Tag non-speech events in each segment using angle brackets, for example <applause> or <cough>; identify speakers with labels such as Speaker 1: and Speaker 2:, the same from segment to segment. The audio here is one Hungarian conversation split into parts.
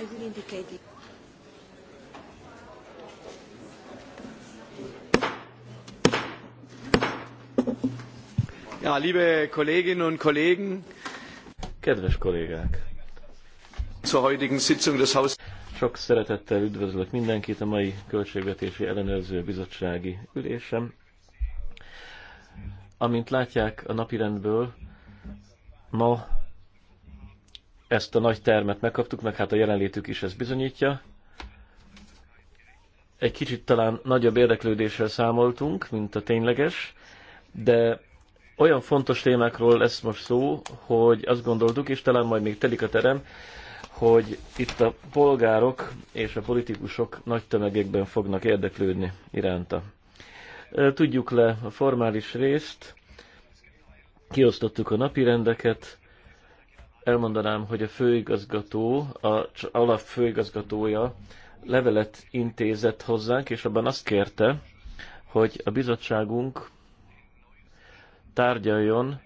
Speaker 1: I will indicate it.
Speaker 2: Ja,
Speaker 3: liebe Kolleginnen und Kollegen, kedves kollégák! Zur heutigen Sitzung des Haus Sok szeretettel üdvözlök mindenkit a mai Költségvetési Ellenőrző Bizottsági ülésem. Amint látják a napirendből, ma ezt a nagy termet megkaptuk, meg hát a jelenlétük is ezt bizonyítja. Egy kicsit talán nagyobb érdeklődéssel számoltunk, mint a tényleges, de olyan fontos témákról lesz most szó, hogy azt gondoltuk, és talán majd még telik a terem, hogy itt a polgárok és a politikusok nagy tömegekben fognak érdeklődni iránta. Tudjuk le a formális részt, kiosztottuk a napi rendeket, elmondanám, hogy a főigazgató, a alap főigazgatója levelet intézett hozzánk, és abban azt kérte, hogy a bizottságunk tárgyaljon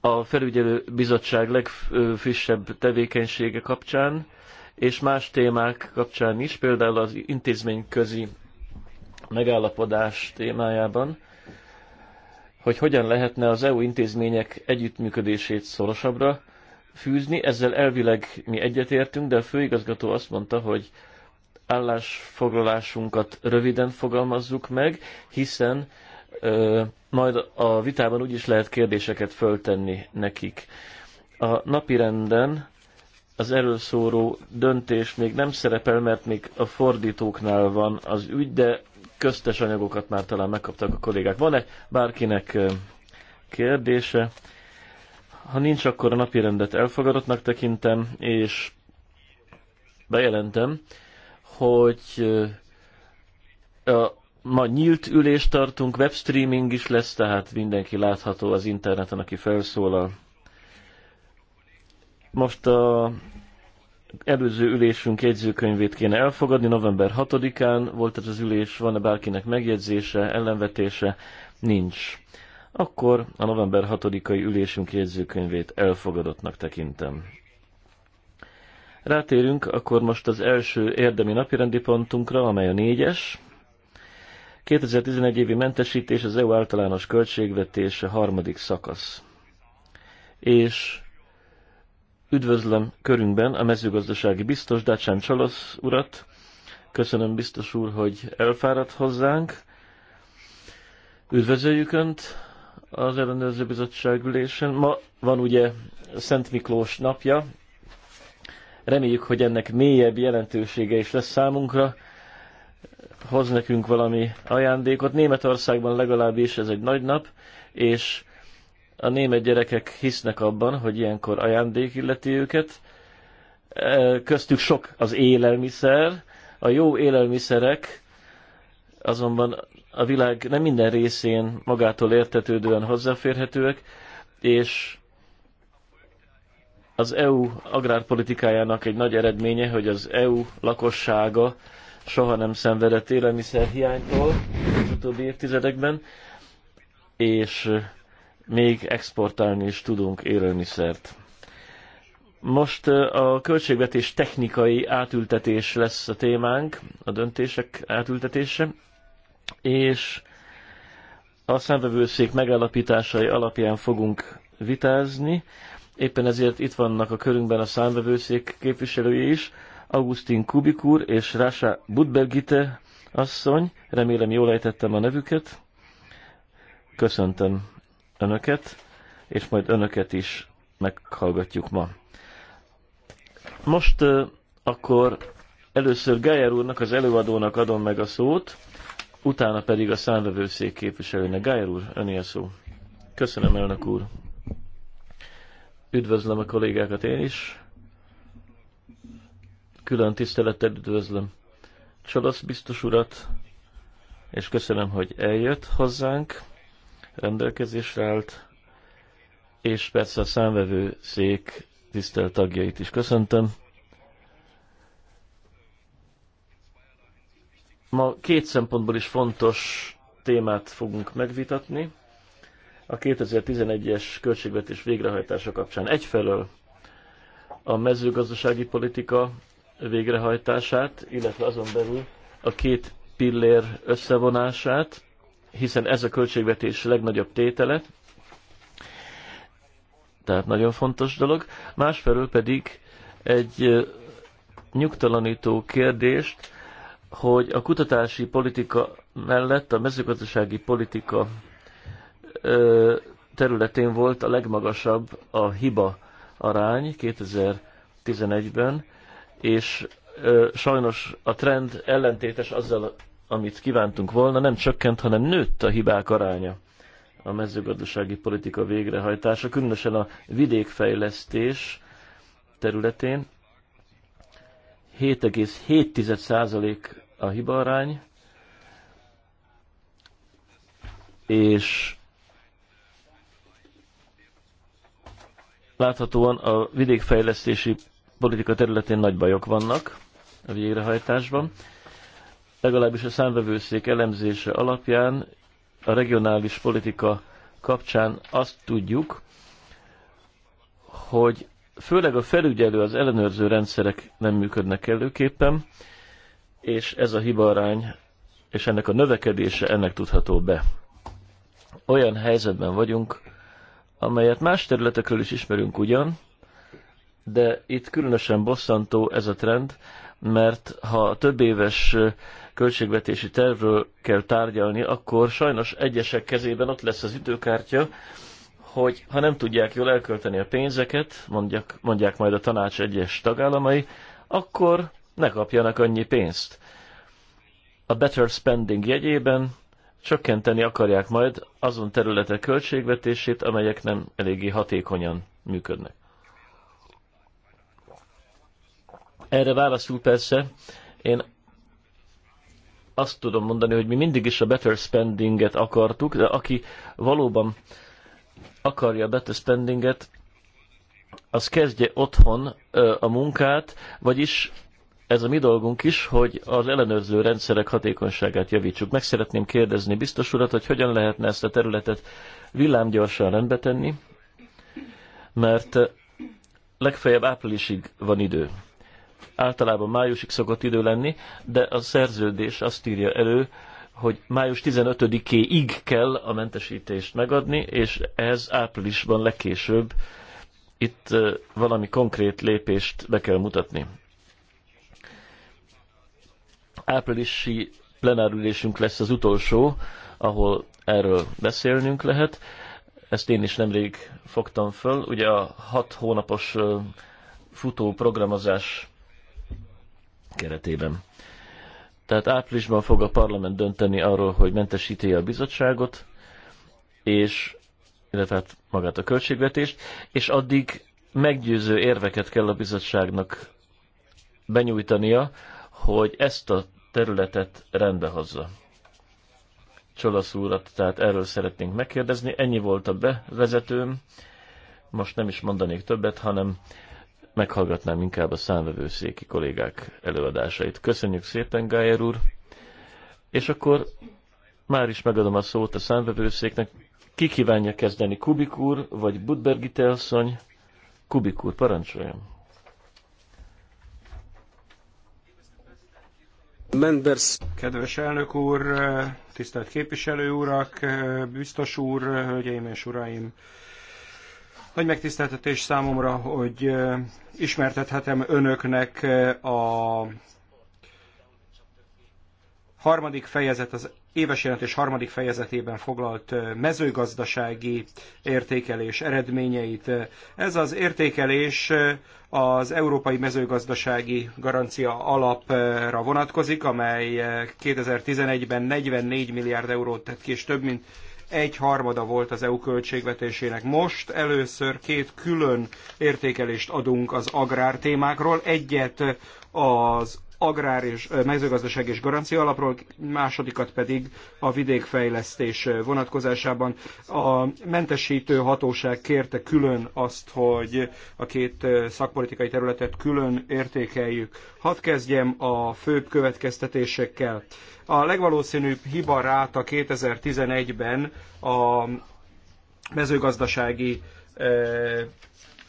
Speaker 3: a felügyelő bizottság legfrissebb tevékenysége kapcsán, és más témák kapcsán is, például az intézményközi megállapodás témájában, hogy hogyan lehetne az EU intézmények együttműködését szorosabbra fűzni. Ezzel elvileg mi egyetértünk, de a főigazgató azt mondta, hogy állásfoglalásunkat röviden fogalmazzuk meg, hiszen ö, majd a vitában úgy is lehet kérdéseket föltenni nekik. A napirenden az erről döntés még nem szerepel, mert még a fordítóknál van az ügy, de köztes anyagokat már talán megkaptak a kollégák. Van-e bárkinek kérdése? Ha nincs, akkor a napi rendet elfogadottnak tekintem, és bejelentem, hogy a, ma nyílt ülést tartunk, webstreaming is lesz, tehát mindenki látható az interneten, aki felszólal. Most a előző ülésünk jegyzőkönyvét kéne elfogadni. November 6-án volt ez az ülés, van-e bárkinek megjegyzése, ellenvetése? Nincs. Akkor a november 6-ai ülésünk jegyzőkönyvét elfogadottnak tekintem. Rátérünk akkor most az első érdemi napirendi pontunkra, amely a négyes. 2011 évi mentesítés az EU általános költségvetése harmadik szakasz. És Üdvözlöm körünkben a mezőgazdasági biztos Dacsán Csalasz urat. Köszönöm biztos úr, hogy elfáradt hozzánk. Üdvözöljük Önt az ellenőrző bizottság ülésen. Ma van ugye Szent Miklós napja. Reméljük, hogy ennek mélyebb jelentősége is lesz számunkra. Hoz nekünk valami ajándékot. Németországban legalábbis ez egy nagy nap, és a német gyerekek hisznek abban, hogy ilyenkor ajándék illeti őket. E, köztük sok az élelmiszer. A jó élelmiszerek azonban a világ nem minden részén magától értetődően hozzáférhetőek, és az EU agrárpolitikájának egy nagy eredménye, hogy az EU lakossága soha nem szenvedett élelmiszerhiánytól az utóbbi évtizedekben, és még exportálni is tudunk élelmiszert. Most a költségvetés technikai átültetés lesz a témánk, a döntések átültetése, és a szembevőszék megállapításai alapján fogunk vitázni. Éppen ezért itt vannak a körünkben a számvevőszék képviselői is, Augustin Kubikur és Rása Budbergite asszony, remélem jól ejtettem a nevüket. Köszöntöm önöket, és majd önöket is meghallgatjuk ma. Most uh, akkor először Gájer úrnak, az előadónak adom meg a szót, utána pedig a számvevőszék képviselőnek. Gájer úr, öné a szó. Köszönöm, elnök úr. Üdvözlöm a kollégákat én is. Külön tisztelettel üdvözlöm Csalasz biztos urat, és köszönöm, hogy eljött hozzánk rendelkezésre állt, és persze a számvevő szék tisztelt tagjait is köszöntöm. Ma két szempontból is fontos témát fogunk megvitatni. A 2011-es költségvetés végrehajtása kapcsán egyfelől a mezőgazdasági politika végrehajtását, illetve azon belül a két pillér összevonását, hiszen ez a költségvetés legnagyobb tétele, tehát nagyon fontos dolog. Másfelől pedig egy nyugtalanító kérdést, hogy a kutatási politika mellett a mezőgazdasági politika területén volt a legmagasabb a hiba arány 2011-ben, és sajnos a trend ellentétes azzal amit kívántunk volna, nem csökkent, hanem nőtt a hibák aránya a mezőgazdasági politika végrehajtása, különösen a vidékfejlesztés területén 7,7% a hibarány, és láthatóan a vidékfejlesztési politika területén nagy bajok vannak a végrehajtásban legalábbis a számvevőszék elemzése alapján a regionális politika kapcsán azt tudjuk, hogy főleg a felügyelő, az ellenőrző rendszerek nem működnek előképpen, és ez a hibarány és ennek a növekedése ennek tudható be. Olyan helyzetben vagyunk, amelyet más területekről is ismerünk ugyan, de itt különösen bosszantó ez a trend, mert ha a több éves költségvetési tervről kell tárgyalni, akkor sajnos egyesek kezében ott lesz az időkártya, hogy ha nem tudják jól elkölteni a pénzeket, mondják, mondják majd a tanács egyes tagállamai, akkor ne kapjanak annyi pénzt. A better spending jegyében csökkenteni akarják majd azon területek költségvetését, amelyek nem eléggé hatékonyan működnek. Erre válaszul persze, én azt tudom mondani, hogy mi mindig is a better spendinget akartuk, de aki valóban akarja a better spendinget, az kezdje otthon a munkát, vagyis ez a mi dolgunk is, hogy az ellenőrző rendszerek hatékonyságát javítsuk. Meg szeretném kérdezni biztos urat, hogy hogyan lehetne ezt a területet villámgyorsan rendbe tenni, mert legfeljebb áprilisig van idő általában májusig szokott idő lenni, de a szerződés azt írja elő, hogy május 15-éig kell a mentesítést megadni, és ez áprilisban legkésőbb itt valami konkrét lépést be kell mutatni. Áprilisi plenárülésünk lesz az utolsó, ahol erről beszélnünk lehet. Ezt én is nemrég fogtam föl. Ugye a hat hónapos futó programozás keretében. Tehát áprilisban fog a parlament dönteni arról, hogy mentesíti a bizottságot, és illetve hát magát a költségvetést, és addig meggyőző érveket kell a bizottságnak benyújtania, hogy ezt a területet rendbe hozza. Csolasz úrat, tehát erről szeretnénk megkérdezni. Ennyi volt a bevezetőm, most nem is mondanék többet, hanem meghallgatnám inkább a számvevőszéki kollégák előadásait. Köszönjük szépen, Gájer úr! És akkor már is megadom a szót a számvevőszéknek. Ki kívánja kezdeni, Kubik úr, vagy Budbergi asszony? Kubik úr, parancsoljon!
Speaker 4: Members. Kedves elnök úr, tisztelt képviselő urak, biztos úr, hölgyeim és uraim! Nagy megtiszteltetés számomra, hogy ismertethetem önöknek a harmadik fejezet, az éves jelentés harmadik fejezetében foglalt mezőgazdasági értékelés eredményeit. Ez az értékelés az Európai Mezőgazdasági Garancia Alapra vonatkozik, amely 2011-ben 44 milliárd eurót tett ki, és több mint egy harmada volt az EU költségvetésének. Most először két külön értékelést adunk az agrár témákról, egyet az agrár és mezőgazdaság és garancia alapról, másodikat pedig a vidékfejlesztés vonatkozásában. A mentesítő hatóság kérte külön azt, hogy a két szakpolitikai területet külön értékeljük. Hadd kezdjem a főbb következtetésekkel. A legvalószínűbb hiba ráta 2011-ben a mezőgazdasági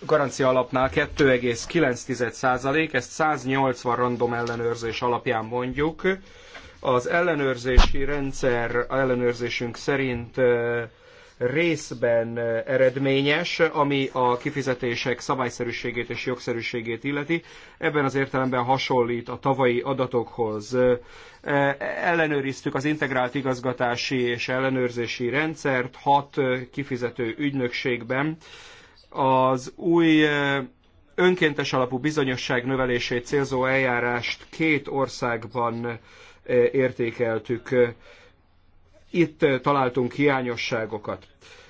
Speaker 4: garancia alapnál 2,9%, ezt 180 random ellenőrzés alapján mondjuk. Az ellenőrzési rendszer ellenőrzésünk szerint részben eredményes, ami a kifizetések szabályszerűségét és jogszerűségét illeti. Ebben az értelemben hasonlít a tavalyi adatokhoz. E, ellenőriztük az integrált igazgatási és ellenőrzési rendszert hat kifizető ügynökségben az új önkéntes alapú bizonyosság növelését célzó eljárást két országban értékeltük. Itt találtunk hiányosságokat.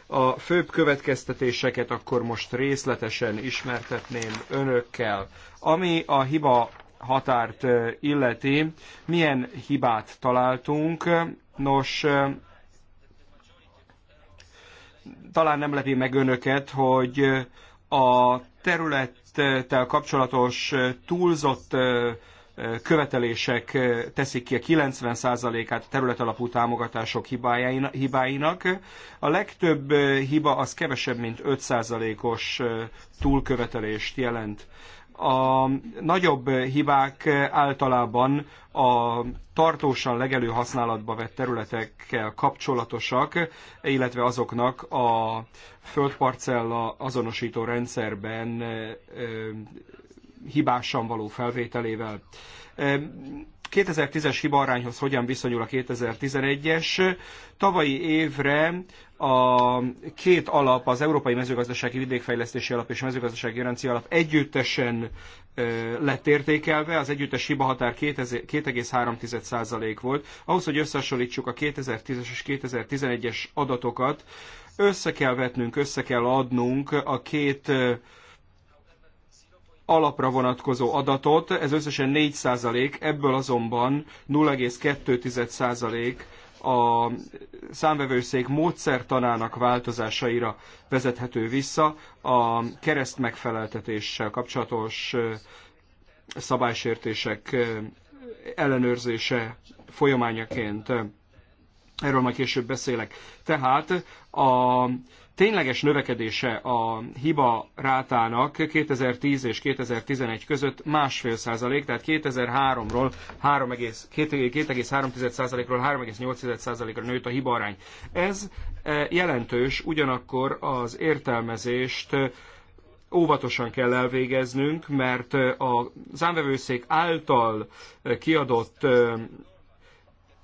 Speaker 4: A főbb következtetéseket akkor most részletesen ismertetném önökkel. Ami a hiba határt illeti, milyen hibát találtunk? Nos, talán nem lepi meg önöket, hogy a területtel kapcsolatos túlzott követelések teszik ki a 90%-át a területalapú támogatások hibáinak. A legtöbb hiba az kevesebb, mint 5%-os túlkövetelést jelent a nagyobb hibák általában a tartósan legelő használatba vett területekkel kapcsolatosak, illetve azoknak a földparcella azonosító rendszerben hibásan való felvételével. 2010-es hibaarányhoz hogyan viszonyul a 2011-es. Tavalyi évre a két alap, az Európai Mezőgazdasági Vidékfejlesztési Alap és Mezőgazdasági Garancia Alap együttesen lett értékelve, az együttes hibahatár 2,3% volt. Ahhoz, hogy összehasonlítsuk a 2010-es és 2011-es adatokat, össze kell vetnünk, össze kell adnunk a két alapra vonatkozó adatot, ez összesen 4 százalék, ebből azonban 0,2 százalék a számvevőszék módszertanának változásaira vezethető vissza a kereszt megfeleltetéssel kapcsolatos szabálysértések ellenőrzése folyamányaként. Erről majd később beszélek. Tehát a tényleges növekedése a hiba rátának 2010 és 2011 között másfél százalék, tehát 2003-ról 2,3 százalékról 3,8 százalékra nőtt a hiba arány. Ez e, jelentős, ugyanakkor az értelmezést e, óvatosan kell elvégeznünk, mert e, a számvevőszék által kiadott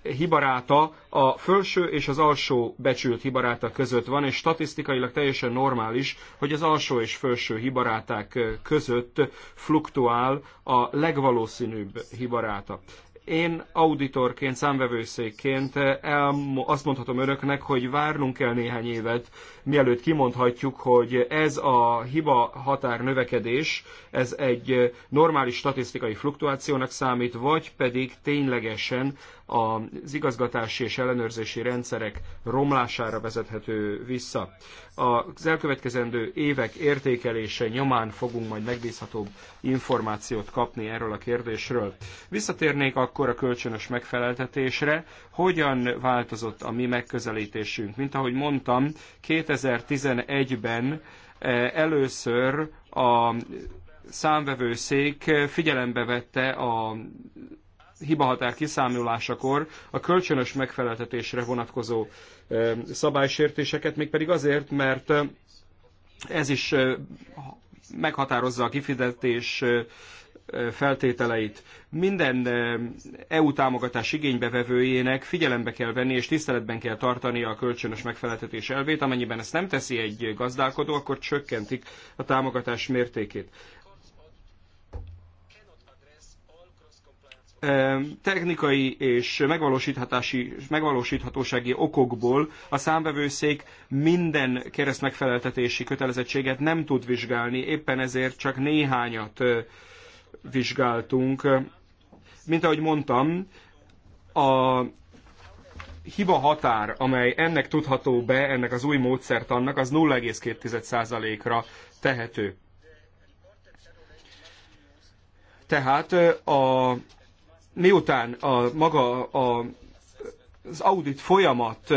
Speaker 4: hibaráta a felső és az alsó becsült hibaráta között van, és statisztikailag teljesen normális, hogy az alsó és felső hibaráták között fluktuál a legvalószínűbb hibaráta én auditorként, számvevőszékként el, azt mondhatom önöknek, hogy várnunk kell néhány évet, mielőtt kimondhatjuk, hogy ez a hiba határ növekedés, ez egy normális statisztikai fluktuációnak számít, vagy pedig ténylegesen az igazgatási és ellenőrzési rendszerek romlására vezethető vissza. Az elkövetkezendő évek értékelése nyomán fogunk majd megbízhatóbb információt kapni erről a kérdésről. Visszatérnék akkor a kölcsönös megfeleltetésre, hogyan változott a mi megközelítésünk. Mint ahogy mondtam, 2011-ben eh, először a számvevőszék figyelembe vette a hibahatár kiszámolásakor a kölcsönös megfeleltetésre vonatkozó szabálysértéseket, mégpedig azért, mert ez is meghatározza a kifizetés feltételeit. Minden EU támogatás igénybevevőjének figyelembe kell venni és tiszteletben kell tartani a kölcsönös megfeleltetés elvét, amennyiben ezt nem teszi egy gazdálkodó, akkor csökkentik a támogatás mértékét. technikai és megvalósíthatási, megvalósíthatósági okokból a számvevőszék minden keresztmegfeleltetési megfeleltetési kötelezettséget nem tud vizsgálni, éppen ezért csak néhányat vizsgáltunk. Mint ahogy mondtam, a hiba határ, amely ennek tudható be, ennek az új módszertannak, az 0,2%-ra tehető. Tehát a miután a maga a, az audit folyamat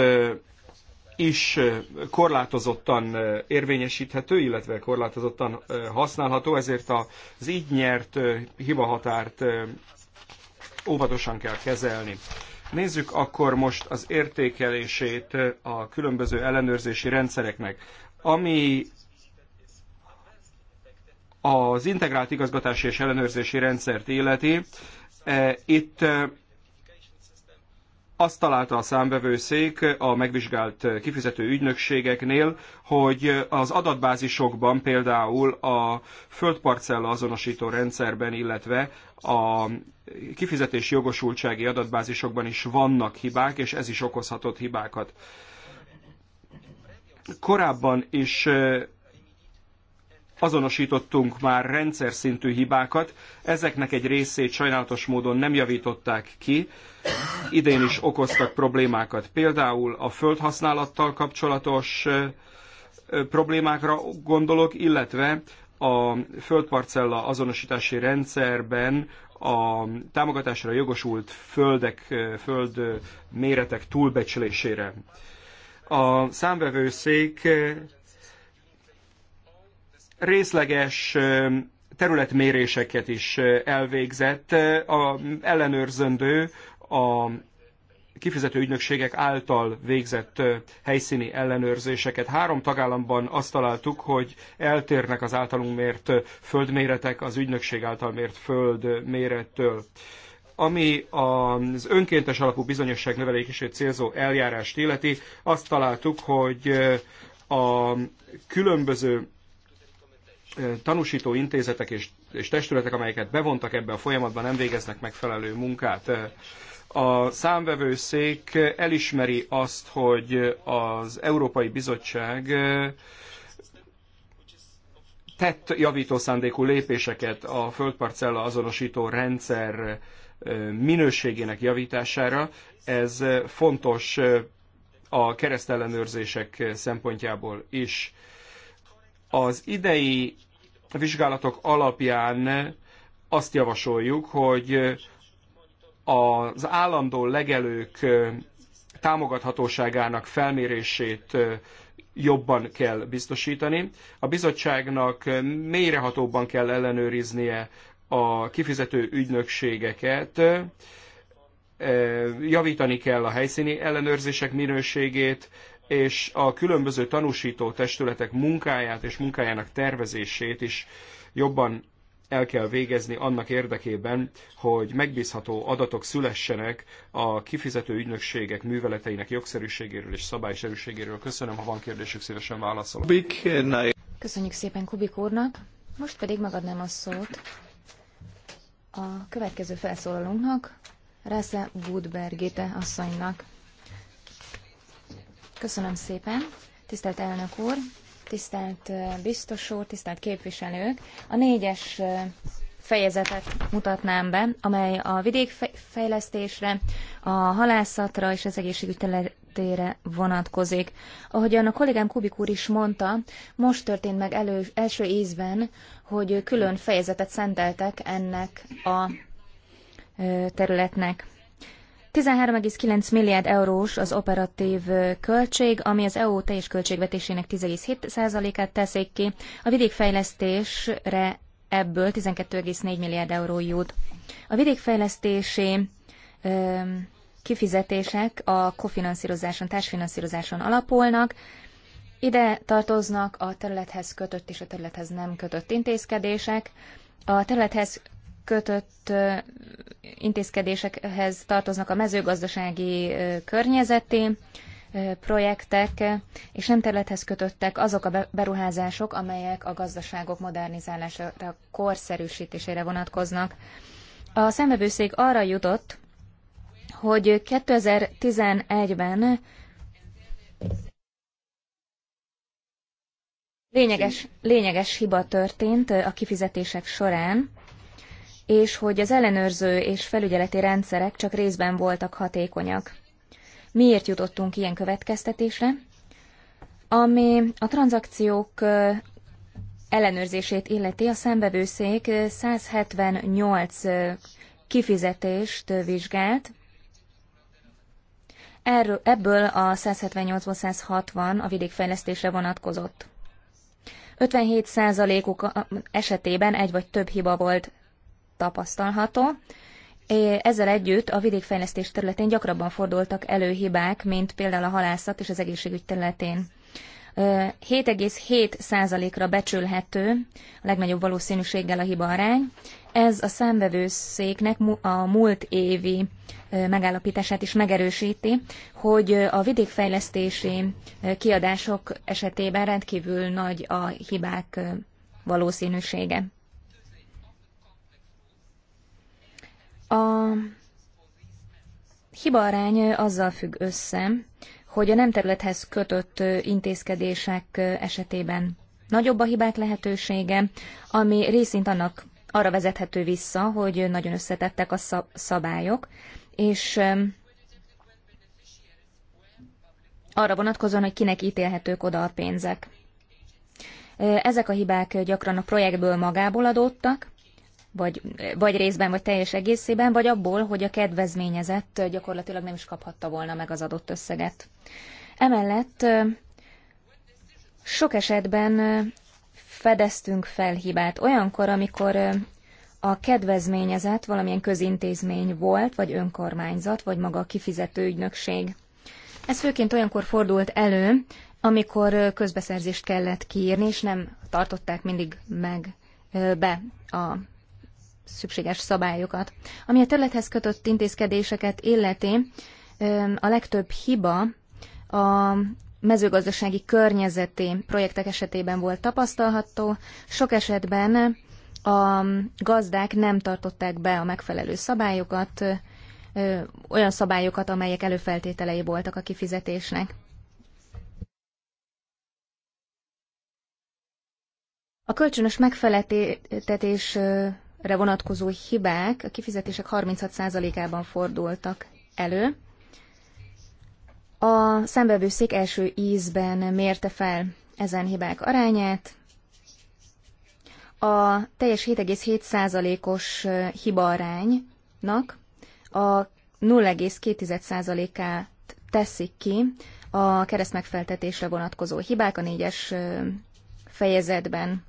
Speaker 4: is korlátozottan érvényesíthető, illetve korlátozottan használható, ezért az így nyert hibahatárt óvatosan kell kezelni. Nézzük akkor most az értékelését a különböző ellenőrzési rendszereknek. Ami az integrált igazgatási és ellenőrzési rendszert illeti, E, itt e, azt találta a számbevőszék a megvizsgált kifizető ügynökségeknél, hogy az adatbázisokban például a földparcella azonosító rendszerben, illetve a kifizetés jogosultsági adatbázisokban is vannak hibák, és ez is okozhatott hibákat. Korábban is e, azonosítottunk már rendszer szintű hibákat, ezeknek egy részét sajnálatos módon nem javították ki, idén is okoztak problémákat. Például a földhasználattal kapcsolatos problémákra gondolok, illetve a földparcella azonosítási rendszerben a támogatásra jogosult földek, föld méretek túlbecslésére. A számvevőszék részleges területméréseket is elvégzett, a, ellenőrzendő a kifizető ügynökségek által végzett helyszíni ellenőrzéseket. Három tagállamban azt találtuk, hogy eltérnek az általunk mért földméretek az ügynökség által mért földmérettől. Ami az önkéntes alapú bizonyosság növelését célzó eljárást illeti, azt találtuk, hogy a különböző tanúsító intézetek és, és testületek, amelyeket bevontak ebbe a folyamatban, nem végeznek megfelelő munkát. A számvevőszék elismeri azt, hogy az Európai Bizottság tett javító szándékú lépéseket a földparcella azonosító rendszer minőségének javítására. Ez fontos a keresztellenőrzések szempontjából is. Az idei a vizsgálatok alapján azt javasoljuk, hogy az állandó legelők támogathatóságának felmérését jobban kell biztosítani. A bizottságnak mélyrehatóbban kell ellenőriznie a kifizető ügynökségeket, javítani kell a helyszíni ellenőrzések minőségét, és a különböző tanúsító testületek munkáját és munkájának tervezését is jobban el kell végezni annak érdekében, hogy megbízható adatok szülessenek a kifizető ügynökségek műveleteinek jogszerűségéről és szabályszerűségéről. Köszönöm, ha van kérdésük, szívesen válaszolok. Eh,
Speaker 5: Köszönjük szépen Kubik úrnak. Most pedig megadnám a szót a következő felszólalónknak, Rásze Budbergite asszonynak. Köszönöm szépen. Tisztelt elnök úr, tisztelt biztos úr, tisztelt képviselők. A négyes fejezetet mutatnám be, amely a vidékfejlesztésre, a halászatra és az egészségügy területére vonatkozik. Ahogyan a kollégám Kubik úr is mondta, most történt meg elő, első ízben, hogy külön fejezetet szenteltek ennek a területnek. 13,9 milliárd eurós az operatív költség, ami az EU teljes költségvetésének 10,7%-át teszik ki. A vidékfejlesztésre ebből 12,4 milliárd euró jut. A vidékfejlesztési ö, kifizetések a kofinanszírozáson, társfinanszírozáson alapolnak. Ide tartoznak a területhez kötött és a területhez nem kötött intézkedések. A területhez kötött intézkedésekhez tartoznak a mezőgazdasági környezeti projektek, és nem területhez kötöttek azok a beruházások, amelyek a gazdaságok modernizálására, korszerűsítésére vonatkoznak. A szembevőszék arra jutott, hogy 2011-ben lényeges, lényeges hiba történt a kifizetések során, és hogy az ellenőrző és felügyeleti rendszerek csak részben voltak hatékonyak. Miért jutottunk ilyen következtetésre? Ami a tranzakciók ellenőrzését illeti, a szembevőszék 178 kifizetést vizsgált, Erről, ebből a 178-ból 160 a vidékfejlesztésre vonatkozott. 57%-uk esetében egy vagy több hiba volt tapasztalható. Ezzel együtt a vidékfejlesztés területén gyakrabban fordultak elő hibák, mint például a halászat és az egészségügy területén. 7,7%-ra becsülhető a legnagyobb valószínűséggel a hiba arány. Ez a számvevőszéknek a múlt évi megállapítását is megerősíti, hogy a vidékfejlesztési kiadások esetében rendkívül nagy a hibák valószínűsége. A arány azzal függ össze, hogy a nem területhez kötött intézkedések esetében nagyobb a hibák lehetősége, ami részint annak arra vezethető vissza, hogy nagyon összetettek a szabályok, és arra vonatkozóan, hogy kinek ítélhetők oda a pénzek. Ezek a hibák gyakran a projektből magából adódtak, vagy, vagy részben, vagy teljes egészében, vagy abból, hogy a kedvezményezett gyakorlatilag nem is kaphatta volna meg az adott összeget. Emellett sok esetben fedeztünk fel hibát. Olyankor, amikor a kedvezményezett valamilyen közintézmény volt, vagy önkormányzat, vagy maga a kifizető ügynökség. Ez főként olyankor fordult elő, amikor közbeszerzést kellett kiírni, és nem tartották mindig meg be a szükséges szabályokat. Ami a területhez kötött intézkedéseket illeti, a legtöbb hiba a mezőgazdasági környezeti projektek esetében volt tapasztalható. Sok esetben a gazdák nem tartották be a megfelelő szabályokat, olyan szabályokat, amelyek előfeltételei voltak a kifizetésnek. A kölcsönös megfeleltetés vonatkozó hibák a kifizetések 36%-ában fordultak elő. A szembevőszék első ízben mérte fel ezen hibák arányát. A teljes 7,7%-os hibaaránynak a 0,2%-át teszik ki a keresztmegfeltetésre vonatkozó hibák a négyes fejezetben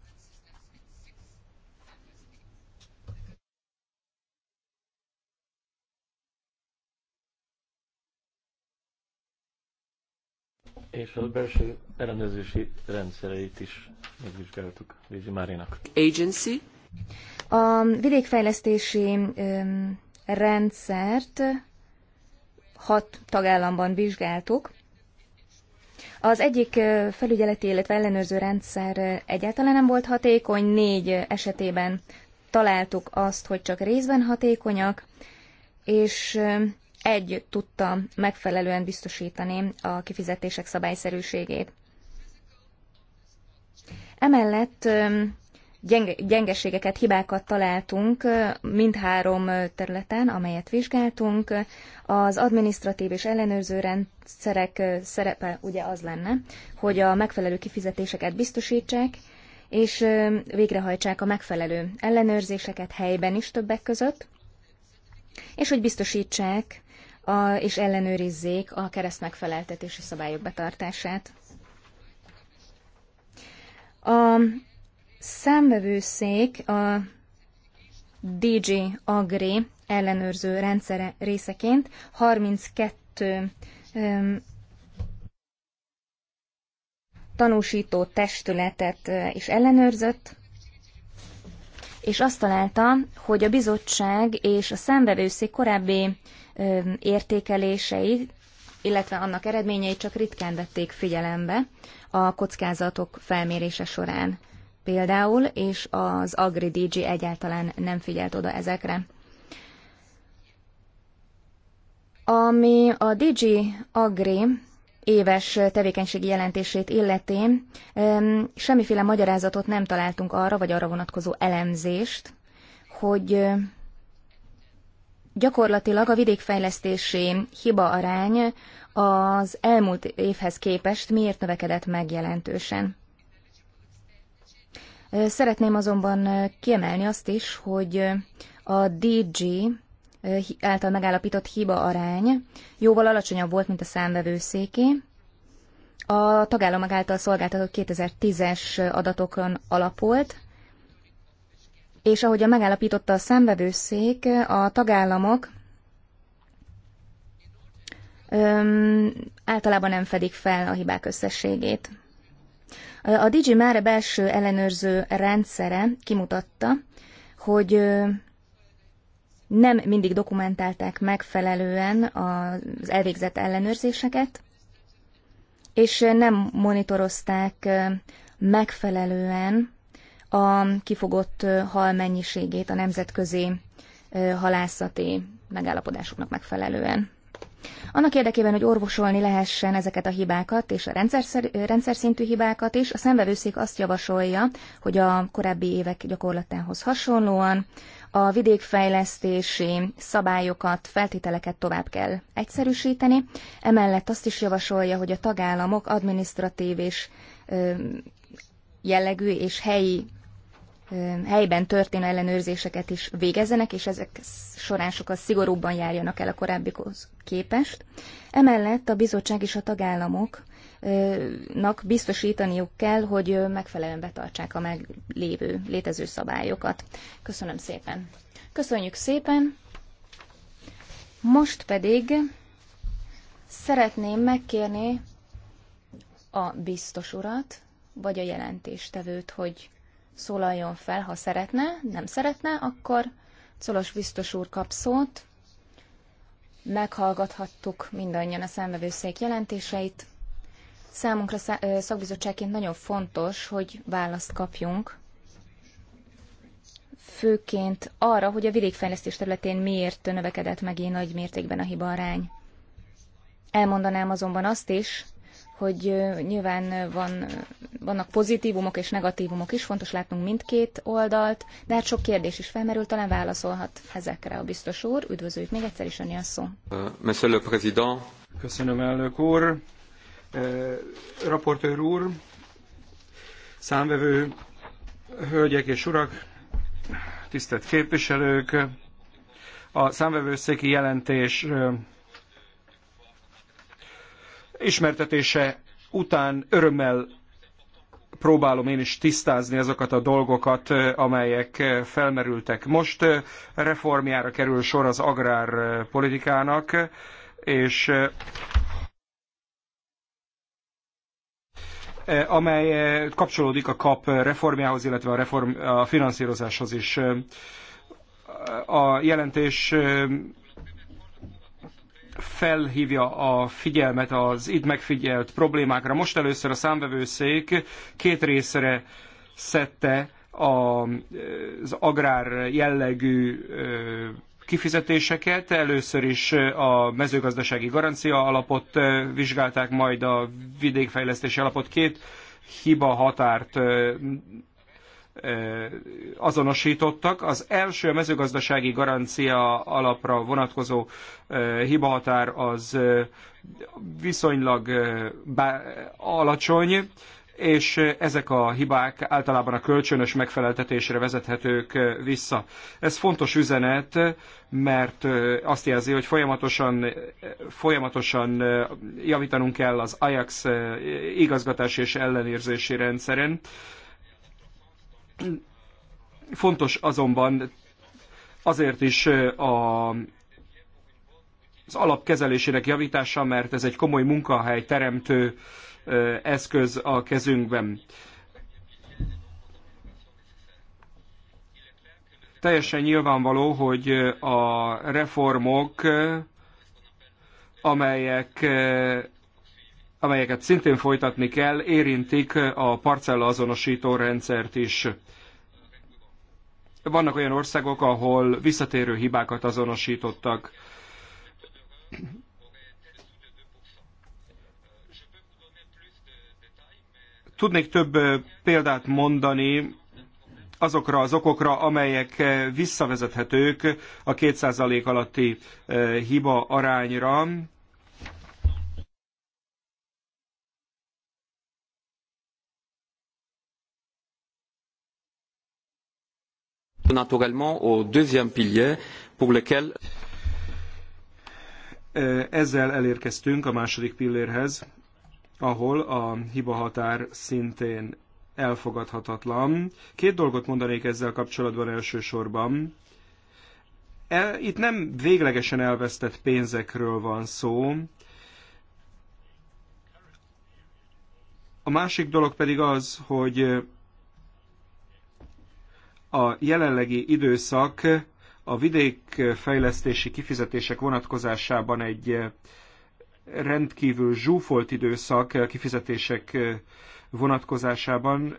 Speaker 1: és a belső
Speaker 3: ellenőrzési rendszereit is megvizsgáltuk Lézi Márénak.
Speaker 1: Agency.
Speaker 5: A vidékfejlesztési öm, rendszert hat tagállamban vizsgáltuk. Az egyik felügyeleti, illetve ellenőrző rendszer egyáltalán nem volt hatékony, négy esetében találtuk azt, hogy csak részben hatékonyak, és egy tudta megfelelően biztosítani a kifizetések szabályszerűségét. Emellett gyengeségeket, hibákat találtunk mindhárom területen, amelyet vizsgáltunk. Az adminisztratív és ellenőrző rendszerek szerepe ugye az lenne, hogy a megfelelő kifizetéseket biztosítsák, és végrehajtsák a megfelelő ellenőrzéseket helyben is többek között, és hogy biztosítsák a, és ellenőrizzék a kereszt megfeleltetési szabályok betartását. A számvevőszék a DG Agri ellenőrző rendszere részeként 32 tanúsító testületet is ellenőrzött, és azt találta, hogy a bizottság és a számbevőszék korábbi értékelései, illetve annak eredményei csak ritkán vették figyelembe a kockázatok felmérése során például, és az Agri DG egyáltalán nem figyelt oda ezekre. Ami a DG Agri éves tevékenységi jelentését illeti, semmiféle magyarázatot nem találtunk arra, vagy arra vonatkozó elemzést, hogy gyakorlatilag a vidékfejlesztési hiba arány az elmúlt évhez képest miért növekedett meg jelentősen. Szeretném azonban kiemelni azt is, hogy a DG által megállapított hiba arány jóval alacsonyabb volt, mint a számvevőszéké. A tagállamok által szolgáltatott 2010-es adatokon alapolt, és ahogy a megállapította a számbevőszék, a tagállamok öm, általában nem fedik fel a hibák összességét. A DJ Mare belső ellenőrző rendszere kimutatta, hogy nem mindig dokumentálták megfelelően az elvégzett ellenőrzéseket, és nem monitorozták megfelelően a kifogott hal mennyiségét a nemzetközi halászati megállapodásoknak megfelelően. Annak érdekében, hogy orvosolni lehessen ezeket a hibákat és a rendszer, rendszer szintű hibákat is, a szembevőszék azt javasolja, hogy a korábbi évek gyakorlatához hasonlóan a vidékfejlesztési szabályokat, feltételeket tovább kell egyszerűsíteni. Emellett azt is javasolja, hogy a tagállamok adminisztratív és jellegű és helyi helyben történő ellenőrzéseket is végezzenek, és ezek során sokkal szigorúbban járjanak el a korábbikhoz képest. Emellett a bizottság és a tagállamoknak biztosítaniuk kell, hogy megfelelően betartsák a meglévő létező szabályokat. Köszönöm szépen. Köszönjük szépen. Most pedig szeretném megkérni a biztos urat, vagy a jelentéstevőt, hogy szólaljon fel, ha szeretne, nem szeretne, akkor Colos biztos úr kap szót. Meghallgathattuk mindannyian a számvevőszék jelentéseit. Számunkra szakbizottságként nagyon fontos, hogy választ kapjunk, főként arra, hogy a vidékfejlesztés területén miért növekedett meg én nagy mértékben a hibarány. Elmondanám azonban azt is, hogy nyilván van vannak pozitívumok és negatívumok is, fontos látnunk mindkét oldalt, de hát sok kérdés is felmerült, talán válaszolhat ezekre a biztos úr. Üdvözöljük még egyszer is, a szó.
Speaker 1: Euh,
Speaker 4: Monsieur le Président. Köszönöm, elnök úr. Raportőr úr, számvevő hölgyek és urak, tisztelt képviselők, a számvevőszéki jelentés ismertetése után örömmel próbálom én is tisztázni azokat a dolgokat, eh, amelyek eh, felmerültek. Most eh, reformjára kerül sor az agrárpolitikának, és amely kapcsolódik a kap reformjához, illetve a, reform, a finanszírozáshoz is. A jelentés felhívja a figyelmet az itt megfigyelt problémákra. Most először a számvevőszék két részre szedte az agrár jellegű kifizetéseket. Először is a mezőgazdasági garancia alapot vizsgálták, majd a vidékfejlesztési alapot. Két hiba határt azonosítottak. Az első a mezőgazdasági garancia alapra vonatkozó hibahatár az viszonylag alacsony, és ezek a hibák általában a kölcsönös megfeleltetésre vezethetők vissza. Ez fontos üzenet, mert azt jelzi, hogy folyamatosan, folyamatosan javítanunk kell az Ajax igazgatási és ellenőrzési rendszeren, Fontos azonban azért is a, az alapkezelésének javítása, mert ez egy komoly munkahely teremtő eszköz a kezünkben. Teljesen nyilvánvaló, hogy a reformok, amelyek amelyeket szintén folytatni kell, érintik a parcella azonosító rendszert is. Vannak olyan országok, ahol visszatérő hibákat azonosítottak. Tudnék több példát mondani azokra az okokra, amelyek visszavezethetők a 2% alatti hiba arányra Naturellement au deuxième pilier pour lequel ezzel elérkeztünk a második pillérhez, ahol a hibahatár szintén elfogadhatatlan. Két dolgot mondanék ezzel kapcsolatban elsősorban. E, itt nem véglegesen elvesztett pénzekről van szó. A másik dolog pedig az, hogy a jelenlegi időszak a vidékfejlesztési kifizetések vonatkozásában egy eh, rendkívül zsúfolt időszak a eh, kifizetések eh, vonatkozásában.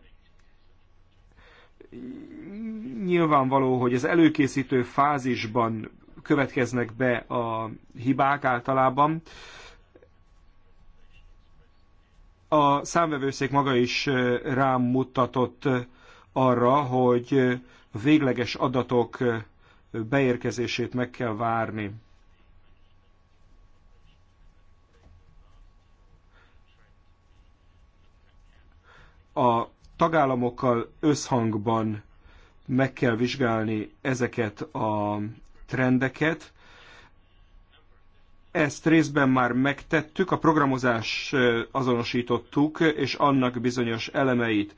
Speaker 4: Nyilvánvaló, hogy az előkészítő fázisban következnek be a hibák általában. A számvevőszék maga is rám mutatott arra, hogy a végleges adatok beérkezését meg kell várni. A tagállamokkal összhangban meg kell vizsgálni ezeket a trendeket. Ezt részben már megtettük, a programozás azonosítottuk, és annak bizonyos elemeit.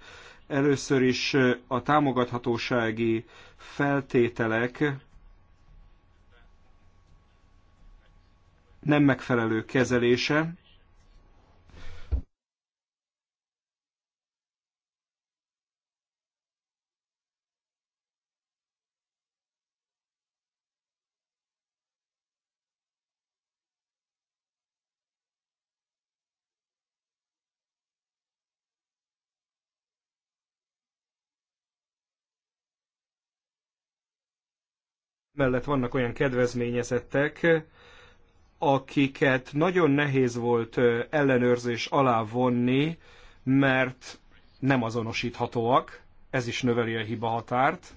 Speaker 4: Először is a támogathatósági feltételek nem megfelelő kezelése, mellett vannak olyan kedvezményezettek, akiket nagyon nehéz volt ellenőrzés alá vonni, mert nem azonosíthatóak, ez is növeli a hiba határt.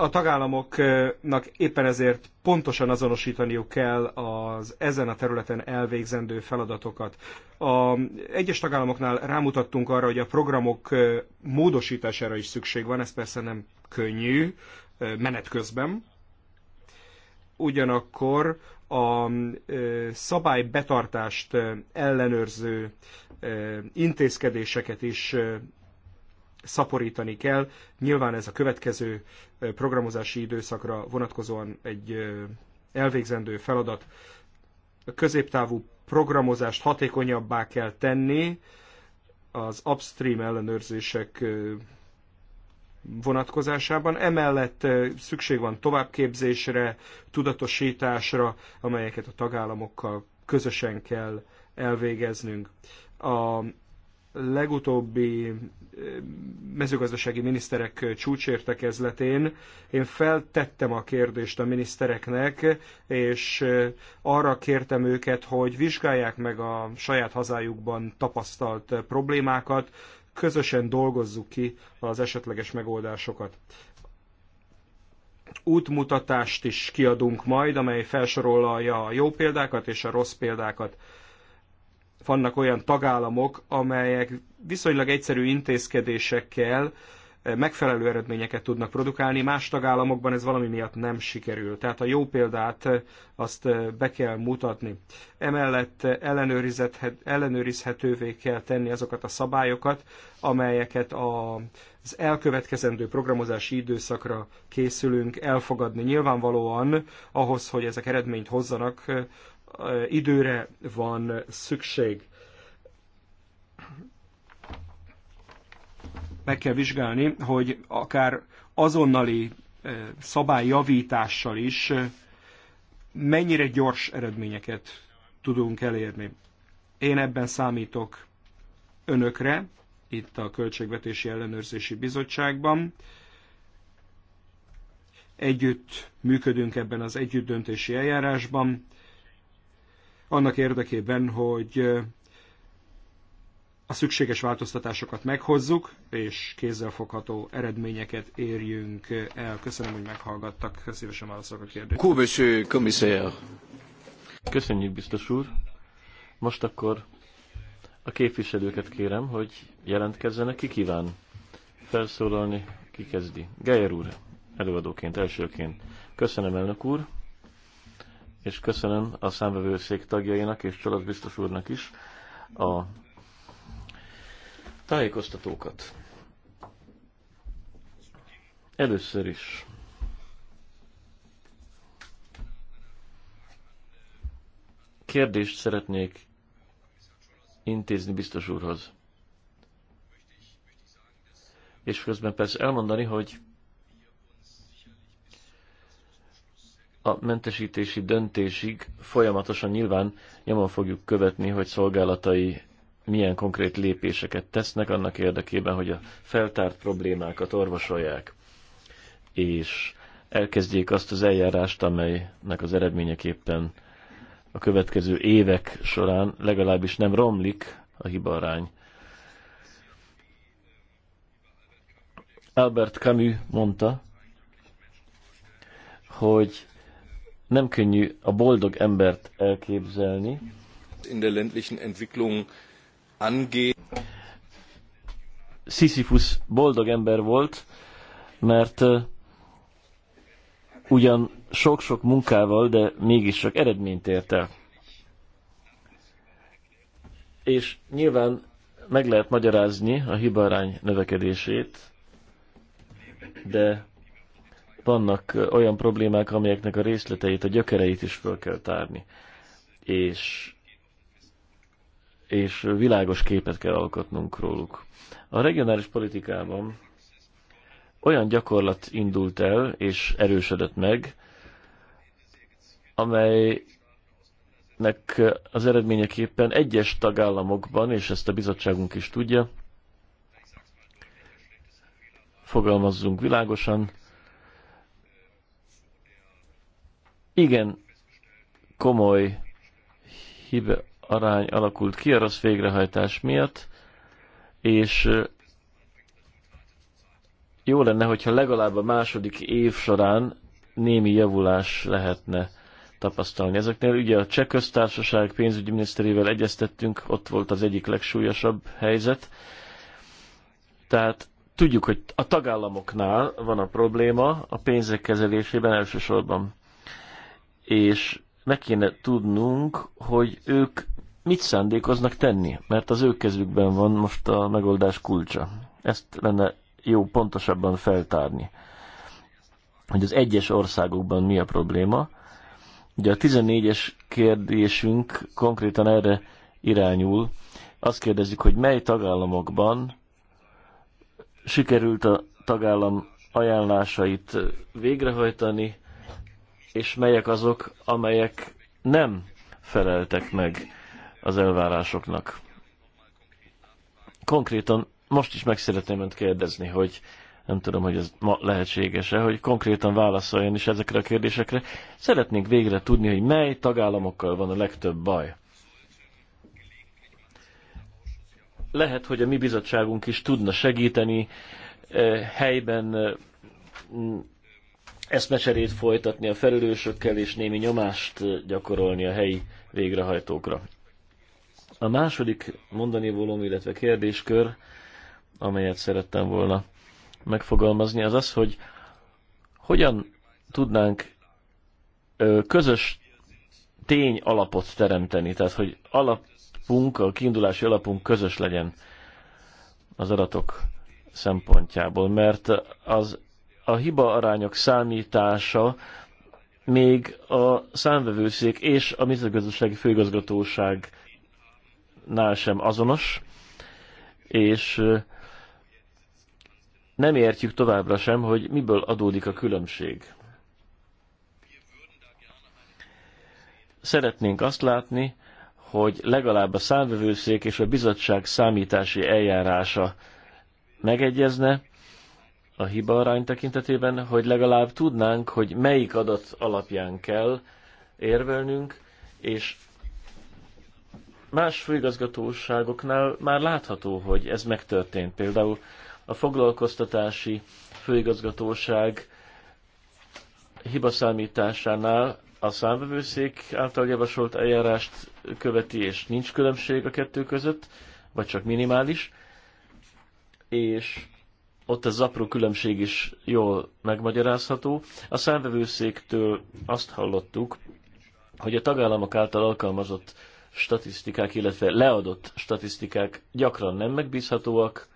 Speaker 4: a tagállamoknak éppen ezért pontosan azonosítaniuk kell az ezen a területen elvégzendő feladatokat. A egyes tagállamoknál rámutattunk arra, hogy a programok módosítására is szükség van, ez persze nem könnyű menet közben. Ugyanakkor a szabály betartást ellenőrző intézkedéseket is szaporítani kell. Nyilván ez a következő programozási időszakra vonatkozóan egy elvégzendő feladat. A középtávú programozást hatékonyabbá kell tenni az upstream ellenőrzések vonatkozásában. Emellett szükség van továbbképzésre, tudatosításra, amelyeket a tagállamokkal közösen kell elvégeznünk. A legutóbbi eh, mezőgazdasági miniszterek csúcsértekezletén én feltettem a kérdést a minisztereknek, és eh, arra kértem őket, hogy vizsgálják meg a saját hazájukban tapasztalt problémákat, közösen dolgozzuk ki az esetleges megoldásokat útmutatást is kiadunk majd, amely felsorolja a jó példákat és a rossz példákat vannak olyan tagállamok, amelyek viszonylag egyszerű intézkedésekkel eh, megfelelő eredményeket tudnak produkálni, más tagállamokban ez valami miatt nem sikerül. Tehát a jó példát eh, azt eh, be kell mutatni. Emellett ellenőrizhetővé kell tenni azokat a szabályokat, amelyeket az elkövetkezendő programozási időszakra készülünk elfogadni. Nyilvánvalóan ahhoz, hogy ezek eredményt hozzanak, időre van szükség. Meg kell vizsgálni, hogy akár azonnali szabályjavítással is mennyire gyors eredményeket tudunk elérni. Én ebben számítok önökre, itt a Költségvetési Ellenőrzési Bizottságban. Együtt működünk ebben az együttdöntési eljárásban, annak érdekében, hogy a szükséges változtatásokat meghozzuk, és kézzelfogható eredményeket érjünk el. Köszönöm, hogy meghallgattak. Szívesen válaszolok a
Speaker 3: kérdést. Köszönjük, biztos úr. Most akkor a képviselőket kérem, hogy jelentkezzenek, ki kíván felszólalni, ki kezdi. Geyer úr, előadóként, elsőként. Köszönöm, elnök úr és köszönöm a számvevőszék tagjainak és Csalat biztos úrnak is a tájékoztatókat. Először is kérdést szeretnék intézni biztos úrhoz. És közben persze elmondani, hogy a mentesítési döntésig folyamatosan nyilván nyomon fogjuk követni, hogy szolgálatai milyen konkrét lépéseket tesznek annak érdekében, hogy a feltárt problémákat orvosolják, és elkezdjék azt az eljárást, amelynek az eredményeképpen a következő évek során legalábbis nem romlik a hibarány. Albert Camus mondta, hogy nem könnyű a boldog embert elképzelni.
Speaker 2: In der ländlichen Entwicklung angeht.
Speaker 3: Sisyphus boldog ember volt, mert ugyan sok-sok munkával, de mégis csak eredményt ért el. És nyilván meg lehet magyarázni a hibarány növekedését, de vannak olyan problémák, amelyeknek a részleteit, a gyökereit is föl kell tárni. És, és világos képet kell alkotnunk róluk. A regionális politikában olyan gyakorlat indult el és erősödött meg, amelynek az eredményeképpen egyes tagállamokban, és ezt a bizottságunk is tudja, fogalmazzunk világosan, igen komoly hibe arány alakult ki a rossz végrehajtás miatt, és jó lenne, hogyha legalább a második év során némi javulás lehetne tapasztalni. Ezeknél ugye a cseh köztársaság pénzügyi miniszterével egyeztettünk, ott volt az egyik legsúlyosabb helyzet. Tehát tudjuk, hogy a tagállamoknál van a probléma a pénzek kezelésében elsősorban és meg kéne tudnunk, hogy ők mit szándékoznak tenni, mert az ő kezükben van most a megoldás kulcsa. Ezt lenne jó pontosabban feltárni, hogy az egyes országokban mi a probléma. Ugye a 14-es kérdésünk konkrétan erre irányul. Azt kérdezik, hogy mely tagállamokban sikerült a tagállam ajánlásait végrehajtani, és melyek azok, amelyek nem feleltek meg az elvárásoknak. Konkrétan most is meg szeretném önt kérdezni, hogy nem tudom, hogy ez ma lehetséges-e, hogy konkrétan válaszoljon is ezekre a kérdésekre. Szeretnénk végre tudni, hogy mely tagállamokkal van a legtöbb baj. Lehet, hogy a mi bizottságunk is tudna segíteni eh, helyben eh, eszmecserét folytatni a felelősökkel és némi nyomást gyakorolni a helyi végrehajtókra. A második mondani volom, illetve kérdéskör, amelyet szerettem volna megfogalmazni, az az, hogy hogyan tudnánk közös tény alapot teremteni, tehát hogy alapunk, a kiindulási alapunk közös legyen az adatok szempontjából, mert az a hiba arányok számítása még a számvevőszék és a mezőgazdasági főigazgatóságnál sem azonos, és nem értjük továbbra sem, hogy miből adódik a különbség. Szeretnénk azt látni, hogy legalább a számvevőszék és a bizottság számítási eljárása megegyezne, a hiba arány tekintetében, hogy legalább tudnánk, hogy melyik adat alapján kell érvelnünk, és más főigazgatóságoknál már látható, hogy ez megtörtént. Például a foglalkoztatási főigazgatóság hibaszámításánál a számvevőszék által javasolt eljárást követi, és nincs különbség a kettő között, vagy csak minimális, és ott az apró különbség is jól megmagyarázható. A számvevőszéktől azt hallottuk, hogy a tagállamok által alkalmazott statisztikák, illetve leadott statisztikák gyakran nem megbízhatóak,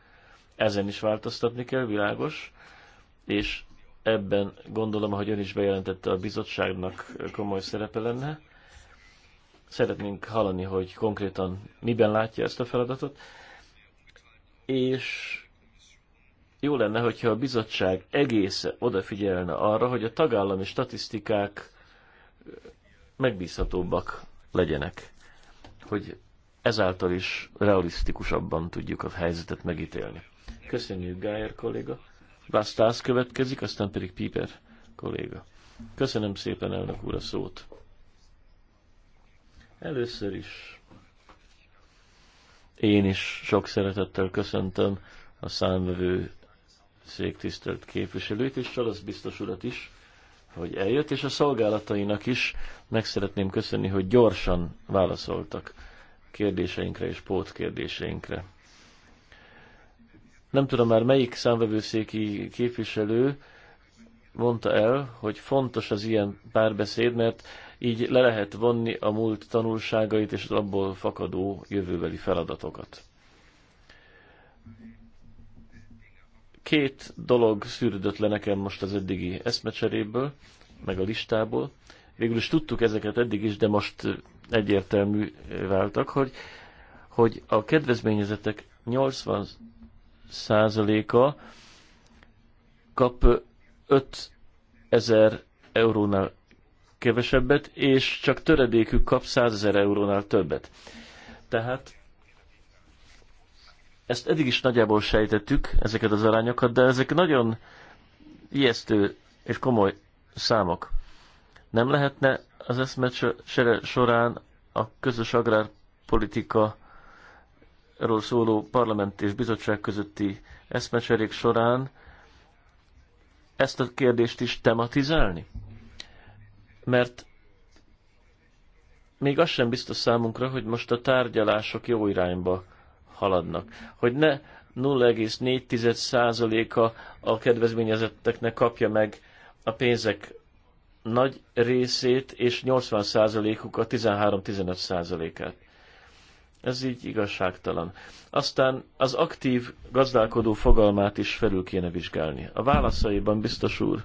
Speaker 3: ezen is változtatni kell, világos, és ebben gondolom, ahogy ön is bejelentette, a bizottságnak komoly szerepe lenne. Szeretnénk hallani, hogy konkrétan miben látja ezt a feladatot, és jó lenne, hogyha a bizottság egésze odafigyelne arra, hogy a tagállami statisztikák megbízhatóbbak legyenek, hogy ezáltal is realisztikusabban tudjuk a helyzetet megítélni. Köszönjük, Gájer kolléga. Vásztász következik, aztán pedig Piper kolléga. Köszönöm szépen, elnök úr, a szót. Először is én is sok szeretettel köszöntöm a számvevő széktisztelt képviselőt és Csalasz biztos urat is, hogy eljött, és a szolgálatainak is meg szeretném köszönni, hogy gyorsan válaszoltak kérdéseinkre és pótkérdéseinkre. Nem tudom már melyik számvevőszéki képviselő mondta el, hogy fontos az ilyen párbeszéd, mert így le lehet vonni a múlt tanulságait és az abból fakadó jövőbeli feladatokat. Két dolog szűrődött le nekem most az eddigi eszmecseréből, meg a listából. Végül is tudtuk ezeket eddig is, de most egyértelmű váltak, hogy, hogy a kedvezményezetek 80 százaléka kap 5000 eurónál kevesebbet, és csak töredékük kap 100 ezer eurónál többet. Tehát ezt eddig is nagyjából sejtettük, ezeket az arányokat, de ezek nagyon ijesztő és komoly számok. Nem lehetne az eszmet során a közös agrárpolitika ról szóló parlament és bizottság közötti eszmecserék során ezt a kérdést is tematizálni? Mert még az sem biztos számunkra, hogy most a tárgyalások jó irányba haladnak. Hogy ne 0,4%-a a kedvezményezetteknek kapja meg a pénzek nagy részét, és 80%-uk a 13-15%-át. Ez így igazságtalan. Aztán az aktív gazdálkodó fogalmát is felül kéne vizsgálni. A válaszaiban biztos úr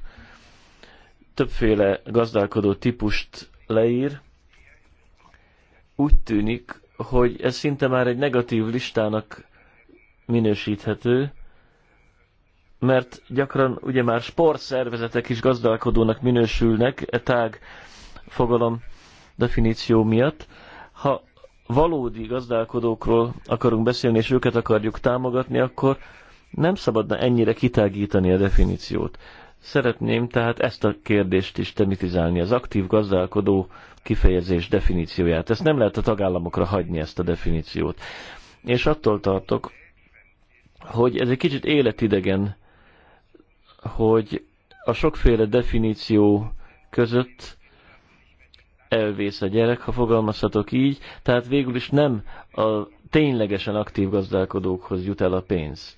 Speaker 3: többféle gazdálkodó típust leír. Úgy tűnik, hogy ez szinte már egy negatív listának minősíthető, mert gyakran ugye már sportszervezetek is gazdálkodónak minősülnek e tág fogalom definíció miatt. Ha valódi gazdálkodókról akarunk beszélni, és őket akarjuk támogatni, akkor nem szabadna ennyire kitágítani a definíciót. Szeretném tehát ezt a kérdést is tematizálni, az aktív gazdálkodó kifejezés definícióját. Ezt nem lehet a tagállamokra hagyni, ezt a definíciót. És attól tartok, hogy ez egy kicsit életidegen, hogy a sokféle definíció között elvész a gyerek, ha fogalmazhatok így, tehát végül is nem a ténylegesen aktív gazdálkodókhoz jut el a pénz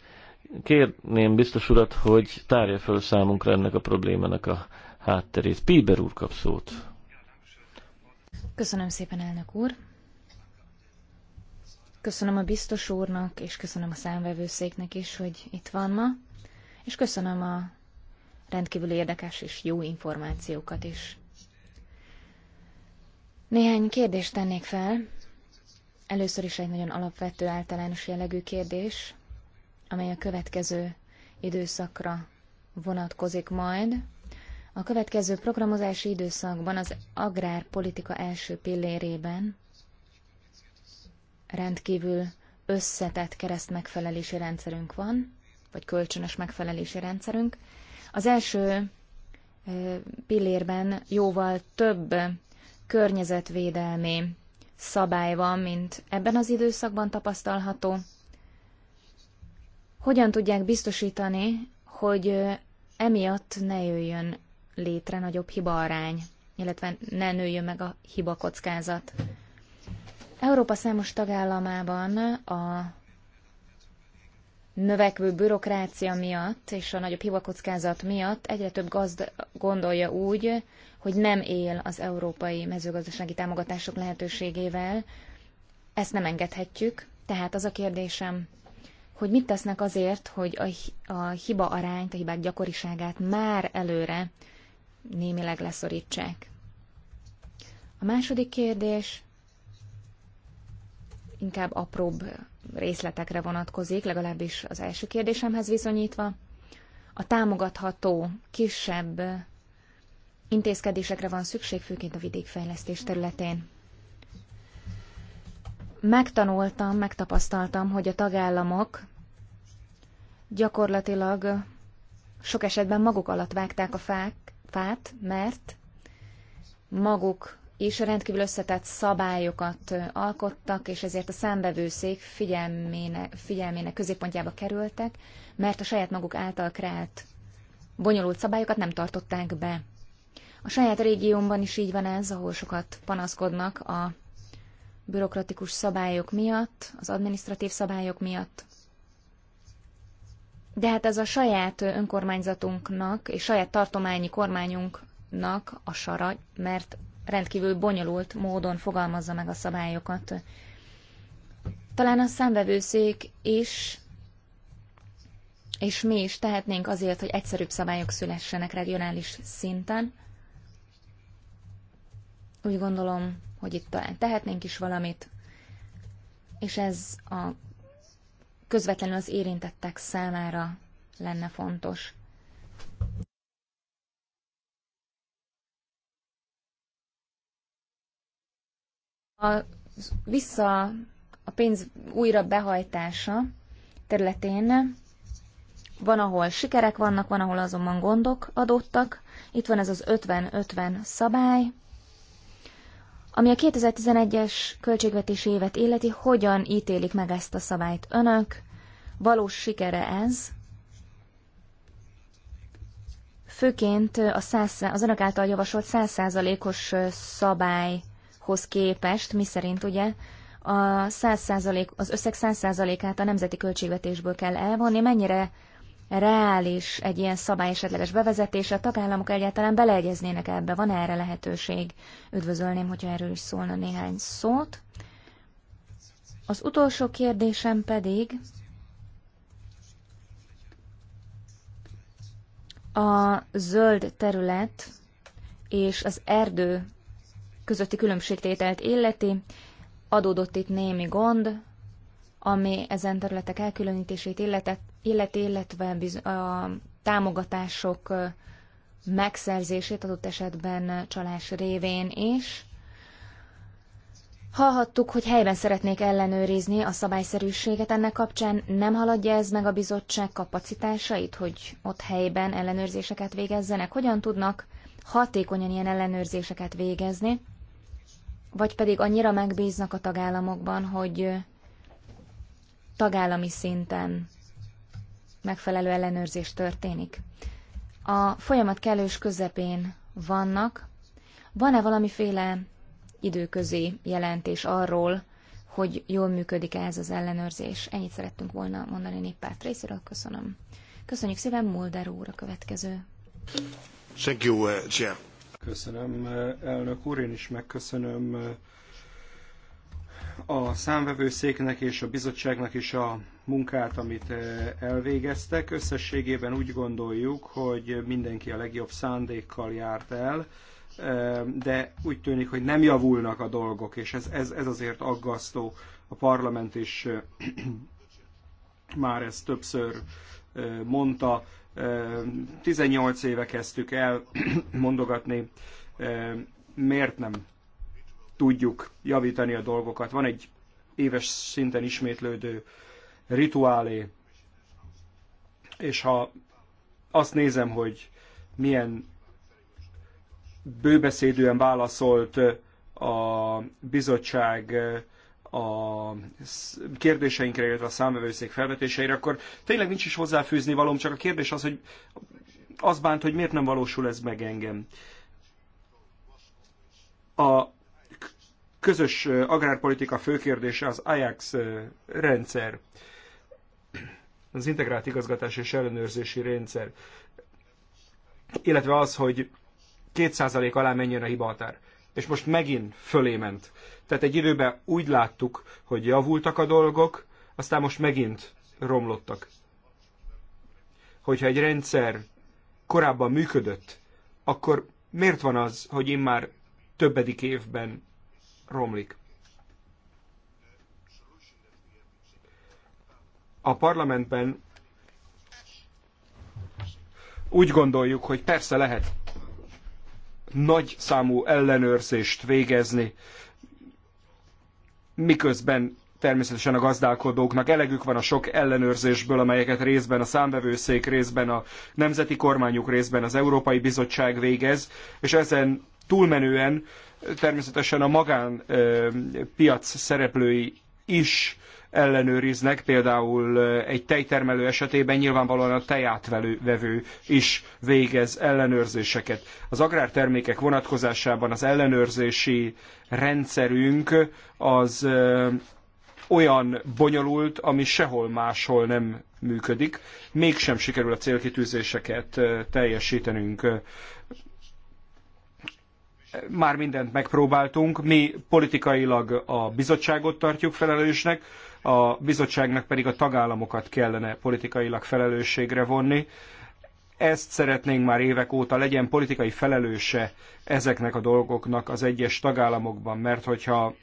Speaker 3: kérném biztos urat, hogy tárja föl számunkra ennek a problémának a hátterét. Piber úr kap szót.
Speaker 5: Köszönöm szépen, elnök úr. Köszönöm a biztos úrnak, és köszönöm a számvevőszéknek is, hogy itt van ma, és köszönöm a rendkívül érdekes és jó információkat is. Néhány kérdést tennék fel. Először is egy nagyon alapvető általános jellegű kérdés amely a következő időszakra vonatkozik majd. A következő programozási időszakban az agrárpolitika első pillérében rendkívül összetett kereszt megfelelési rendszerünk van, vagy kölcsönös megfelelési rendszerünk. Az első pillérben jóval több környezetvédelmi szabály van, mint ebben az időszakban tapasztalható hogyan tudják biztosítani, hogy emiatt ne jöjjön létre nagyobb arány, illetve ne nőjön meg a hiba kockázat. Európa számos tagállamában a növekvő bürokrácia miatt és a nagyobb hibakockázat miatt egyre több gazd gondolja úgy, hogy nem él az európai mezőgazdasági támogatások lehetőségével. Ezt nem engedhetjük, tehát az a kérdésem, hogy mit tesznek azért, hogy a, a hiba arányt, a hibák gyakoriságát már előre némileg leszorítsák. A második kérdés inkább apróbb részletekre vonatkozik, legalábbis az első kérdésemhez viszonyítva. A támogatható, kisebb intézkedésekre van szükség, főként a vidékfejlesztés területén. Megtanultam, megtapasztaltam, hogy a tagállamok gyakorlatilag sok esetben maguk alatt vágták a fák, fát, mert maguk is rendkívül összetett szabályokat alkottak, és ezért a számbevőszék figyelmének, figyelmének középpontjába kerültek, mert a saját maguk által kreált bonyolult szabályokat nem tartották be. A saját régiómban is így van ez, ahol sokat panaszkodnak a bürokratikus szabályok miatt, az administratív szabályok miatt de hát ez a saját önkormányzatunknak és saját tartományi kormányunknak a sara, mert rendkívül bonyolult módon fogalmazza meg a szabályokat. Talán a számvevőszék is, és mi is tehetnénk azért, hogy egyszerűbb szabályok szülessenek regionális szinten. Úgy gondolom, hogy itt talán tehetnénk is valamit, és ez a közvetlenül az érintettek számára lenne fontos. A vissza a pénz újra behajtása területén van, ahol sikerek vannak, van, ahol azonban gondok adottak. Itt van ez az 50-50 szabály. Ami a 2011-es költségvetési évet illeti, hogyan ítélik meg ezt a szabályt önök? Valós sikere ez? Főként a 100, az önök által javasolt 100%-os szabályhoz képest, miszerint ugye a 100%, az összeg 100%-át a nemzeti költségvetésből kell elvonni, mennyire reális egy ilyen szabály esetleges bevezetése, a tagállamok egyáltalán beleegyeznének ebbe, van -e erre lehetőség? Üdvözölném, hogyha erről is szólna néhány szót. Az utolsó kérdésem pedig a zöld terület és az erdő közötti különbségtételt illeti. Adódott itt némi gond, ami ezen területek elkülönítését illetett, illet, illetve a támogatások megszerzését adott esetben csalás révén is. Hallhattuk, hogy helyben szeretnék ellenőrizni a szabályszerűséget ennek kapcsán. Nem haladja ez meg a bizottság kapacitásait, hogy ott helyben ellenőrzéseket végezzenek? Hogyan tudnak hatékonyan ilyen ellenőrzéseket végezni? Vagy pedig annyira megbíznak a tagállamokban, hogy tagállami szinten megfelelő ellenőrzés történik. A folyamat kellős közepén vannak. Van-e valamiféle időközi jelentés arról, hogy jól működik -e ez az ellenőrzés? Ennyit szerettünk volna mondani néppárt részéről. Köszönöm. Köszönjük szépen, Mulder úr a következő.
Speaker 6: Thank you,
Speaker 1: uh, Chair.
Speaker 4: Köszönöm, uh, elnök úr, én is megköszönöm uh, a számvevőszéknek és a bizottságnak is a munkát, amit eh, elvégeztek. Összességében úgy gondoljuk, hogy mindenki a legjobb szándékkal járt el, eh, de úgy tűnik, hogy nem javulnak a dolgok, és ez, ez, ez azért aggasztó. A parlament is eh, már ezt többször mondta. 18 éve kezdtük el <clears throat> mondogatni, miért nem tudjuk javítani a dolgokat. Van egy éves szinten ismétlődő rituálé, és ha azt nézem, hogy milyen bőbeszédűen válaszolt a bizottság a kérdéseinkre, illetve a számvevőszék felvetéseire, akkor tényleg nincs is hozzáfűzni valóm, csak a kérdés az, hogy az bánt, hogy miért nem valósul ez meg engem. A közös agrárpolitika főkérdése az Ajax rendszer, az integrált igazgatás és ellenőrzési rendszer, illetve az, hogy 2% alá menjen a hibahatár. És most megint fölé ment. Tehát egy időben úgy láttuk, hogy javultak a dolgok, aztán most megint romlottak. Hogyha egy rendszer korábban működött, akkor miért van az, hogy immár többedik évben romlik. A parlamentben úgy gondoljuk, hogy persze lehet nagy számú ellenőrzést végezni, miközben természetesen a gazdálkodóknak elegük van a sok ellenőrzésből, amelyeket részben a számvevőszék, részben a nemzeti kormányuk, részben az Európai Bizottság végez, és ezen túlmenően természetesen a magánpiac szereplői is ellenőriznek, például egy tejtermelő esetében nyilvánvalóan a tejátvevő is végez ellenőrzéseket. Az agrártermékek vonatkozásában az ellenőrzési rendszerünk az olyan bonyolult, ami sehol máshol nem működik, mégsem sikerül a célkitűzéseket teljesítenünk már mindent megpróbáltunk, mi politikailag a bizottságot tartjuk felelősnek, a bizottságnak pedig a tagállamokat kellene politikailag felelősségre vonni. Ezt szeretnénk már évek óta legyen politikai felelőse ezeknek a dolgoknak az egyes tagállamokban, mert hogyha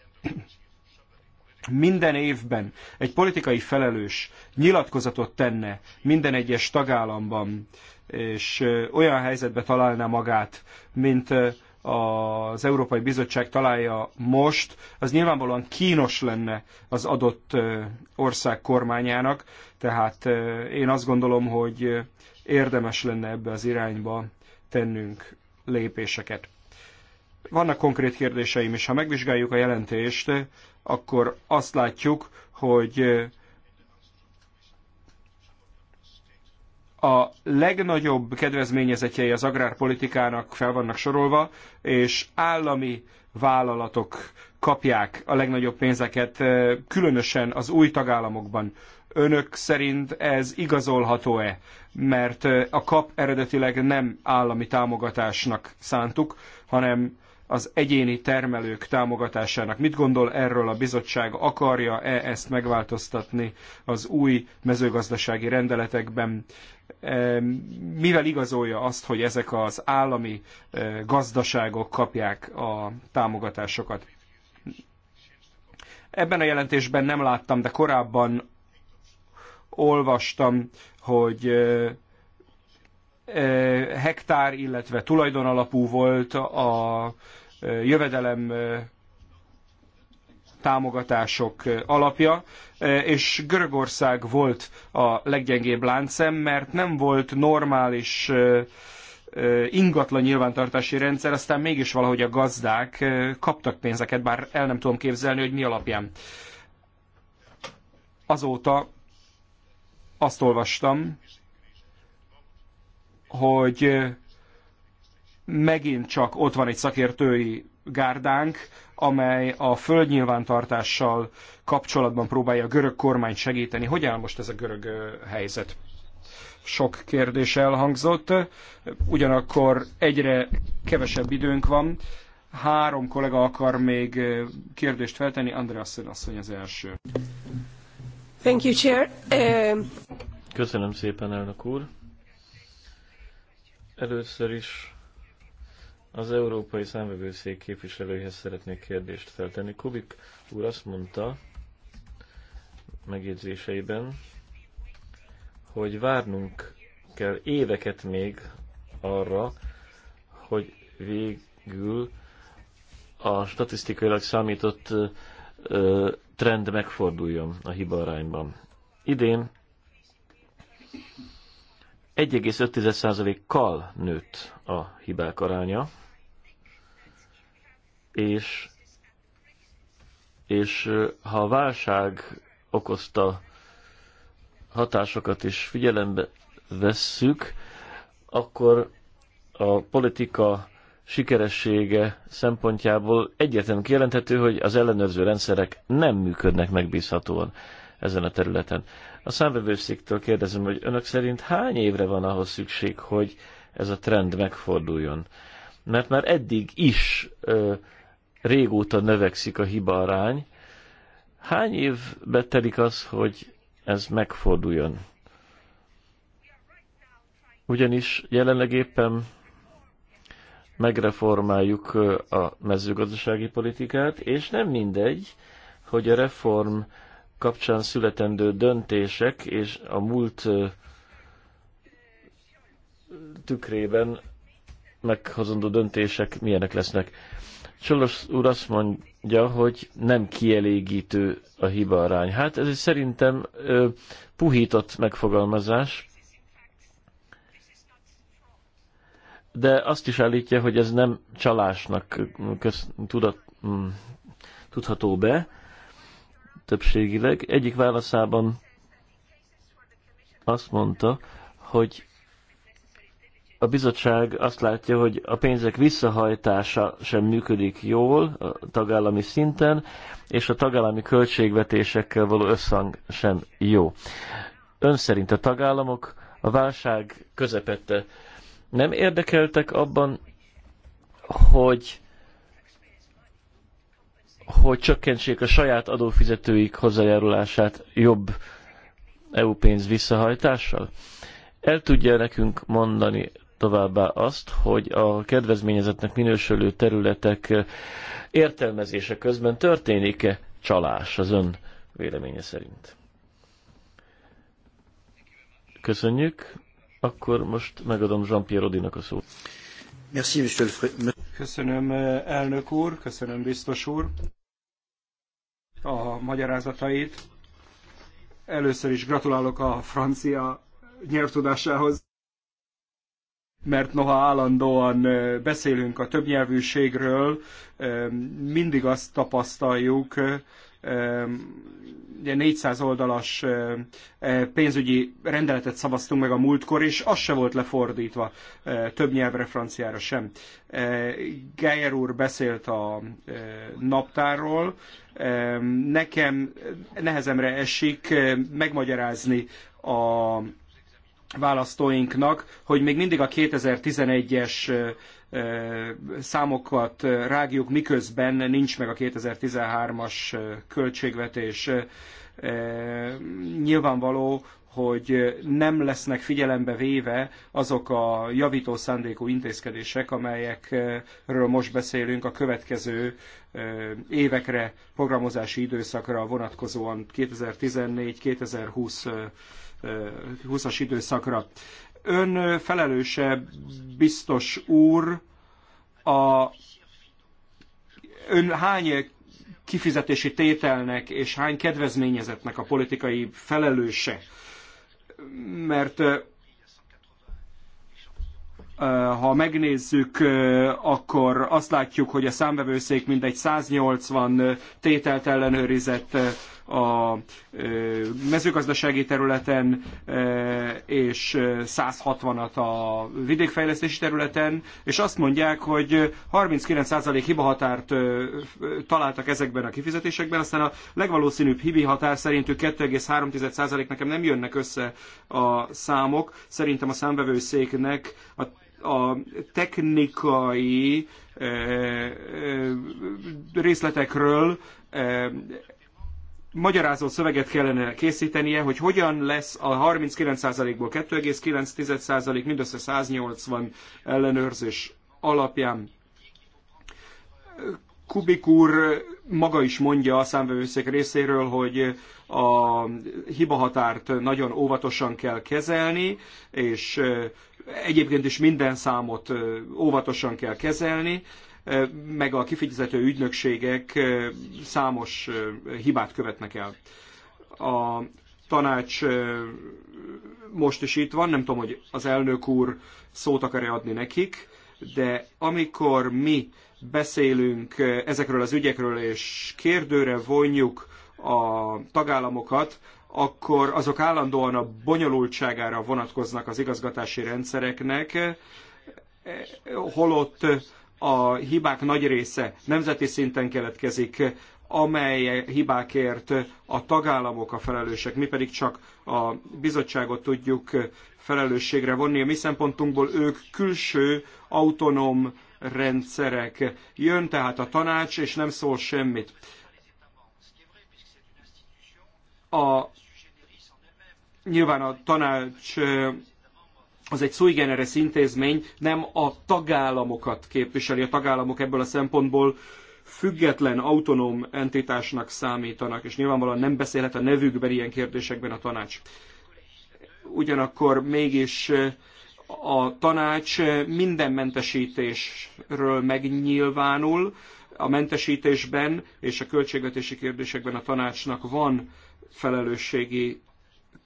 Speaker 4: minden évben egy politikai felelős nyilatkozatot tenne minden egyes tagállamban, és olyan helyzetbe találná magát, mint az Európai Bizottság találja most, az nyilvánvalóan kínos lenne az adott ország kormányának, tehát én azt gondolom, hogy érdemes lenne ebbe az irányba tennünk lépéseket. Vannak konkrét kérdéseim, és ha megvizsgáljuk a jelentést, akkor azt látjuk, hogy a legnagyobb kedvezményezetjei az agrárpolitikának fel vannak sorolva, és állami vállalatok kapják a legnagyobb pénzeket, különösen az új tagállamokban. Önök szerint ez igazolható-e? Mert a kap eredetileg nem állami támogatásnak szántuk, hanem az egyéni termelők támogatásának. Mit gondol erről a bizottság? Akarja-e ezt megváltoztatni az új mezőgazdasági rendeletekben? mivel igazolja azt, hogy ezek az állami eh, gazdaságok kapják a támogatásokat. Ebben a jelentésben nem láttam, de korábban olvastam, hogy eh, eh, hektár, illetve tulajdon alapú volt a jövedelem támogatások alapja, és Görögország volt a leggyengébb láncem, mert nem volt normális ingatlan nyilvántartási rendszer, aztán mégis valahogy a gazdák kaptak pénzeket, bár el nem tudom képzelni, hogy mi alapján. Azóta azt olvastam, hogy megint csak ott van egy szakértői gárdánk, amely a földnyilvántartással kapcsolatban próbálja a görög kormányt segíteni. Hogy áll most ez a görög helyzet? Sok kérdés elhangzott, ugyanakkor egyre kevesebb időnk van. Három kollega akar még kérdést feltenni, Andreas asszony az első.
Speaker 1: Thank you, Chair.
Speaker 3: Köszönöm szépen, elnök úr. Először is az Európai Számvevőszék képviselőjéhez szeretnék kérdést feltenni. Kubik úr azt mondta megjegyzéseiben, hogy várnunk kell éveket még arra, hogy végül a statisztikailag számított ö, trend megforduljon a hiba arányban. Idén 1,5%-kal nőtt a hibák aránya, és, és ha a válság okozta hatásokat is figyelembe vesszük, akkor a politika sikeressége szempontjából egyetem kijelenthető, hogy az ellenőrző rendszerek nem működnek megbízhatóan ezen a területen. A számvevőszéktől kérdezem, hogy önök szerint hány évre van ahhoz szükség, hogy ez a trend megforduljon? Mert már eddig is ö, régóta növekszik a hiba arány. Hány évbe telik az, hogy ez megforduljon? Ugyanis jelenleg éppen megreformáljuk a mezőgazdasági politikát, és nem mindegy, hogy a reform kapcsán születendő döntések és a múlt tükrében meghozandó döntések milyenek lesznek. Csolos úr azt mondja, hogy nem kielégítő a hiba arány. Hát ez egy szerintem ö, puhított megfogalmazás, de azt is állítja, hogy ez nem csalásnak köz, tudat, mm, tudható be többségileg. Egyik válaszában azt mondta, hogy a bizottság azt látja, hogy a pénzek visszahajtása sem működik jól a tagállami szinten, és a tagállami költségvetésekkel való összhang sem jó. Ön szerint a tagállamok a válság közepette nem érdekeltek abban, hogy hogy csökkentsék a saját adófizetőik hozzájárulását jobb EU pénz visszahajtással? El tudja nekünk mondani továbbá azt, hogy a kedvezményezetnek minősülő területek értelmezése közben történik-e csalás az ön véleménye szerint? Köszönjük. Akkor most megadom Jean-Pierre Odinak a szót.
Speaker 4: Köszönöm, elnök úr, köszönöm, biztos úr a magyarázatait. Először is gratulálok a francia nyelvtudásához, mert noha állandóan beszélünk a többnyelvűségről, mindig azt tapasztaljuk, 400 oldalas pénzügyi rendeletet szavaztunk meg a múltkor, és az se volt lefordítva több nyelvre, franciára sem. Geyer úr beszélt a naptárról, nekem nehezemre esik megmagyarázni a választóinknak, hogy még mindig a 2011-es számokat rágjuk, miközben nincs meg a 2013-as költségvetés. Nyilvánvaló, hogy nem lesznek figyelembe véve azok a javító szándékú intézkedések, amelyekről most beszélünk a következő évekre, programozási időszakra vonatkozóan 2014-2020 20-as időszakra ön felelőse, biztos úr, a, ön hány kifizetési tételnek és hány kedvezményezetnek a politikai felelőse? Mert ha megnézzük, akkor azt látjuk, hogy a számvevőszék mindegy 180 tételt ellenőrizett a mezőgazdasági területen, és 160-at a vidékfejlesztési területen, és azt mondják, hogy 39% hibahatárt találtak ezekben a kifizetésekben, aztán a legvalószínűbb hibi határ szerint 2,3% nekem nem jönnek össze a számok, szerintem a számvevőszéknek a a technikai részletekről magyarázó szöveget kellene készítenie, hogy hogyan lesz a 39%-ból 2,9% mindössze 180 ellenőrzés alapján. Kubik úr maga is mondja a számvevőszék részéről, hogy a hibahatárt nagyon óvatosan kell kezelni, és egyébként is minden számot óvatosan kell kezelni, meg a kifizető ügynökségek számos hibát követnek el. A tanács most is itt van, nem tudom, hogy az elnök úr szót akar-e adni nekik, de amikor mi beszélünk ezekről az ügyekről, és kérdőre vonjuk a tagállamokat, akkor azok állandóan a bonyolultságára vonatkoznak az igazgatási rendszereknek, holott a hibák nagy része nemzeti szinten keletkezik, amely hibákért a tagállamok a felelősek, mi pedig csak a bizottságot tudjuk felelősségre vonni. A mi szempontunkból ők külső, autonóm rendszerek. Jön tehát a tanács, és nem szól semmit. A, nyilván a tanács az egy sui generis intézmény, nem a tagállamokat képviseli. A tagállamok ebből a szempontból független, autonóm entitásnak számítanak, és nyilvánvalóan nem beszélhet a nevükben ilyen kérdésekben a tanács. Ugyanakkor mégis eh, a tanács eh, minden mentesítésről megnyilvánul, a mentesítésben és a költségvetési kérdésekben a tanácsnak van felelősségi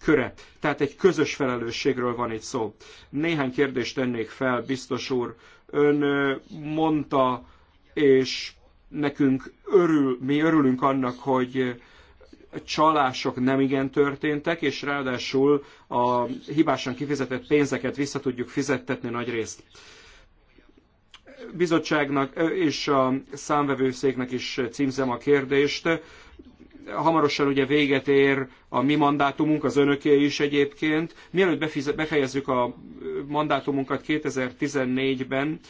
Speaker 4: köre. Tehát egy közös felelősségről van itt szó. Néhány kérdést tennék fel, biztos úr. Ön mondta, és nekünk örül, mi örülünk annak, hogy csalások nem igen történtek, és ráadásul a hibásan kifizetett pénzeket vissza tudjuk fizettetni nagy részt. Bizottságnak és a számvevőszéknek is címzem a kérdést hamarosan ugye véget ér a mi mandátumunk, az önöké is egyébként. Mielőtt befejezzük a mandátumunkat 2014-ben,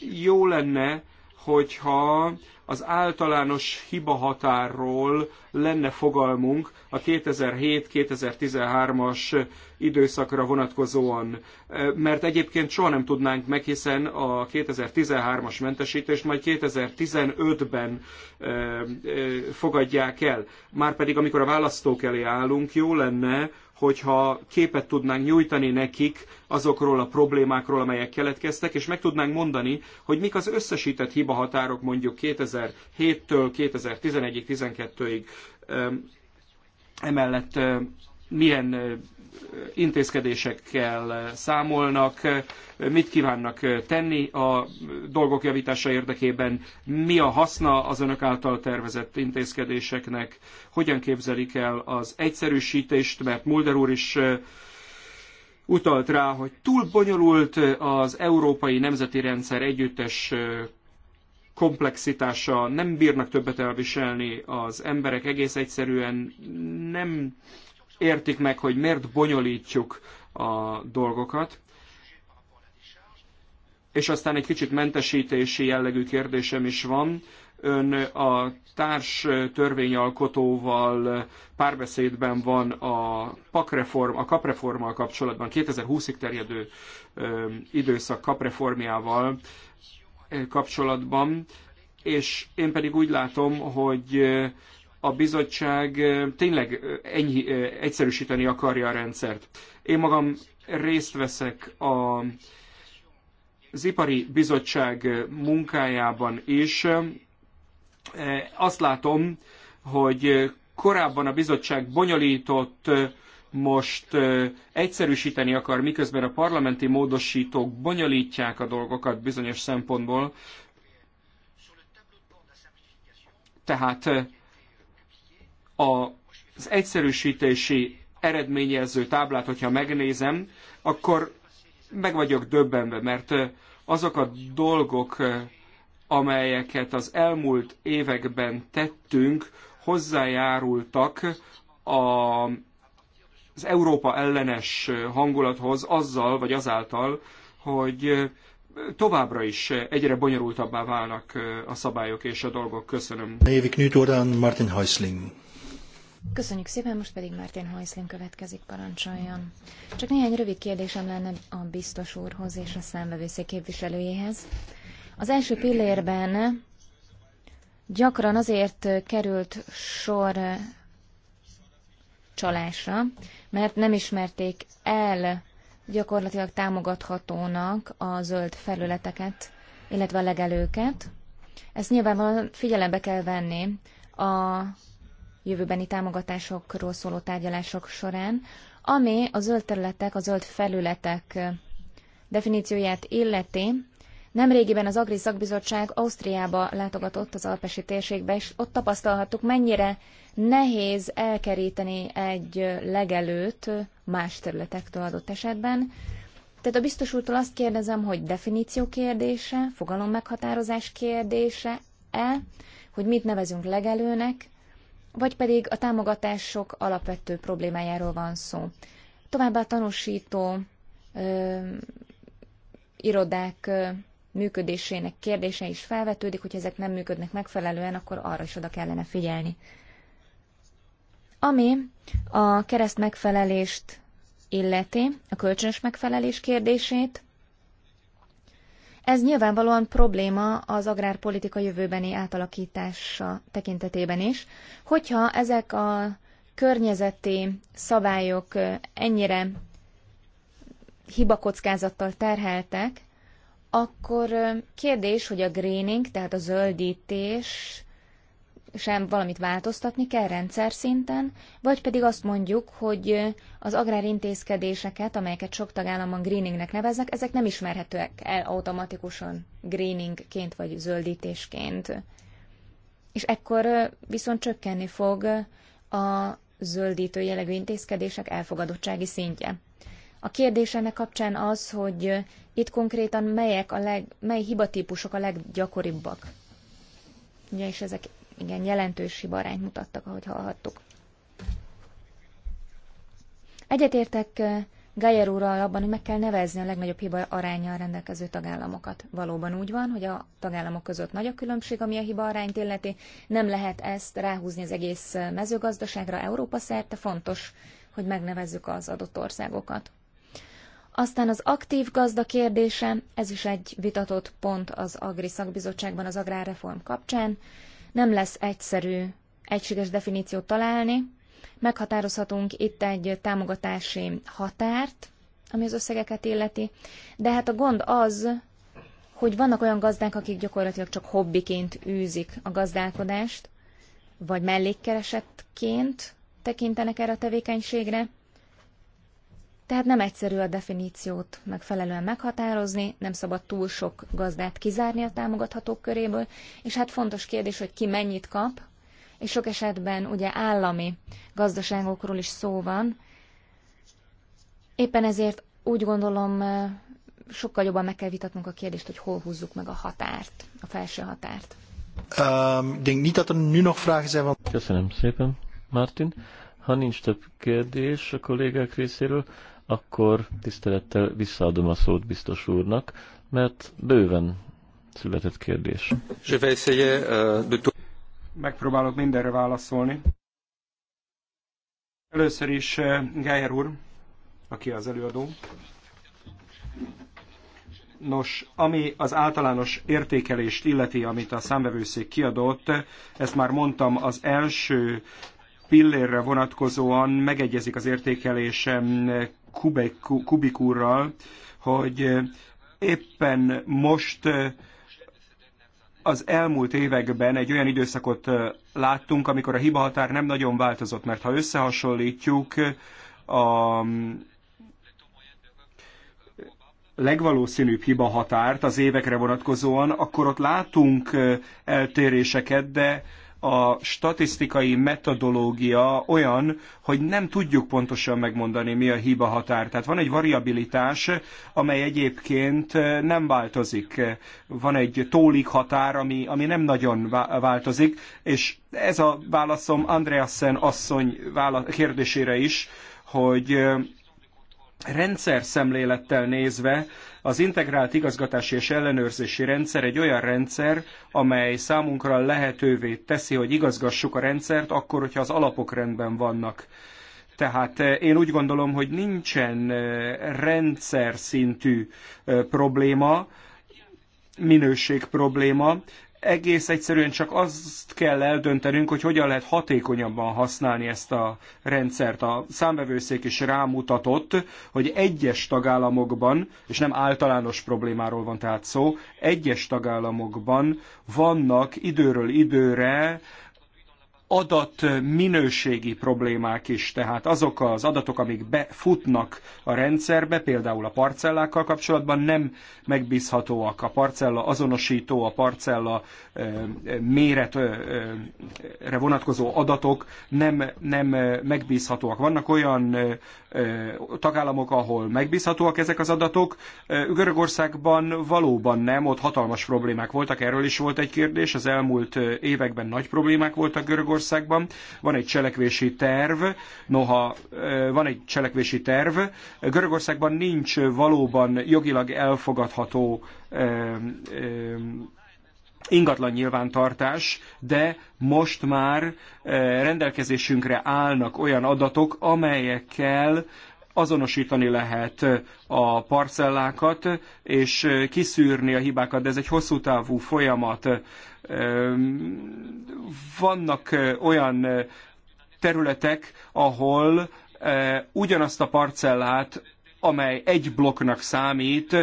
Speaker 4: jó lenne, hogyha az általános hibahatárról lenne fogalmunk a 2007-2013-as időszakra vonatkozóan, mert egyébként soha nem tudnánk meg, hiszen a 2013-as mentesítést majd 2015-ben fogadják el. Márpedig amikor a választók elé állunk, jó lenne, hogyha képet tudnánk nyújtani nekik azokról a problémákról, amelyek keletkeztek, és meg tudnánk mondani, hogy mik az összesített hibahatárok mondjuk 2007-től 2011-ig, 12-ig. Emellett milyen intézkedésekkel számolnak, mit kívánnak tenni a dolgok javítása érdekében, mi a haszna az önök által tervezett intézkedéseknek, hogyan képzelik el az egyszerűsítést, mert Mulder úr is utalt rá, hogy túl bonyolult az európai nemzeti rendszer együttes komplexitása, nem bírnak többet elviselni az emberek, egész egyszerűen nem értik meg, hogy miért bonyolítjuk a dolgokat. És aztán egy kicsit mentesítési jellegű kérdésem is van. Ön a társ törvényalkotóval párbeszédben van a, pakreform, a kapreformmal kapcsolatban, 2020-ig terjedő ö, időszak kapreformjával kapcsolatban, és én pedig úgy látom, hogy a bizottság tényleg enyhi, egyszerűsíteni akarja a rendszert. Én magam részt veszek a, az ipari bizottság munkájában is. Azt látom, hogy korábban a bizottság bonyolított, most egyszerűsíteni akar, miközben a parlamenti módosítók bonyolítják a dolgokat bizonyos szempontból. Tehát az egyszerűsítési eredményező táblát, hogyha megnézem, akkor meg vagyok döbbenve, mert azok a dolgok, amelyeket az elmúlt években tettünk, hozzájárultak a, az Európa ellenes hangulathoz azzal, vagy azáltal, hogy továbbra is egyre bonyolultabbá válnak a szabályok és a dolgok. Köszönöm.
Speaker 6: Évik Newton, Martin Heusling.
Speaker 5: Köszönjük szépen, most pedig Martin Hajszlin következik, parancsoljon. Csak néhány rövid kérdésem lenne a biztos úrhoz és a számbevőszék képviselőjéhez. Az első pillérben gyakran azért került sor csalásra, mert nem ismerték el gyakorlatilag támogathatónak a zöld felületeket, illetve a legelőket. Ezt nyilvánvalóan figyelembe kell venni a jövőbeni támogatásokról szóló tárgyalások során, ami a zöld területek, a zöld felületek definícióját illeti. Nemrégiben az Agri Szakbizottság Ausztriába látogatott az Alpesi térségbe, és ott tapasztalhattuk, mennyire nehéz elkeríteni egy legelőt más területektől adott esetben. Tehát a biztos úrtól azt kérdezem, hogy definíció kérdése, meghatározás kérdése-e, hogy mit nevezünk legelőnek, vagy pedig a támogatások alapvető problémájáról van szó. Továbbá tanúsító ö, irodák ö, működésének kérdése is felvetődik, hogy ezek nem működnek megfelelően, akkor arra is oda kellene figyelni. Ami a kereszt megfelelést illeti, a kölcsönös megfelelés kérdését, ez nyilvánvalóan probléma az agrárpolitika jövőbeni átalakítása tekintetében is. Hogyha ezek a környezeti szabályok ennyire hibakockázattal terheltek, akkor kérdés, hogy a greening, tehát a zöldítés sem valamit változtatni kell rendszer szinten, vagy pedig azt mondjuk, hogy az agrárintézkedéseket, amelyeket sok tagállamban greeningnek neveznek, ezek nem ismerhetőek el automatikusan greeningként vagy zöldítésként. És ekkor viszont csökkenni fog a zöldítő jellegű intézkedések elfogadottsági szintje. A kérdés ennek kapcsán az, hogy itt konkrétan melyek a leg, mely hibatípusok a leggyakoribbak. Ugye, és ezek igen jelentős hibarányt mutattak, ahogy hallhattuk. Egyetértek Geyer úrral abban, hogy meg kell nevezni a legnagyobb hiba arányjal rendelkező tagállamokat. Valóban úgy van, hogy a tagállamok között nagy a különbség, ami a hiba arányt illeti. Nem lehet ezt ráhúzni az egész mezőgazdaságra Európa szerte, fontos, hogy megnevezzük az adott országokat. Aztán az aktív gazda kérdése, ez is egy vitatott pont az Agri szakbizottságban az agrárreform kapcsán. Nem lesz egyszerű egységes definíciót találni, meghatározhatunk itt egy támogatási határt, ami az összegeket illeti, de hát a gond az, hogy vannak olyan gazdák, akik gyakorlatilag csak hobbiként űzik a gazdálkodást, vagy mellékkeresetként tekintenek erre a tevékenységre, tehát nem egyszerű a definíciót megfelelően meghatározni, nem szabad túl sok gazdát kizárni a támogathatók köréből, és hát fontos kérdés, hogy ki mennyit kap, és sok esetben ugye állami gazdaságokról is szó van. Éppen ezért úgy gondolom, eh, sokkal jobban meg kell vitatnunk a kérdést, hogy hol húzzuk meg a határt, a felső határt.
Speaker 3: Ehm, er Köszönöm szépen, Martin. Ha nincs több kérdés a kollégák részéről, akkor tisztelettel visszaadom a szót biztos úrnak, mert bőven született kérdés.
Speaker 4: Euh, Megpróbálok mindenre válaszolni. Először is euh, Geyer úr, aki az előadó. Nos, ami az általános értékelést illeti, amit a számbevőszék kiadott, ezt már mondtam az első pillérre vonatkozóan megegyezik az értékelésem Kubik, úrral, hogy éppen most az elmúlt években egy olyan időszakot láttunk, amikor a hibahatár nem nagyon változott, mert ha összehasonlítjuk a legvalószínűbb hiba határt az évekre vonatkozóan, akkor ott látunk eltéréseket, de a statisztikai metodológia olyan, hogy nem tudjuk pontosan megmondani, mi a hiba határ. Tehát van egy variabilitás, amely egyébként eh, nem változik. Van egy tólik határ, ami, ami nem nagyon változik, és ez a válaszom Andreasen asszony kérdésére is, hogy eh, rendszer szemlélettel nézve az integrált igazgatási és ellenőrzési rendszer egy olyan rendszer, amely számunkra lehetővé teszi, hogy igazgassuk a rendszert akkor, hogyha az alapok rendben vannak. Tehát eh, én úgy gondolom, hogy nincsen eh, rendszer szintű eh, probléma, minőség probléma, egész egyszerűen csak azt kell eldöntenünk, hogy hogyan lehet hatékonyabban használni ezt a rendszert. A számbevőszék is rámutatott, hogy egyes tagállamokban, és nem általános problémáról van tehát szó, egyes tagállamokban vannak időről időre adat problémák is, tehát azok az adatok, amik befutnak a rendszerbe, például a parcellákkal kapcsolatban nem megbízhatóak. A parcella azonosító, a parcella méretre vonatkozó adatok nem, nem megbízhatóak. Vannak olyan tagállamok, ahol megbízhatóak ezek az adatok. Görögországban valóban nem, ott hatalmas problémák voltak, erről is volt egy kérdés, az elmúlt években nagy problémák voltak Görögországban, Görögországban. Van egy cselekvési terv, noha van egy cselekvési terv. Görögországban nincs valóban jogilag elfogadható ingatlan nyilvántartás, de most már rendelkezésünkre állnak olyan adatok, amelyekkel azonosítani lehet a parcellákat, és kiszűrni a hibákat, de ez egy hosszú távú folyamat. Vannak olyan területek, ahol ugyanazt a parcellát, amely egy blokknak számít,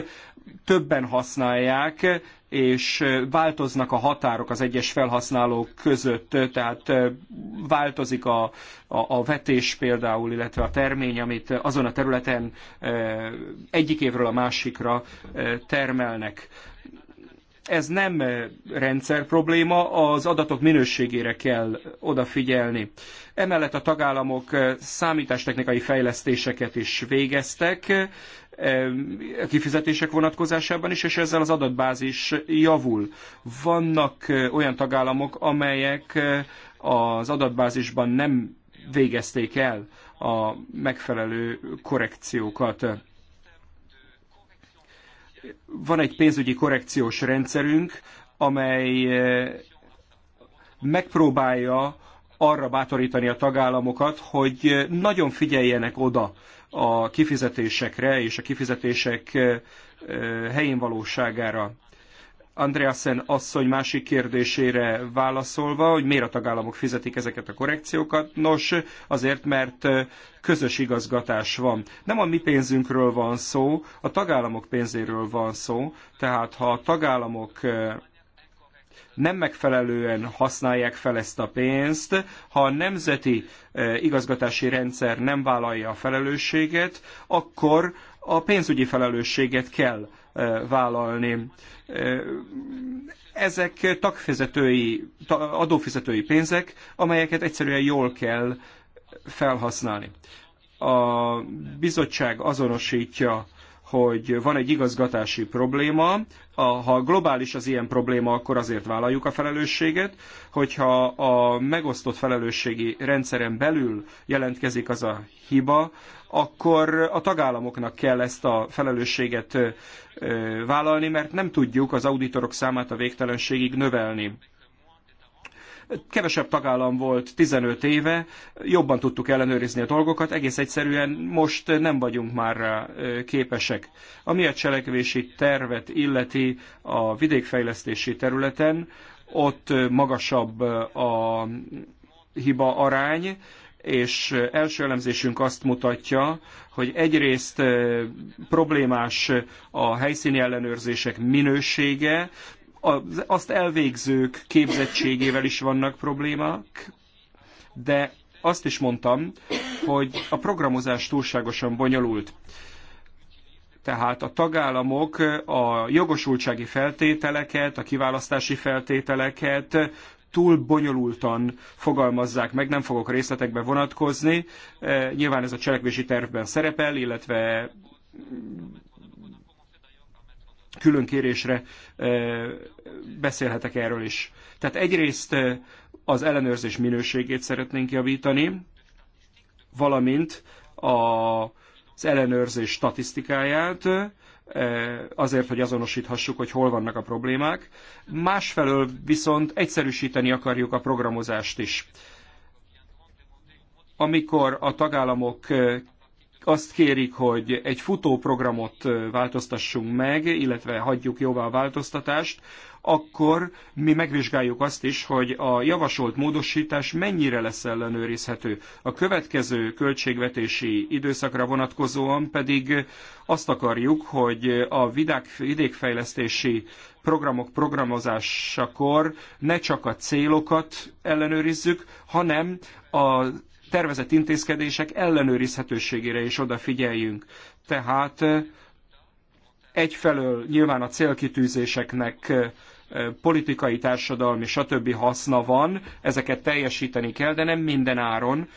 Speaker 4: többen használják, és változnak a határok az egyes felhasználók között, tehát változik a, a, a vetés például, illetve a termény, amit azon a területen egyik évről a másikra termelnek. Ez nem eh, rendszer probléma, az adatok minőségére kell odafigyelni. Emellett a tagállamok eh, számítástechnikai fejlesztéseket is végeztek, eh, kifizetések vonatkozásában is, és ezzel az adatbázis javul. Vannak olyan tagállamok, amelyek az adatbázisban nem végezték el a megfelelő korrekciókat van egy pénzügyi korrekciós rendszerünk, amely eh, megpróbálja arra bátorítani a tagállamokat, hogy eh, nagyon figyeljenek oda a kifizetésekre és a kifizetések eh, helyén valóságára. Andreasen asszony másik kérdésére válaszolva, hogy miért a tagállamok fizetik ezeket a korrekciókat. Nos, azért, mert közös igazgatás van. Nem a mi pénzünkről van szó, a tagállamok pénzéről van szó, tehát ha a tagállamok nem megfelelően használják fel ezt a pénzt, ha a nemzeti igazgatási rendszer nem vállalja a felelősséget, akkor a pénzügyi felelősséget kell vállalni. Ezek tagfizetői, adófizetői pénzek, amelyeket egyszerűen jól kell felhasználni. A bizottság azonosítja hogy van egy igazgatási probléma, a, ha globális az ilyen probléma, akkor azért vállaljuk a felelősséget, hogyha a megosztott felelősségi rendszeren belül jelentkezik az a hiba, akkor a tagállamoknak kell ezt a felelősséget vállalni, mert nem tudjuk az auditorok számát a végtelenségig növelni. Kevesebb tagállam volt 15 éve, jobban tudtuk ellenőrizni a dolgokat, egész egyszerűen most nem vagyunk már rá képesek. Ami a cselekvési tervet illeti a vidékfejlesztési területen, ott magasabb a hiba arány, és első elemzésünk azt mutatja, hogy egyrészt problémás a helyszíni ellenőrzések minősége, azt elvégzők képzettségével is vannak problémák, de azt is mondtam, hogy a programozás túlságosan bonyolult. Tehát a tagállamok a jogosultsági feltételeket, a kiválasztási feltételeket túl bonyolultan fogalmazzák meg, nem fogok részletekbe vonatkozni. Nyilván ez a cselekvési tervben szerepel, illetve külön kérésre beszélhetek erről is. Tehát egyrészt az ellenőrzés minőségét szeretnénk javítani, valamint a, az ellenőrzés statisztikáját, azért, hogy azonosíthassuk, hogy hol vannak a problémák. Másfelől viszont egyszerűsíteni akarjuk a programozást is. Amikor a tagállamok azt kérik, hogy egy futóprogramot változtassunk meg, illetve hagyjuk jóvá a változtatást, akkor mi megvizsgáljuk azt is, hogy a javasolt módosítás mennyire lesz ellenőrizhető. A következő költségvetési időszakra vonatkozóan pedig azt akarjuk, hogy a vidák, vidékfejlesztési programok programozásakor ne csak a célokat ellenőrizzük, hanem a tervezett intézkedések ellenőrizhetőségére is odafigyeljünk. Tehát egyfelől nyilván a célkitűzéseknek politikai, társadalmi, stb. haszna van, ezeket teljesíteni kell, de nem minden áron.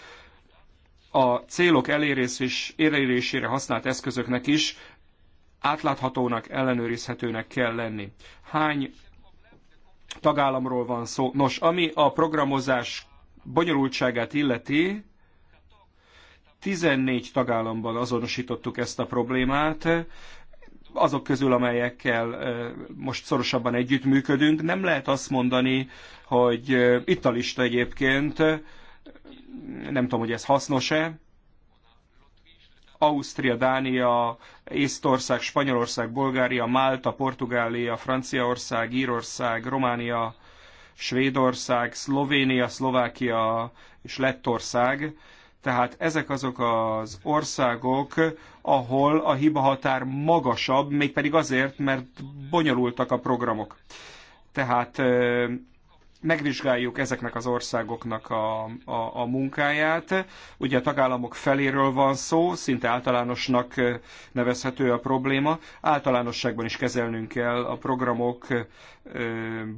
Speaker 4: A célok elérésére használt eszközöknek is átláthatónak, ellenőrizhetőnek kell lenni. Hány tagállamról van szó? Nos, ami a programozás bonyolultságát illeti, 14 tagállamban azonosítottuk ezt a problémát, azok közül, amelyekkel most szorosabban együttműködünk. Nem lehet azt mondani, hogy itt a lista egyébként, nem tudom, hogy ez hasznos-e, Ausztria, Dánia, Észtország, Spanyolország, Bulgária, Málta, Portugália, Franciaország, Írország, Románia, Svédország, Szlovénia, Szlovákia és Lettország. Tehát ezek azok az országok, ahol a hiba határ magasabb, mégpedig azért, mert bonyolultak a programok. Tehát megvizsgáljuk ezeknek az országoknak a, a, a munkáját. Ugye a tagállamok feléről van szó, szinte általánosnak nevezhető a probléma. Általánosságban is kezelnünk kell a programok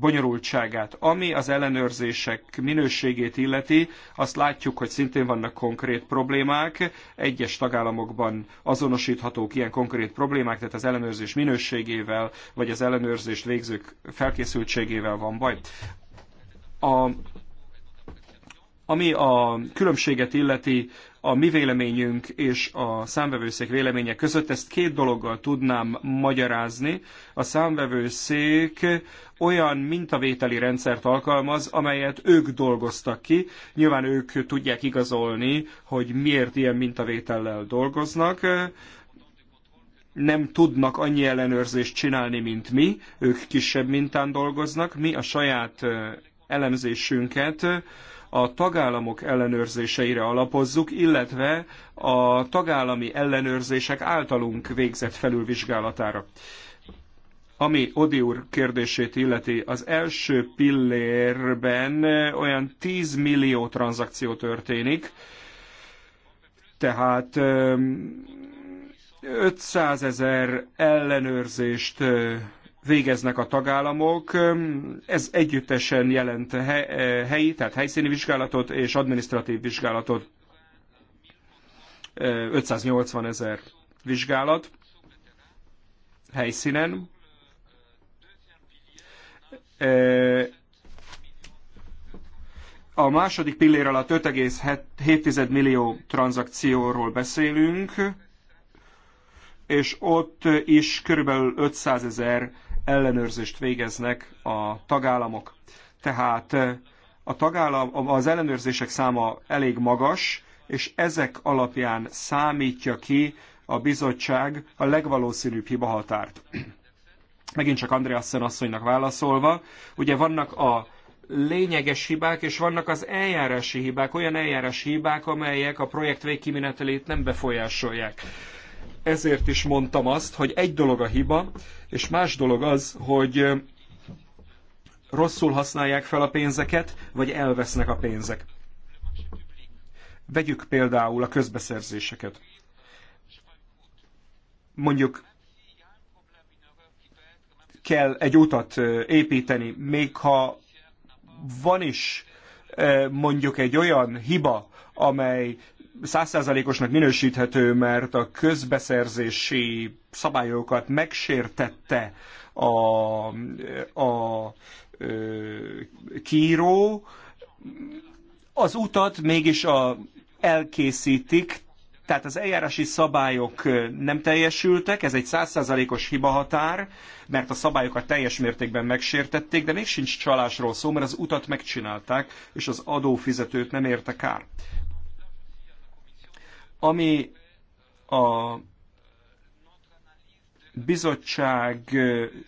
Speaker 4: bonyolultságát. Ami az ellenőrzések minőségét illeti, azt látjuk, hogy szintén vannak konkrét problémák. Egyes tagállamokban azonosíthatók ilyen konkrét problémák, tehát az ellenőrzés minőségével, vagy az ellenőrzést végzők felkészültségével van baj. A, ami a különbséget illeti a mi véleményünk és a számvevőszék véleménye között, ezt két dologgal tudnám magyarázni. A számvevőszék olyan mintavételi rendszert alkalmaz, amelyet ők dolgoztak ki. Nyilván ők tudják igazolni, hogy miért ilyen mintavétellel dolgoznak nem tudnak annyi ellenőrzést csinálni, mint mi, ők kisebb mintán dolgoznak, mi a saját elemzésünket a tagállamok ellenőrzéseire alapozzuk, illetve a tagállami ellenőrzések általunk végzett felülvizsgálatára. Ami Odi úr kérdését illeti, az első pillérben olyan 10 millió tranzakció történik, tehát 500 ezer ellenőrzést végeznek a tagállamok. Ez együttesen jelent eh, helyi, tehát helyszíni vizsgálatot és administratív vizsgálatot. 580 eh, ezer vizsgálat helyszínen. Eh, a második pillér alatt 5,7 millió tranzakcióról beszélünk, és ott is körülbelül 500 ezer ellenőrzést végeznek a tagállamok. Tehát eh, a tagállam, az ellenőrzések száma elég magas, és ezek alapján számítja ki a bizottság a legvalószínűbb hibahatárt. <clears throat> Megint csak Andreassen asszonynak válaszolva, ugye vannak a lényeges hibák, és vannak az eljárási hibák, olyan eljárási hibák, amelyek a projekt végkimenetelét nem befolyásolják ezért is mondtam azt, hogy egy dolog a hiba, és más dolog az, hogy rosszul használják fel a pénzeket, vagy elvesznek a pénzek. Vegyük például a közbeszerzéseket. Mondjuk kell egy utat építeni, még ha van is mondjuk egy olyan hiba, amely százszázalékosnak minősíthető, mert a közbeszerzési szabályokat megsértette a, a kíró, az utat mégis a, elkészítik, tehát az eljárási szabályok nem teljesültek, ez egy százszázalékos hibahatár, mert a szabályokat teljes mértékben megsértették, de még sincs csalásról szó, mert az utat megcsinálták, és az adófizetőt nem érte kár. Ami a bizottság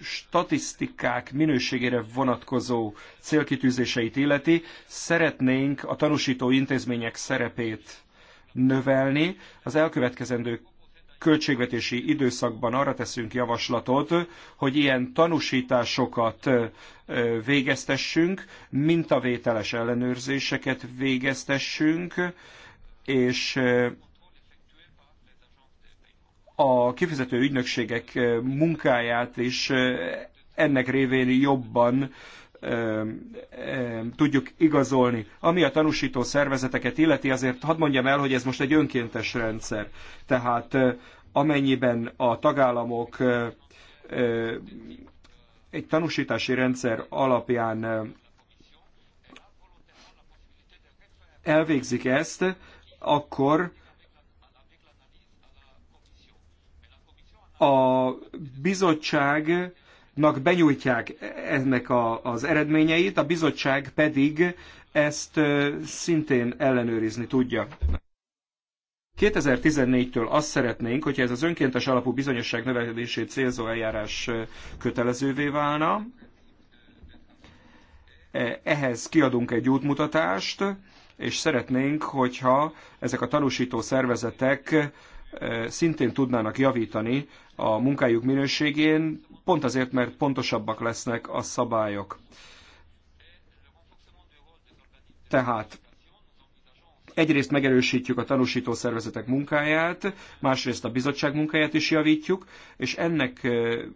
Speaker 4: statisztikák minőségére vonatkozó célkitűzéseit illeti, szeretnénk a tanúsító intézmények szerepét növelni. Az elkövetkezendő költségvetési időszakban arra teszünk javaslatot, hogy ilyen tanúsításokat végeztessünk, mintavételes ellenőrzéseket végeztessünk, és a kifizető ügynökségek munkáját is ennek révén jobban tudjuk igazolni. Ami a tanúsító szervezeteket illeti, azért hadd mondjam el, hogy ez most egy önkéntes rendszer. Tehát amennyiben a tagállamok egy tanúsítási rendszer alapján elvégzik ezt, akkor a bizottságnak benyújtják ennek a, az eredményeit, a bizottság pedig ezt szintén ellenőrizni tudja. 2014-től azt szeretnénk, hogyha ez az önkéntes alapú bizonyosság növekedését célzó eljárás kötelezővé válna, e, ehhez kiadunk egy útmutatást, és szeretnénk, hogyha ezek a tanúsító szervezetek szintén tudnának javítani a munkájuk minőségén, pont azért, mert pontosabbak lesznek a szabályok. Tehát egyrészt megerősítjük a tanúsító szervezetek munkáját, másrészt a bizottság munkáját is javítjuk, és ennek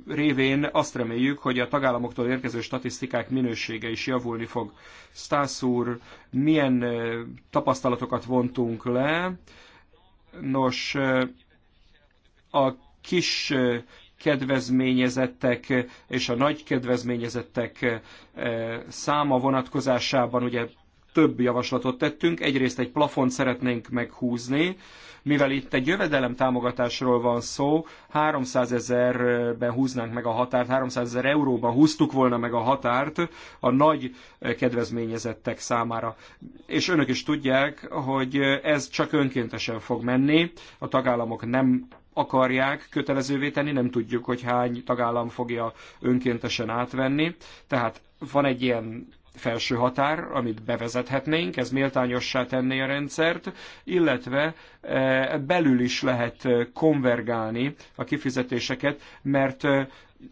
Speaker 4: révén azt reméljük, hogy a tagállamoktól érkező statisztikák minősége is javulni fog. Stász úr, milyen tapasztalatokat vontunk le Nos, a kis kedvezményezettek és a nagy kedvezményezettek száma vonatkozásában ugye több javaslatot tettünk. Egyrészt egy plafont szeretnénk meghúzni, mivel itt egy jövedelemtámogatásról van szó, 300 ezerben húznánk meg a határt, 300 ezer euróban húztuk volna meg a határt a nagy kedvezményezettek számára. És önök is tudják, hogy ez csak önkéntesen fog menni, a tagállamok nem akarják kötelezővé tenni, nem tudjuk, hogy hány tagállam fogja önkéntesen átvenni. Tehát van egy ilyen felső határ, amit bevezethetnénk, ez méltányossá tenné a rendszert, illetve e, belül is lehet e, konvergálni a kifizetéseket, mert e,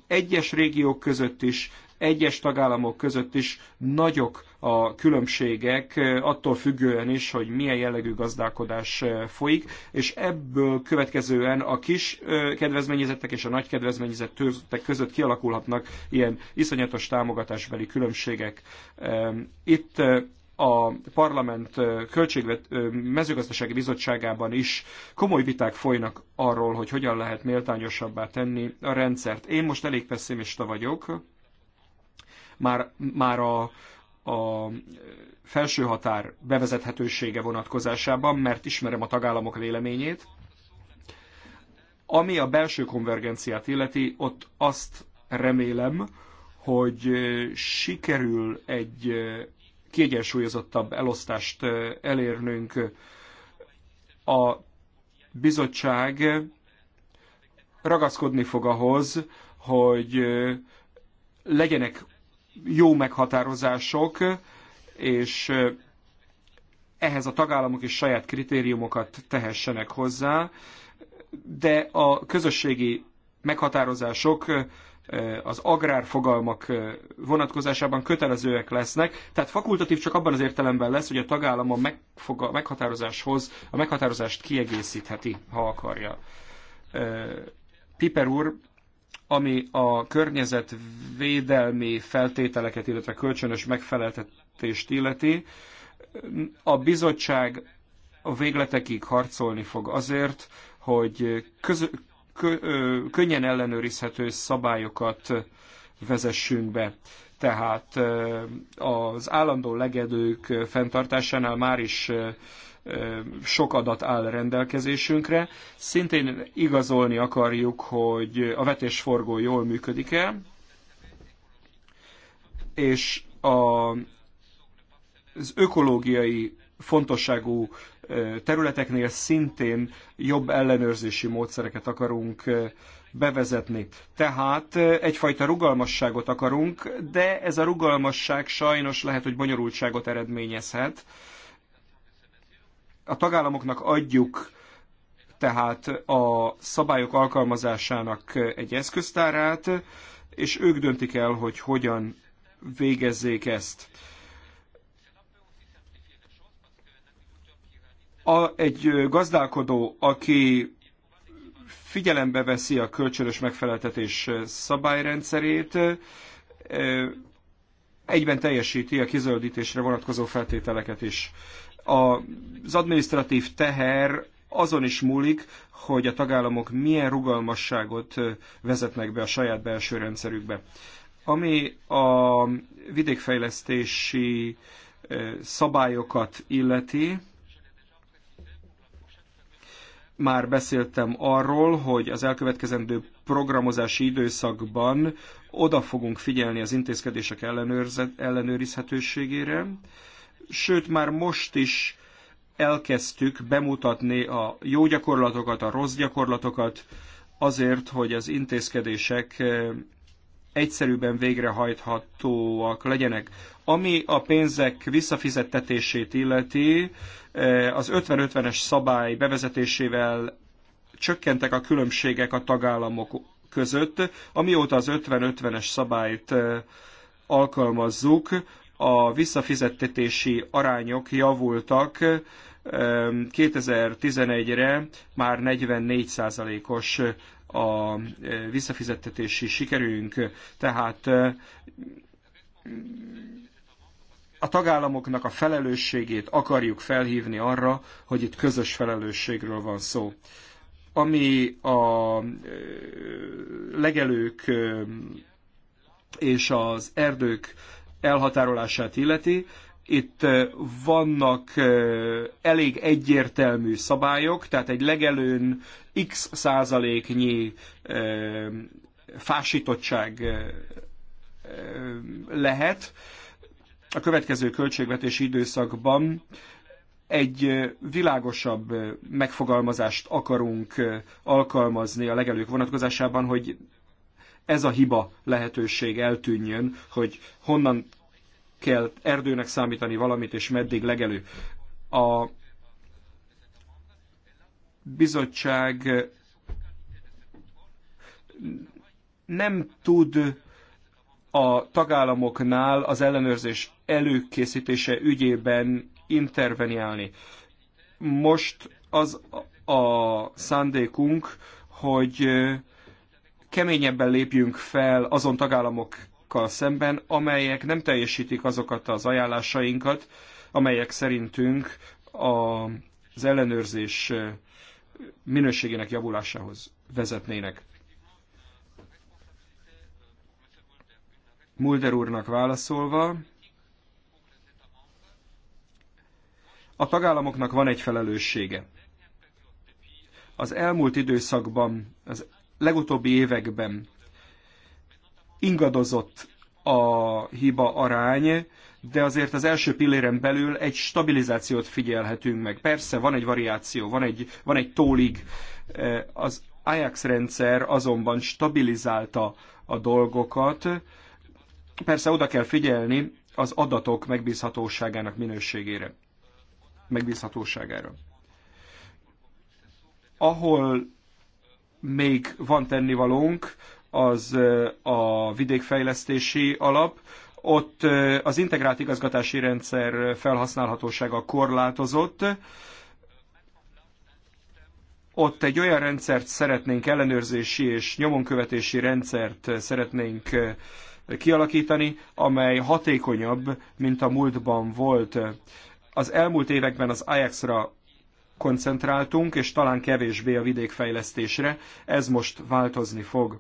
Speaker 4: egyes régiók között is egyes tagállamok között is nagyok a különbségek, eh, attól függően is, hogy milyen jellegű gazdálkodás eh, folyik, és ebből következően a kis eh, kedvezményezettek és a nagy kedvezményezettek között kialakulhatnak ilyen iszonyatos támogatásbeli különbségek. Itt a parlament költségvet, mezőgazdasági bizottságában is komoly viták folynak arról, hogy hogyan lehet méltányosabbá tenni a rendszert. Én most elég pessimista vagyok, már, már a, a felső határ bevezethetősége vonatkozásában, mert ismerem a tagállamok véleményét. Ami a belső konvergenciát illeti, ott azt remélem, hogy sikerül egy kiegyensúlyozottabb elosztást elérnünk. A bizottság ragaszkodni fog ahhoz, hogy legyenek jó meghatározások, és eh, ehhez a tagállamok is saját kritériumokat tehessenek hozzá, de a közösségi meghatározások eh, az agrárfogalmak eh, vonatkozásában kötelezőek lesznek, tehát fakultatív csak abban az értelemben lesz, hogy a tagállam a megfoga, meghatározáshoz, a meghatározást kiegészítheti, ha akarja. Piper úr ami a környezetvédelmi feltételeket, illetve kölcsönös megfeleltetést illeti, a bizottság a végletekig harcolni fog azért, hogy köz, kö, ö, könnyen ellenőrizhető szabályokat vezessünk be. Tehát az állandó legedők fenntartásánál már is sok adat áll rendelkezésünkre. Szintén igazolni akarjuk, hogy a vetésforgó jól működik-e, és a, az ökológiai fontosságú területeknél szintén jobb ellenőrzési módszereket akarunk bevezetni. Tehát egyfajta rugalmasságot akarunk, de ez a rugalmasság sajnos lehet, hogy bonyolultságot eredményezhet a tagállamoknak adjuk tehát a szabályok alkalmazásának egy eszköztárát, és ők döntik el, hogy hogyan végezzék ezt. A, egy gazdálkodó, aki figyelembe veszi a kölcsönös megfeleltetés szabályrendszerét, egyben teljesíti a kizöldítésre vonatkozó feltételeket is az adminisztratív teher azon is múlik, hogy a tagállamok milyen rugalmasságot vezetnek be a saját belső rendszerükbe. Ami a vidékfejlesztési szabályokat illeti, már beszéltem arról, hogy az elkövetkezendő programozási időszakban oda fogunk figyelni az intézkedések ellenőrizhetőségére, sőt már most is elkezdtük bemutatni a jó gyakorlatokat, a rossz gyakorlatokat, azért, hogy az intézkedések eh, egyszerűbben végrehajthatóak legyenek. Ami a pénzek visszafizettetését illeti, eh, az 50-50-es szabály bevezetésével csökkentek a különbségek a tagállamok között. Amióta az 50-50-es szabályt eh, alkalmazzuk, a visszafizettetési arányok javultak 2011-re már 44%-os a e, visszafizettetési sikerünk, tehát e, a tagállamoknak a felelősségét akarjuk felhívni arra, hogy itt közös felelősségről van szó. Ami a e, legelők és az erdők elhatárolását illeti, itt eh, vannak eh, elég egyértelmű szabályok, tehát egy legelőn x százaléknyi eh, fásítottság lehet. A következő költségvetési időszakban egy világosabb megfogalmazást akarunk alkalmazni a legelők vonatkozásában, hogy ez a hiba lehetőség eltűnjön, hogy honnan kell erdőnek számítani valamit, és meddig legelő. A bizottság nem tud a tagállamoknál az ellenőrzés előkészítése ügyében interveniálni. Most az a szándékunk, hogy keményebben lépjünk fel azon tagállamokkal szemben, amelyek nem teljesítik azokat az ajánlásainkat, amelyek szerintünk az ellenőrzés minőségének javulásához vezetnének. Mulder úrnak válaszolva, a tagállamoknak van egy felelőssége. Az elmúlt időszakban, az legutóbbi években ingadozott a hiba arány, de azért az első pilléren belül egy stabilizációt figyelhetünk meg. Persze van egy variáció, van egy, van egy tólig. Eh, az Ajax rendszer azonban stabilizálta a dolgokat. Persze oda kell figyelni az adatok megbízhatóságának minőségére, megbízhatóságára. Ahol még van tennivalónk, az a vidékfejlesztési alap. Ott az integrált igazgatási rendszer felhasználhatósága korlátozott. Ott egy olyan rendszert szeretnénk, ellenőrzési és nyomonkövetési rendszert szeretnénk kialakítani, amely hatékonyabb, mint a múltban volt. Az elmúlt években az Ajax-ra koncentráltunk, és talán kevésbé a vidékfejlesztésre. Ez most változni fog.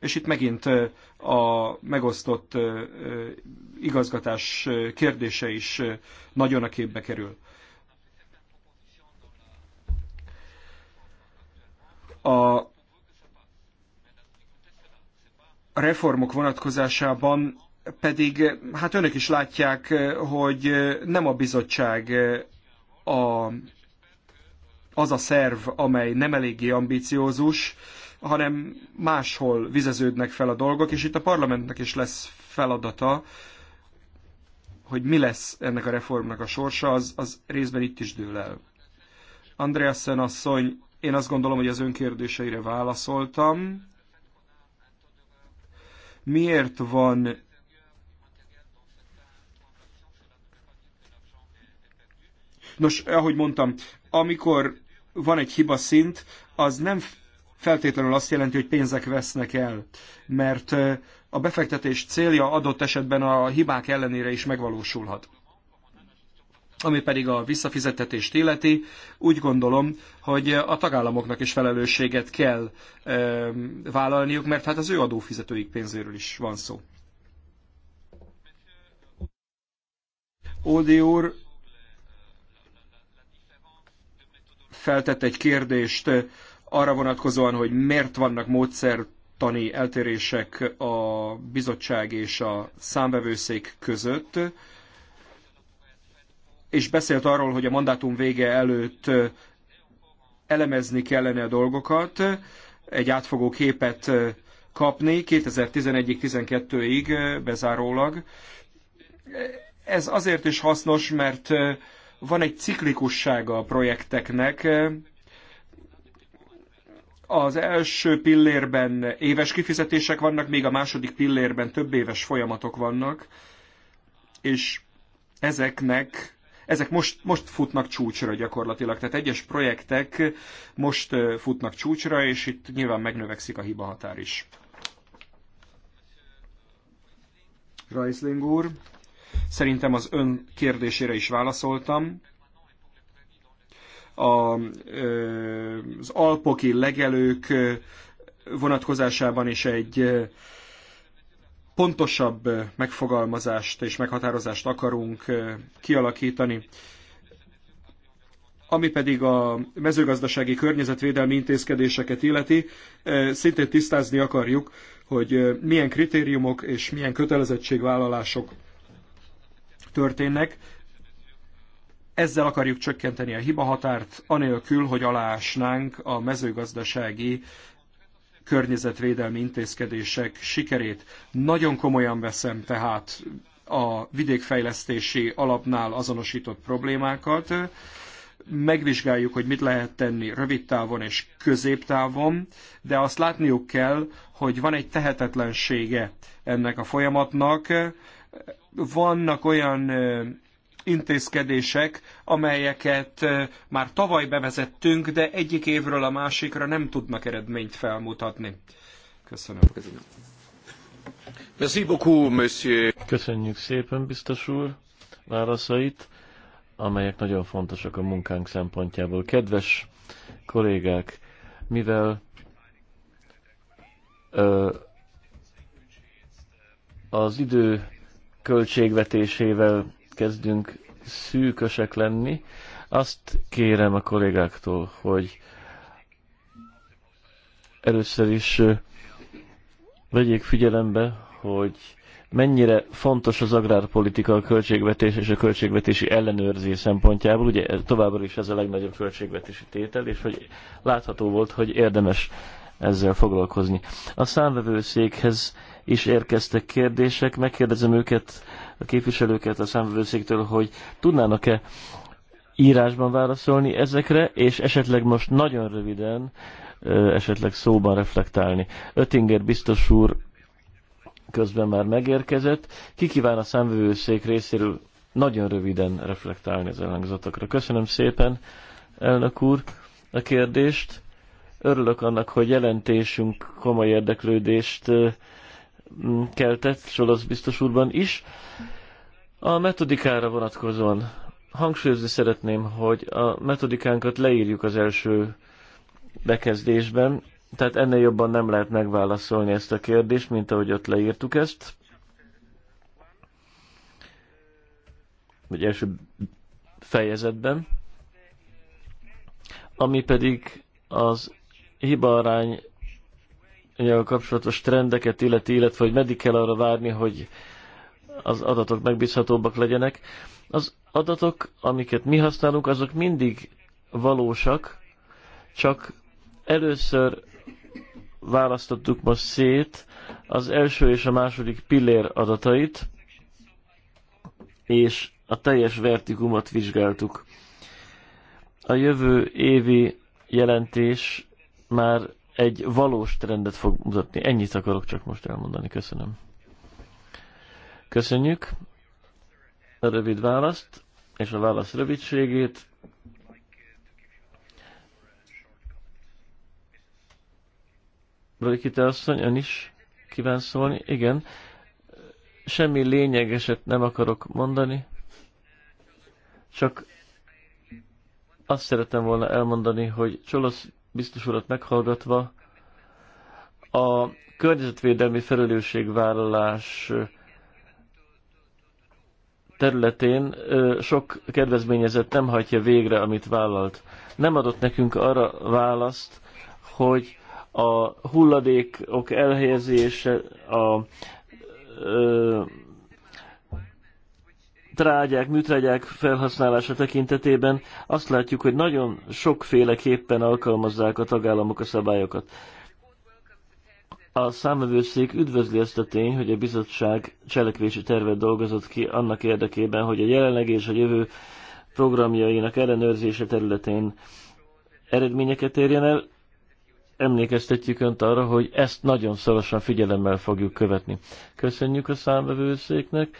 Speaker 4: És itt megint a megosztott igazgatás kérdése is nagyon a képbe kerül. A reformok vonatkozásában pedig hát önök is látják, hogy nem a bizottság a, az a szerv, amely nem eléggé ambiciózus, hanem máshol vizeződnek fel a dolgok, és itt a parlamentnek is lesz feladata, hogy mi lesz ennek a reformnak a sorsa, az, az részben itt is dől el. Andreasen asszony, én azt gondolom, hogy az önkérdéseire válaszoltam. Miért van Nos, ahogy mondtam, amikor van egy hiba szint, az nem feltétlenül azt jelenti, hogy pénzek vesznek el, mert a befektetés célja adott esetben a hibák ellenére is megvalósulhat. Ami pedig a visszafizetetést illeti, úgy gondolom, hogy a tagállamoknak is felelősséget kell ö, vállalniuk, mert hát az ő adófizetőik pénzéről is van szó. Ódi úr feltett egy kérdést eh, arra vonatkozóan, hogy miért vannak módszertani eltérések a bizottság és a számbevőszék között, és beszélt arról, hogy a mandátum vége előtt eh, elemezni kellene a dolgokat, egy átfogó képet eh, kapni 2011-12-ig bezárólag. Ez azért is hasznos, mert van egy ciklikussága a projekteknek, az első pillérben éves kifizetések vannak, még a második pillérben több éves folyamatok vannak, és ezeknek ezek most, most futnak csúcsra gyakorlatilag, tehát egyes projektek most futnak csúcsra, és itt nyilván megnövekszik a hiba határ is. Reisling úr. Szerintem az ön kérdésére is válaszoltam. A, az alpoki legelők vonatkozásában is egy pontosabb megfogalmazást és meghatározást akarunk kialakítani. Ami pedig a mezőgazdasági környezetvédelmi intézkedéseket illeti, szintén tisztázni akarjuk, hogy milyen kritériumok és milyen kötelezettségvállalások történnek. Ezzel akarjuk csökkenteni a hibahatárt, anélkül, hogy aláásnánk a mezőgazdasági környezetvédelmi intézkedések sikerét. Nagyon komolyan veszem tehát a vidékfejlesztési alapnál azonosított problémákat. Megvizsgáljuk, hogy mit lehet tenni rövid távon és középtávon, de azt látniuk kell, hogy van egy tehetetlensége ennek a folyamatnak, vannak olyan intézkedések, amelyeket már tavaly bevezettünk, de egyik évről a másikra nem tudnak eredményt felmutatni. Köszönöm.
Speaker 3: Merci beaucoup, monsieur. Köszönjük szépen, biztos úr, válaszait, amelyek nagyon fontosak a munkánk szempontjából. Kedves kollégák, mivel ö, az idő költségvetésével kezdünk szűkösek lenni, azt kérem a kollégáktól, hogy először is vegyék figyelembe, hogy mennyire fontos az agrárpolitika, a költségvetés és a költségvetési ellenőrzés szempontjából, ugye továbbra is ez a legnagyobb költségvetési tétel, és hogy látható volt, hogy érdemes ezzel foglalkozni. A számvevőszékhez is érkeztek kérdések. Megkérdezem őket, a képviselőket a számvevőszéktől, hogy tudnának-e írásban válaszolni ezekre, és esetleg most nagyon röviden, esetleg szóban reflektálni. Ötinger biztos úr közben már megérkezett. Ki kíván a számvevőszék részéről nagyon röviden reflektálni az elhangzottakra? Köszönöm szépen, elnök úr, a kérdést. Örülök annak, hogy jelentésünk komoly érdeklődést keltett Solosz biztos úrban is. A metodikára vonatkozóan hangsúlyozni szeretném, hogy a metodikánkat leírjuk az első bekezdésben, tehát ennél jobban nem lehet megválaszolni ezt a kérdést, mint ahogy ott leírtuk ezt. Vagy első fejezetben. Ami pedig az hibarány a kapcsolatos trendeket illeti, illetve hogy meddig kell arra várni, hogy az adatok megbízhatóbbak legyenek. Az adatok, amiket mi használunk, azok mindig valósak, csak először választottuk most szét az első és a második pillér adatait, és a teljes vertikumot vizsgáltuk. A jövő évi jelentés már egy valós trendet fog mutatni. Ennyit akarok csak most elmondani. Köszönöm. Köszönjük a rövid választ és a válasz rövidségét. Brikite asszony, ön is kíván szólni? Igen. Semmi lényegeset nem akarok mondani, csak azt szeretem volna elmondani, hogy Csolosz biztos urat meghallgatva, a környezetvédelmi felelősségvállalás területén sok kedvezményezett nem hagyja végre, amit vállalt. Nem adott nekünk arra választ, hogy a hulladékok elhelyezése, a ö, trágyák, műtrágyák felhasználása tekintetében azt látjuk, hogy nagyon sokféleképpen alkalmazzák a tagállamok a szabályokat. A számvevőszék üdvözli ezt a tény, hogy a bizottság cselekvési tervet dolgozott ki annak érdekében, hogy a jelenleg és a jövő programjainak ellenőrzése területén eredményeket érjen el. Emlékeztetjük Önt arra, hogy ezt nagyon szorosan figyelemmel fogjuk követni. Köszönjük a számvevőszéknek!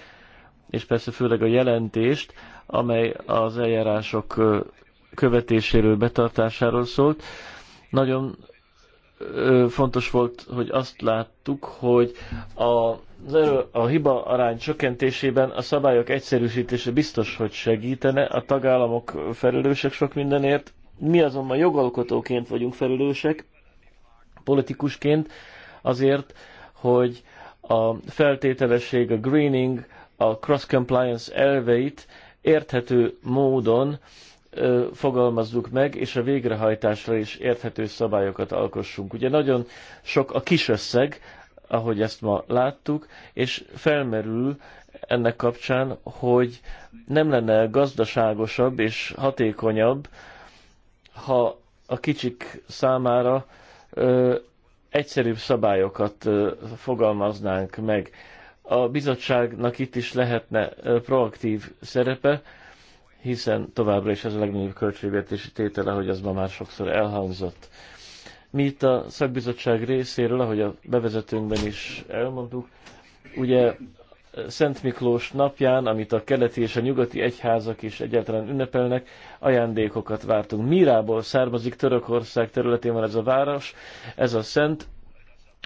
Speaker 3: és persze főleg a jelentést, amely az eljárások követéséről, betartásáról szólt. Nagyon fontos volt, hogy azt láttuk, hogy a, a hiba arány csökkentésében a szabályok egyszerűsítése biztos, hogy segítene, a tagállamok felelősek sok mindenért, mi azonban jogalkotóként vagyunk felelősek, politikusként azért, hogy a feltételesség, a greening, a cross-compliance elveit érthető módon ö, fogalmazzuk meg, és a végrehajtásra is érthető szabályokat alkossunk. Ugye nagyon sok a kis összeg, ahogy ezt ma láttuk, és felmerül ennek kapcsán, hogy nem lenne gazdaságosabb és hatékonyabb, ha a kicsik számára ö, egyszerűbb szabályokat ö, fogalmaznánk meg a bizottságnak itt is lehetne proaktív szerepe, hiszen továbbra is ez a legnagyobb költségvetési tétele, hogy az ma már sokszor elhangzott. Mi itt a szakbizottság részéről, ahogy a bevezetőnkben is elmondtuk, ugye Szent Miklós napján, amit a keleti és a nyugati egyházak is egyáltalán ünnepelnek, ajándékokat vártunk. Mirából származik Törökország területén van ez a város, ez a szent,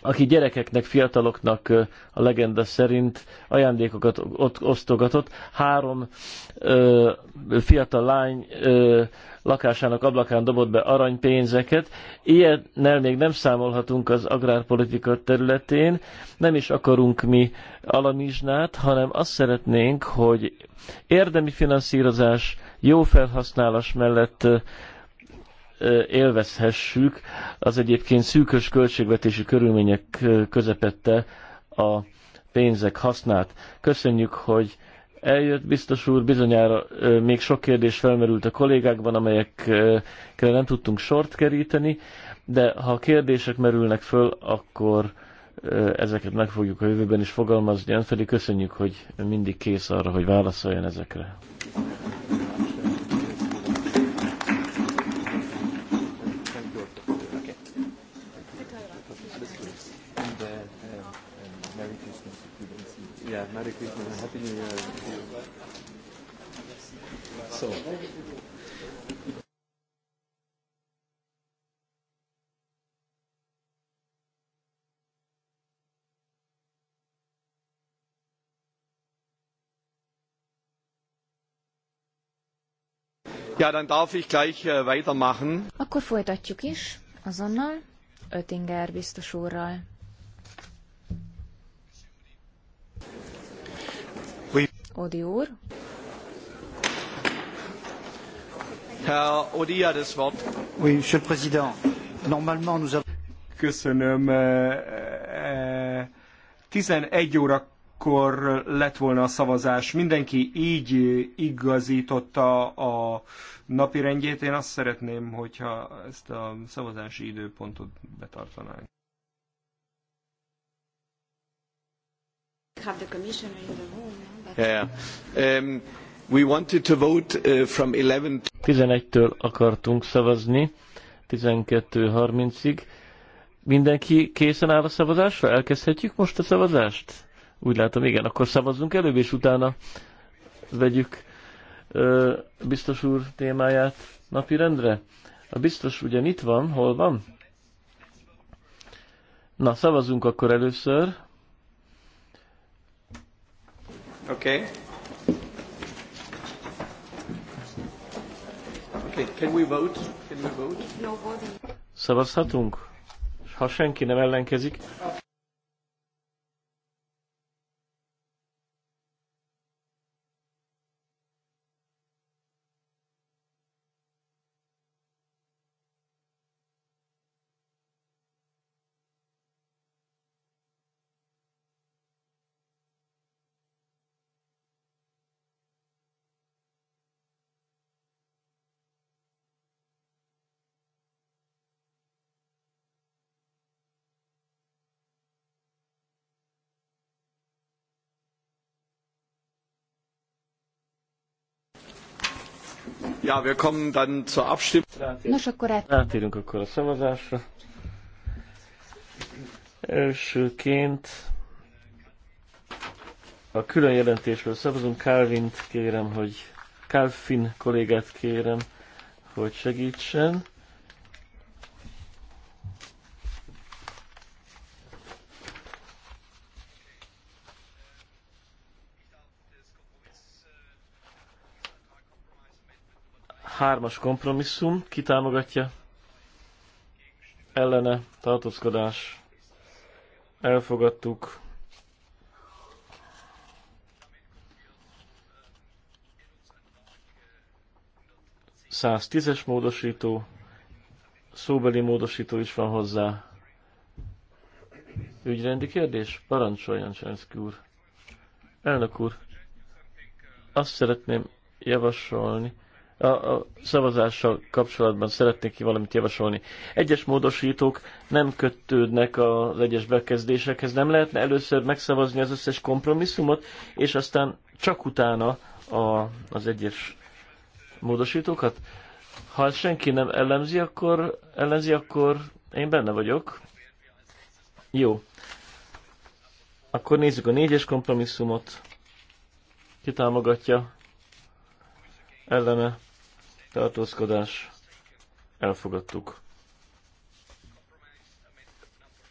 Speaker 3: aki gyerekeknek, fiataloknak a legenda szerint ajándékokat ott osztogatott. Három ö, fiatal lány ö, lakásának ablakán dobott be aranypénzeket. Ilyennel még nem számolhatunk az agrárpolitika területén. Nem is akarunk mi alamizsnát, hanem azt szeretnénk, hogy érdemi finanszírozás, jó felhasználás mellett élvezhessük az egyébként szűkös költségvetési körülmények közepette a pénzek hasznát. Köszönjük, hogy eljött biztos úr, bizonyára még sok kérdés felmerült a kollégákban, amelyekre nem tudtunk sort keríteni, de ha kérdések merülnek föl, akkor ezeket meg fogjuk a jövőben is fogalmazni. Ön pedig köszönjük, hogy mindig kész arra, hogy válaszoljon ezekre.
Speaker 2: Yeah, Merry Christmas and Happy New Year. So. Ja, dann darf ich gleich äh, weitermachen.
Speaker 5: Akkor folytatjuk is, azonnal, Oettinger biztos úrral. Odi úr.
Speaker 2: Herr Odi hat das Wort.
Speaker 5: Oui, Monsieur le Président. Normalement nous avons...
Speaker 4: Köszönöm. 11 eh, eh, órakor lett volna a szavazás. Mindenki így igazította a rendjét. Én azt szeretném, hogyha ezt a szavazási időpontot betartanánk.
Speaker 1: Have the commissioner in
Speaker 2: the room. Yeah. Um, we wanted to vote uh, from 11
Speaker 3: 11-től akartunk szavazni, 12.30-ig. Mindenki készen áll a szavazásra? Elkezdhetjük most a szavazást? Úgy látom, igen, akkor szavazzunk előbb, és utána vegyük ö, biztos úr témáját napirendre. A biztos ugyan itt van, hol van? Na, szavazunk akkor először.
Speaker 2: Okay. Okay, can we vote? Can we vote?
Speaker 3: Szavazhatunk? Ha senki nem ellenkezik.
Speaker 2: Ja, wir kommen dann zur Abstimmung.
Speaker 3: Nos, akkor át... átérünk akkor a szavazásra. Elsőként a külön jelentésről szavazunk. t kérem, hogy Calvin kollégát kérem, hogy segítsen. Hármas kompromisszum, ki támogatja? Ellene, tartózkodás, elfogadtuk. Száz tízes módosító, szóbeli módosító is van hozzá. Ügyrendi kérdés? Parancsoljon, Csenszki úr. Elnök úr, azt szeretném javasolni, a, a szavazással kapcsolatban szeretnék ki valamit javasolni. Egyes módosítók nem kötődnek az egyes bekezdésekhez. Nem lehetne először megszavazni az összes kompromisszumot, és aztán csak utána a, az egyes módosítókat? Ha ezt senki nem ellenzi, akkor, ellenzi, akkor én benne vagyok. Jó. Akkor nézzük a négyes kompromisszumot. Ki támogatja? Ellene tartózkodás, elfogadtuk.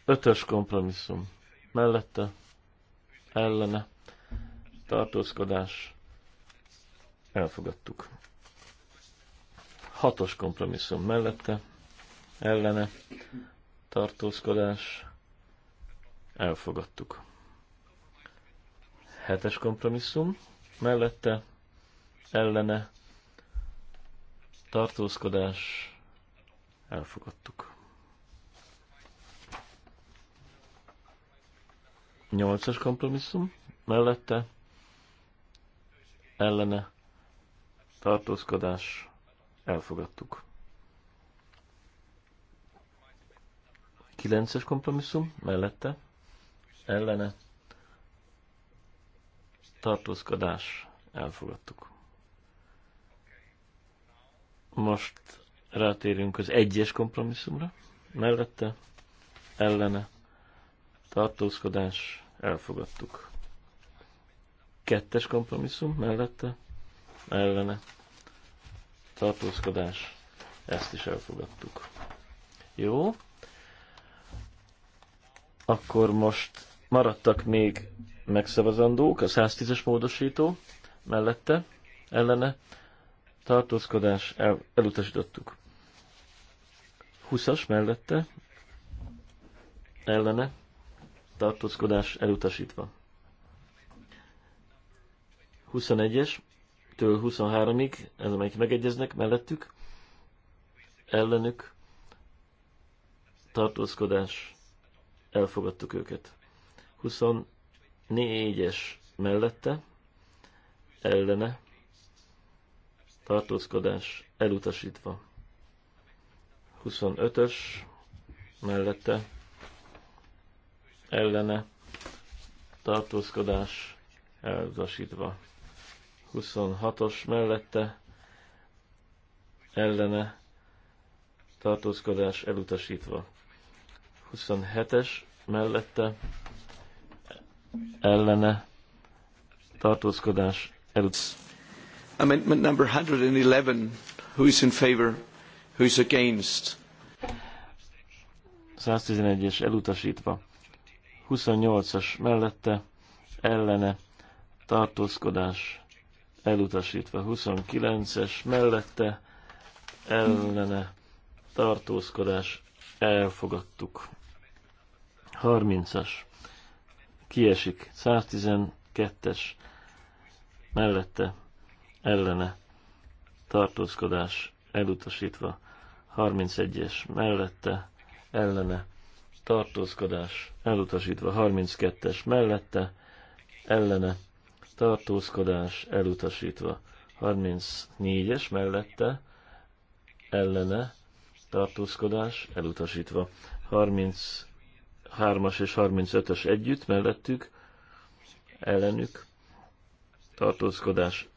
Speaker 3: Ötös kompromisszum. Mellette, ellene, tartózkodás, elfogadtuk. Hatos kompromisszum mellette, ellene, tartózkodás, elfogadtuk. Hetes kompromisszum mellette, ellene, tartózkodás, elfogadtuk. Nyolcas kompromisszum, mellette, ellene, tartózkodás, elfogadtuk. Kilences kompromisszum, mellette, ellene, tartózkodás, elfogadtuk. Most rátérünk az egyes kompromisszumra. Mellette, ellene, tartózkodás, elfogadtuk. Kettes kompromisszum mellette, ellene, tartózkodás, ezt is elfogadtuk. Jó. Akkor most maradtak még megszavazandók, a 110-es módosító mellette, ellene, tartózkodás el, elutasítottuk. 20-as mellette ellene tartózkodás elutasítva. 21-es től 23-ig, ez amelyik megegyeznek mellettük, ellenük tartózkodás elfogadtuk őket. 24-es mellette ellene tartózkodás elutasítva. 25-ös mellette ellene tartózkodás elutasítva. 26-os mellette ellene tartózkodás elutasítva. 27-es mellette ellene tartózkodás elutasítva. Amendment number 111. Who is in favor? Who is against? 111-es elutasítva. 28-as mellette, ellene, tartózkodás elutasítva. 29-es mellette, ellene, tartózkodás elfogadtuk. 30-as kiesik. 112-es mellette, ellene tartózkodás elutasítva, 31-es mellette ellene tartózkodás elutasítva, 32-es mellette ellene tartózkodás elutasítva, 34-es mellette ellene tartózkodás elutasítva, 33-as és 35-ös együtt mellettük ellenük tartózkodás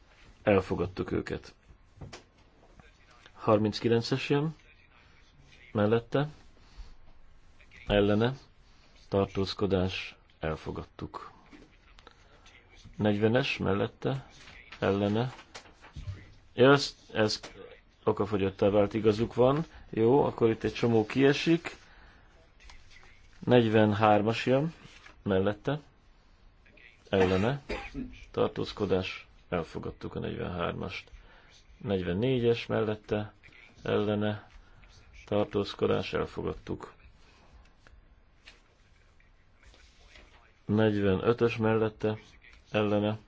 Speaker 3: elfogadtuk őket. 39-es jön, mellette, ellene, tartózkodás, elfogadtuk. 40-es mellette, ellene. Ja, ez, ez okafogyottá vált, igazuk van. Jó, akkor itt egy csomó kiesik. 43-as jön mellette, ellene, tartózkodás, elfogadtuk a 43-ast. 44-es mellette ellene tartózkodás elfogadtuk. 45-ös mellette ellene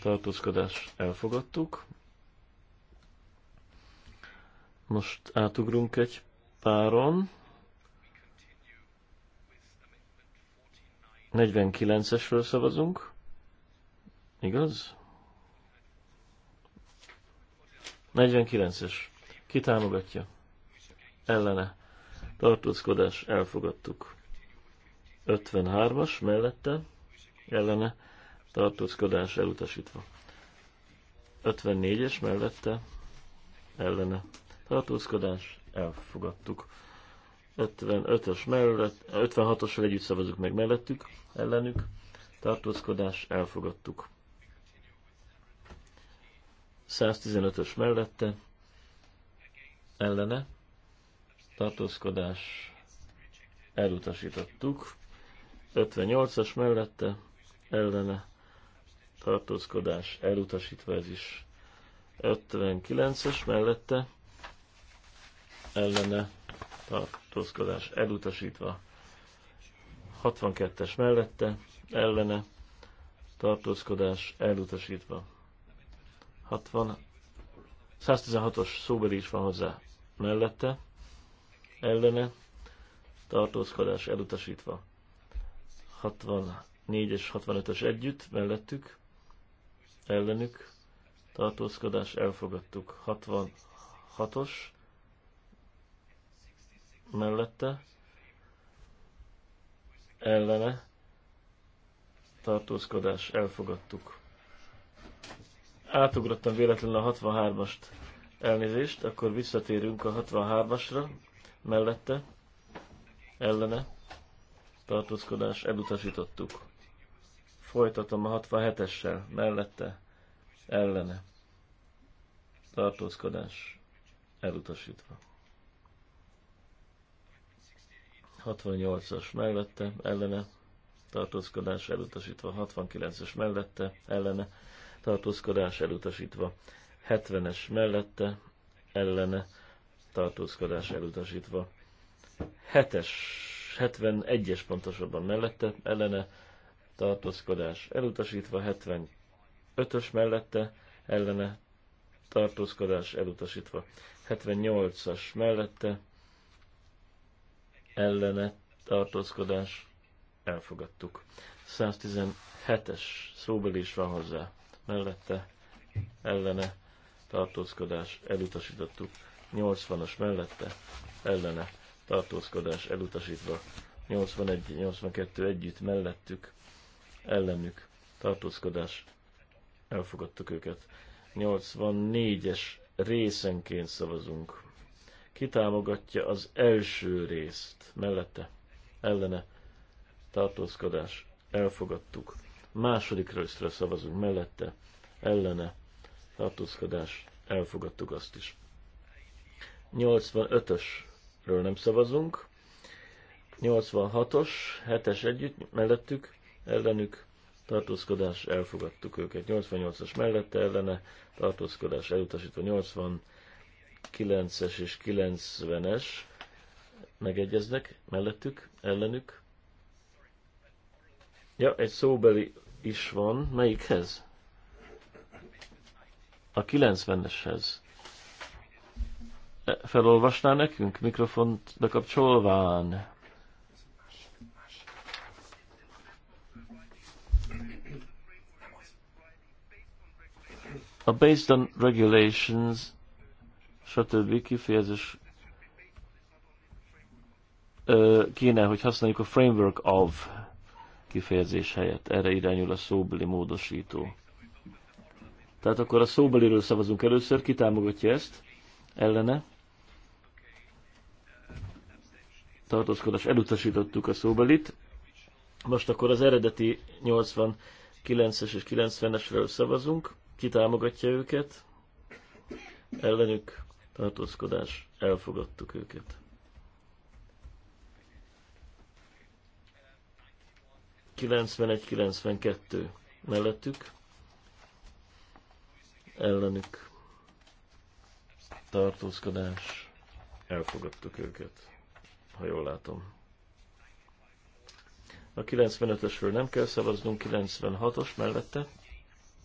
Speaker 3: tartózkodás elfogadtuk. Most átugrunk egy páron. 49-esről szavazunk. Igaz? 49-es. Ki támogatja? Ellene. Tartózkodás. Elfogadtuk. 53-as mellette. Ellene. Tartózkodás elutasítva. 54-es mellette. Ellene. Tartózkodás. Elfogadtuk. 55-ös mellett, 56-osra együtt szavazunk meg mellettük, ellenük. Tartózkodás. Elfogadtuk. 115-ös mellette ellene tartózkodás elutasítottuk. 58-as mellette ellene tartózkodás elutasítva ez is. 59-es mellette ellene tartózkodás elutasítva. 62-es mellette ellene tartózkodás elutasítva. 60, 116-os szóbeli is van hozzá mellette, ellene, tartózkodás elutasítva. 64 és 65-ös együtt, mellettük, ellenük, tartózkodás elfogadtuk. 66-os mellette, ellene, tartózkodás elfogadtuk átugrottam véletlenül a 63-ast elnézést, akkor visszatérünk a 63-asra, mellette, ellene, tartózkodás, elutasítottuk. Folytatom a 67-essel, mellette, ellene, tartózkodás, elutasítva. 68-as mellette, ellene, tartózkodás elutasítva, 69-es mellette, ellene, tartózkodás elutasítva. 70-es mellette ellene tartózkodás elutasítva. 7-es, 71-es pontosabban mellette ellene tartózkodás elutasítva, 75-ös mellette ellene tartózkodás elutasítva, 78-as mellette ellene tartózkodás elfogadtuk. 117-es szóbeli is van hozzá mellette ellene tartózkodás elutasítottuk. 80-as mellette ellene tartózkodás elutasítva. 81-82 együtt mellettük ellenük tartózkodás elfogadtuk őket. 84-es részenként szavazunk. Kitámogatja az első részt mellette ellene tartózkodás elfogadtuk Második részre szavazunk mellette, ellene, tartózkodás, elfogadtuk azt is. 85-ösről nem szavazunk. 86-os, 7-es együtt, mellettük, ellenük, tartózkodás, elfogadtuk őket. 88-as mellette, ellene, tartózkodás, elutasítva 89-es és 90-es megegyeznek, mellettük, ellenük, Ja, egy szóbeli is van. Melyikhez? A 90-eshez. E, Felolvasnál nekünk? Mikrofont bekapcsolván. A based on regulations, stb. kifejezés kéne, hogy használjuk a framework of kifejezés helyett. Erre irányul a szóbeli módosító. Tehát akkor a szóbeliről szavazunk először. Ki támogatja ezt? Ellene? Tartózkodás. Elutasítottuk a szóbelit. Most akkor az eredeti 89-es és 90-esről szavazunk. Ki támogatja őket? Ellenük tartózkodás. Elfogadtuk őket. 91-92 mellettük, ellenük tartózkodás, elfogadtuk őket, ha jól látom. A 95-ösről nem kell szavaznunk, 96-os mellette,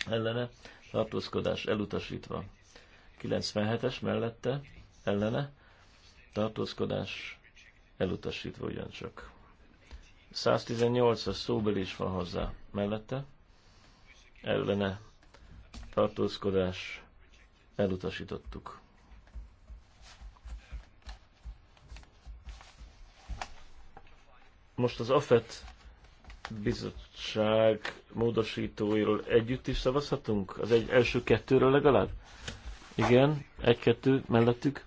Speaker 3: ellene, tartózkodás elutasítva. 97-es mellette, ellene, tartózkodás elutasítva ugyancsak. 118-as szóbeli is van hozzá mellette. Ellene tartózkodás elutasítottuk. Most az AFET bizottság módosítóiról együtt is szavazhatunk? Az egy első kettőről legalább? Igen, egy-kettő mellettük,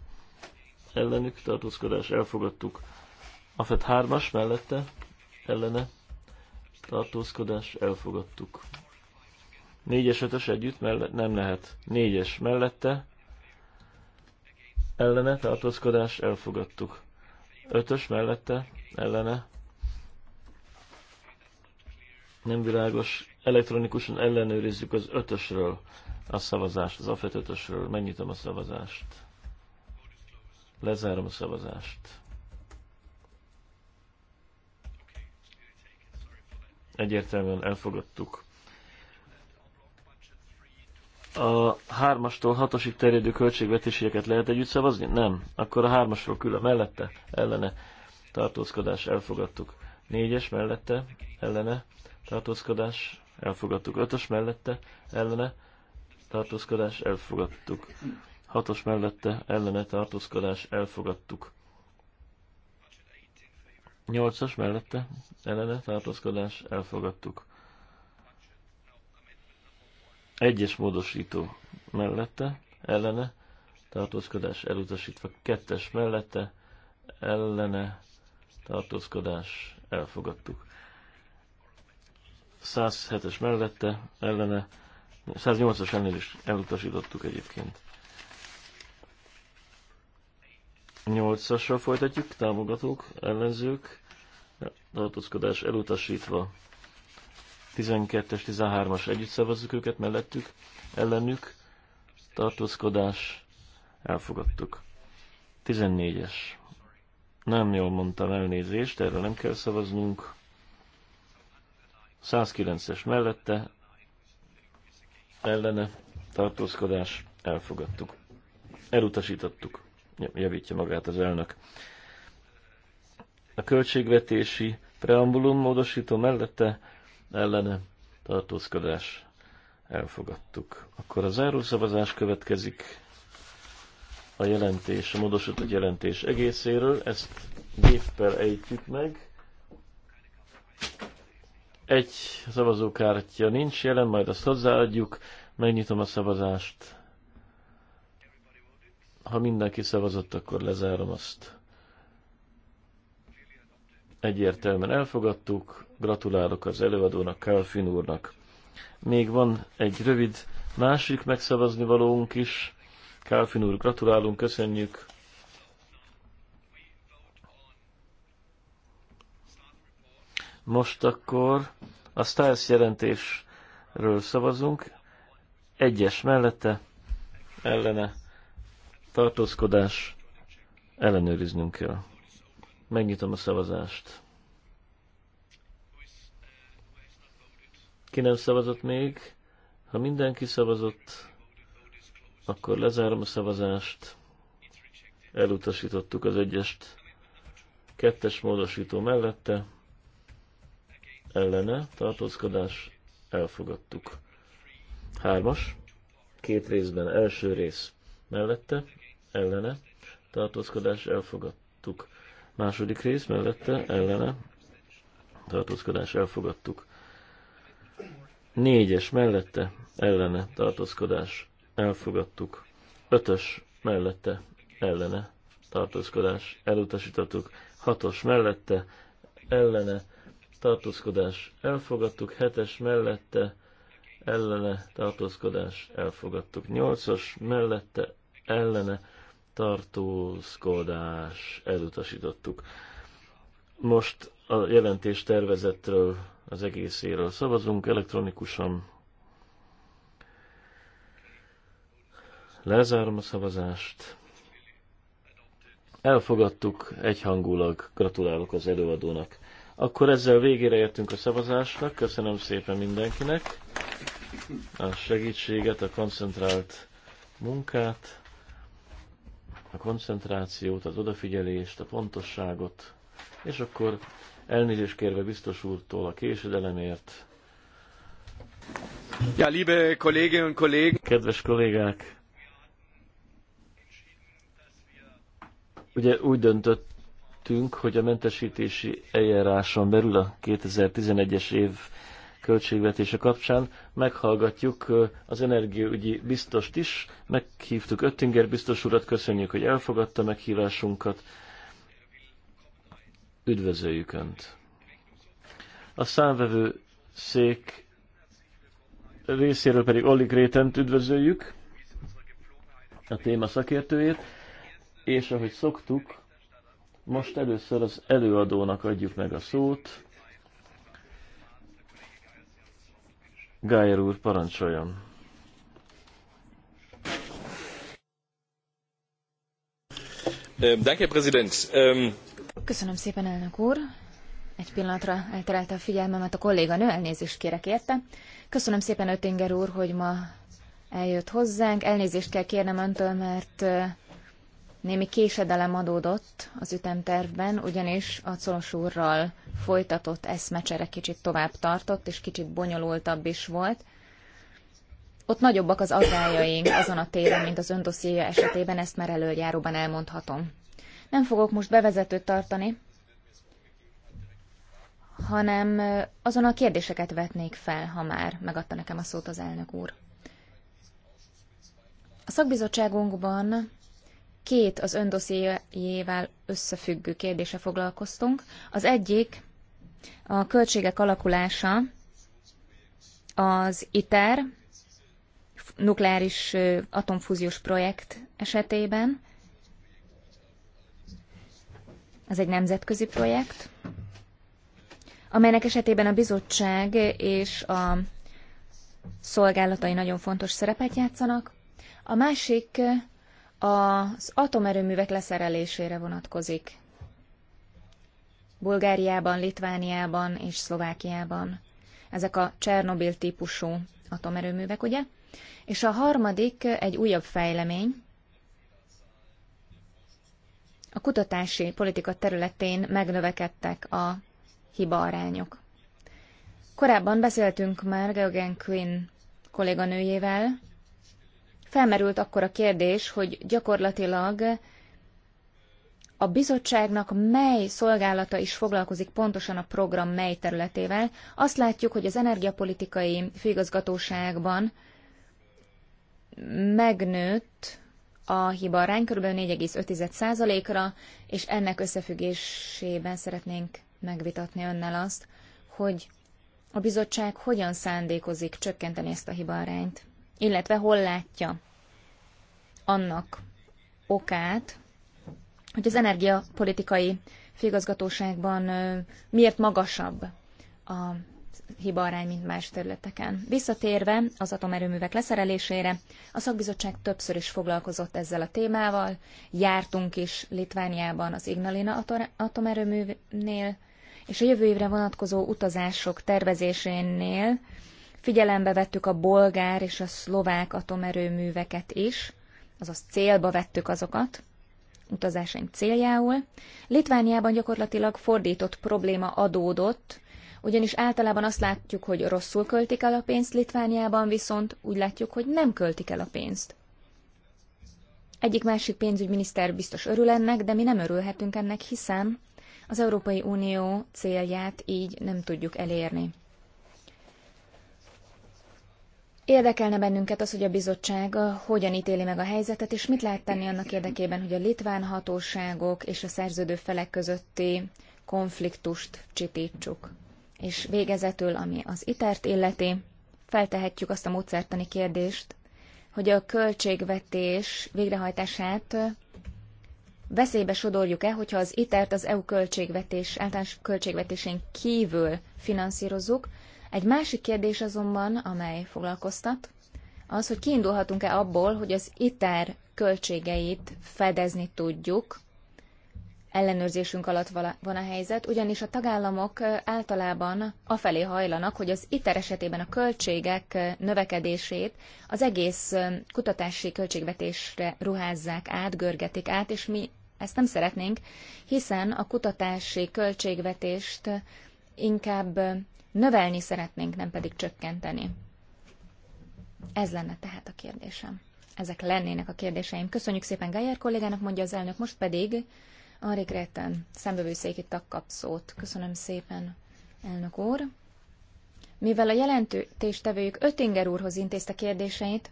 Speaker 3: ellenük tartózkodás elfogadtuk. AFET 3-as mellette, ellene tartózkodás elfogadtuk. 4-es, 5-ös együtt mellett nem lehet. 4-es mellette ellene tartózkodás elfogadtuk. 5-ös mellette ellene nem világos. Elektronikusan ellenőrizzük az 5-ösről a szavazást, az AFET 5-ösről. Megnyitom a szavazást. Lezárom a szavazást. egyértelműen elfogadtuk. A 3-astól 6-asig terjedő költségvetéséket lehet együtt szavazni? Nem. Akkor a 3-asról külön mellette, ellene tartózkodás elfogadtuk. 4-es mellette, ellene tartózkodás elfogadtuk. 5-ös mellette, ellene tartózkodás elfogadtuk. 6-os mellette, ellene tartózkodás elfogadtuk. Nyolcas mellette ellene tartózkodás elfogadtuk. Egyes módosító mellette ellene tartózkodás elutasítva. Kettes mellette ellene tartózkodás elfogadtuk. 107-es mellette ellene 108-as ennél is elutasítottuk egyébként. 8-asra folytatjuk, támogatók, ellenzők, tartózkodás elutasítva. 12-es, 13-as együtt szavazzuk őket mellettük, ellenük, tartózkodás, elfogadtuk. 14-es. Nem jól mondtam elnézést, erre nem kell szavaznunk. 109-es mellette, ellene, tartózkodás, elfogadtuk. Elutasítottuk javítja magát az elnök. A költségvetési preambulum módosító mellette ellene tartózkodás elfogadtuk. Akkor a zárószavazás következik a jelentés, a módosított jelentés egészéről. Ezt géppel ejtjük meg. Egy szavazókártya nincs jelen, majd azt hozzáadjuk. Megnyitom a szavazást. Ha mindenki szavazott, akkor lezárom azt. Egyértelműen elfogadtuk. Gratulálok az előadónak, Kálfin úrnak. Még van egy rövid másik megszavazni valónk is. Kálfin úr, gratulálunk, köszönjük. Most akkor a Stiles jelentésről szavazunk. Egyes mellette, ellene tartózkodás, ellenőriznünk kell. Megnyitom a szavazást. Ki nem szavazott még? Ha mindenki szavazott, akkor lezárom a szavazást. Elutasítottuk az egyest. Kettes módosító mellette. Ellene, tartózkodás, elfogadtuk. Hármas, két részben, első rész mellette, ellene tartózkodás elfogadtuk. Második rész mellette ellene tartózkodás elfogadtuk. Négyes mellette ellene tartózkodás elfogadtuk. Ötös mellette ellene tartózkodás elutasítottuk. Hatos mellette ellene tartózkodás elfogadtuk. Hetes mellette ellene tartózkodás elfogadtuk. Nyolcas mellette ellene tartózkodás, elutasítottuk. Most a jelentés tervezetről, az egészéről szavazunk elektronikusan. Lezárom a szavazást. Elfogadtuk egyhangulag, gratulálok az előadónak. Akkor ezzel végére értünk a szavazásnak, köszönöm szépen mindenkinek a segítséget, a koncentrált munkát a koncentrációt, az odafigyelést, a pontosságot, és akkor elnézést kérve biztos úrtól a késedelemért. Ja, liebe Kolleginnen und Kollegen! Kedves kollégák! Ugye úgy döntöttünk, hogy a mentesítési eljáráson belül a 2011-es év költségvetése kapcsán meghallgatjuk az energiaügyi biztost is. Meghívtuk Öttinger biztos urat, köszönjük, hogy elfogadta meghívásunkat. Üdvözöljük Önt! A számvevő szék részéről pedig Olli Grétent üdvözöljük, a téma szakértőjét, és ahogy szoktuk, most először az előadónak adjuk meg a szót, Gájer úr, parancsoljon!
Speaker 5: Köszönöm szépen, elnök úr! Egy pillanatra elterelte a figyelmemet a kolléganő, elnézést kérek érte. Köszönöm szépen Ötinger úr, hogy ma eljött hozzánk. Elnézést kell kérnem öntől, mert Némi késedelem adódott az ütemtervben, ugyanis a Colos úrral folytatott eszmecsere kicsit tovább tartott, és kicsit bonyolultabb is volt. Ott nagyobbak az aggájaink azon a téren, mint az öndosszéja esetében, ezt már előjáróban elmondhatom. Nem fogok most bevezetőt tartani, hanem azon a kérdéseket vetnék fel, ha már megadta nekem a szót az elnök úr. A szakbizottságunkban két az öndoszéjével összefüggő kérdése foglalkoztunk. Az egyik a költségek alakulása az ITER, nukleáris atomfúziós projekt esetében. Ez egy nemzetközi projekt, amelynek esetében a bizottság és a szolgálatai nagyon fontos szerepet játszanak. A másik az atomerőművek leszerelésére vonatkozik. Bulgáriában, Litvániában és Szlovákiában. Ezek a Csernobil típusú atomerőművek, ugye? És a harmadik egy újabb fejlemény. A kutatási politika területén megnövekedtek a hibaarányok. Korábban beszéltünk már Geogen Quinn kolléganőjével felmerült akkor a kérdés, hogy gyakorlatilag a bizottságnak mely szolgálata is foglalkozik pontosan a program mely területével. Azt látjuk, hogy az energiapolitikai főigazgatóságban megnőtt a hiba arány kb. 4,5%-ra, és ennek összefüggésében szeretnénk megvitatni önnel azt, hogy a bizottság hogyan szándékozik csökkenteni ezt a hiba arányt illetve hol látja annak okát, hogy az energiapolitikai főigazgatóságban miért magasabb a arány, mint más területeken. Visszatérve az atomerőművek leszerelésére, a szakbizottság többször is foglalkozott ezzel a témával, jártunk is Litvániában az Ignalina atomerőműnél, és a jövő évre vonatkozó utazások tervezésénél Figyelembe vettük a bolgár és a szlovák atomerőműveket is, azaz célba vettük azokat, utazásaink céljául. Litvániában gyakorlatilag fordított probléma adódott, ugyanis általában azt látjuk, hogy rosszul költik el a pénzt Litvániában, viszont úgy látjuk, hogy nem költik el a pénzt. Egyik másik pénzügyminiszter biztos örül ennek, de mi nem örülhetünk ennek, hiszen az Európai Unió célját így nem tudjuk elérni. Érdekelne bennünket az, hogy a bizottság hogyan ítéli meg a helyzetet, és mit lehet tenni annak érdekében, hogy a litván hatóságok és a szerződő felek közötti konfliktust csitítsuk. És végezetül, ami az itert illeti, feltehetjük azt a módszertani kérdést, hogy a költségvetés végrehajtását veszélybe sodorjuk-e, hogyha az itert az EU költségvetés, általános költségvetésén kívül finanszírozzuk, egy másik kérdés azonban, amely foglalkoztat, az, hogy kiindulhatunk-e abból, hogy az ITER költségeit fedezni tudjuk, ellenőrzésünk alatt van a helyzet, ugyanis a tagállamok általában afelé hajlanak, hogy az ITER esetében a költségek növekedését az egész kutatási költségvetésre ruházzák át, görgetik át, és mi ezt nem szeretnénk, hiszen a kutatási költségvetést inkább Növelni szeretnénk, nem pedig csökkenteni. Ez lenne tehát a kérdésem. Ezek lennének a kérdéseim. Köszönjük szépen Gájár kollégának, mondja az elnök, most pedig Ari Gretten, szembevőszéki tag kap szót. Köszönöm szépen, elnök úr. Mivel a jelentéstevőjük Ötinger úrhoz intézte kérdéseit,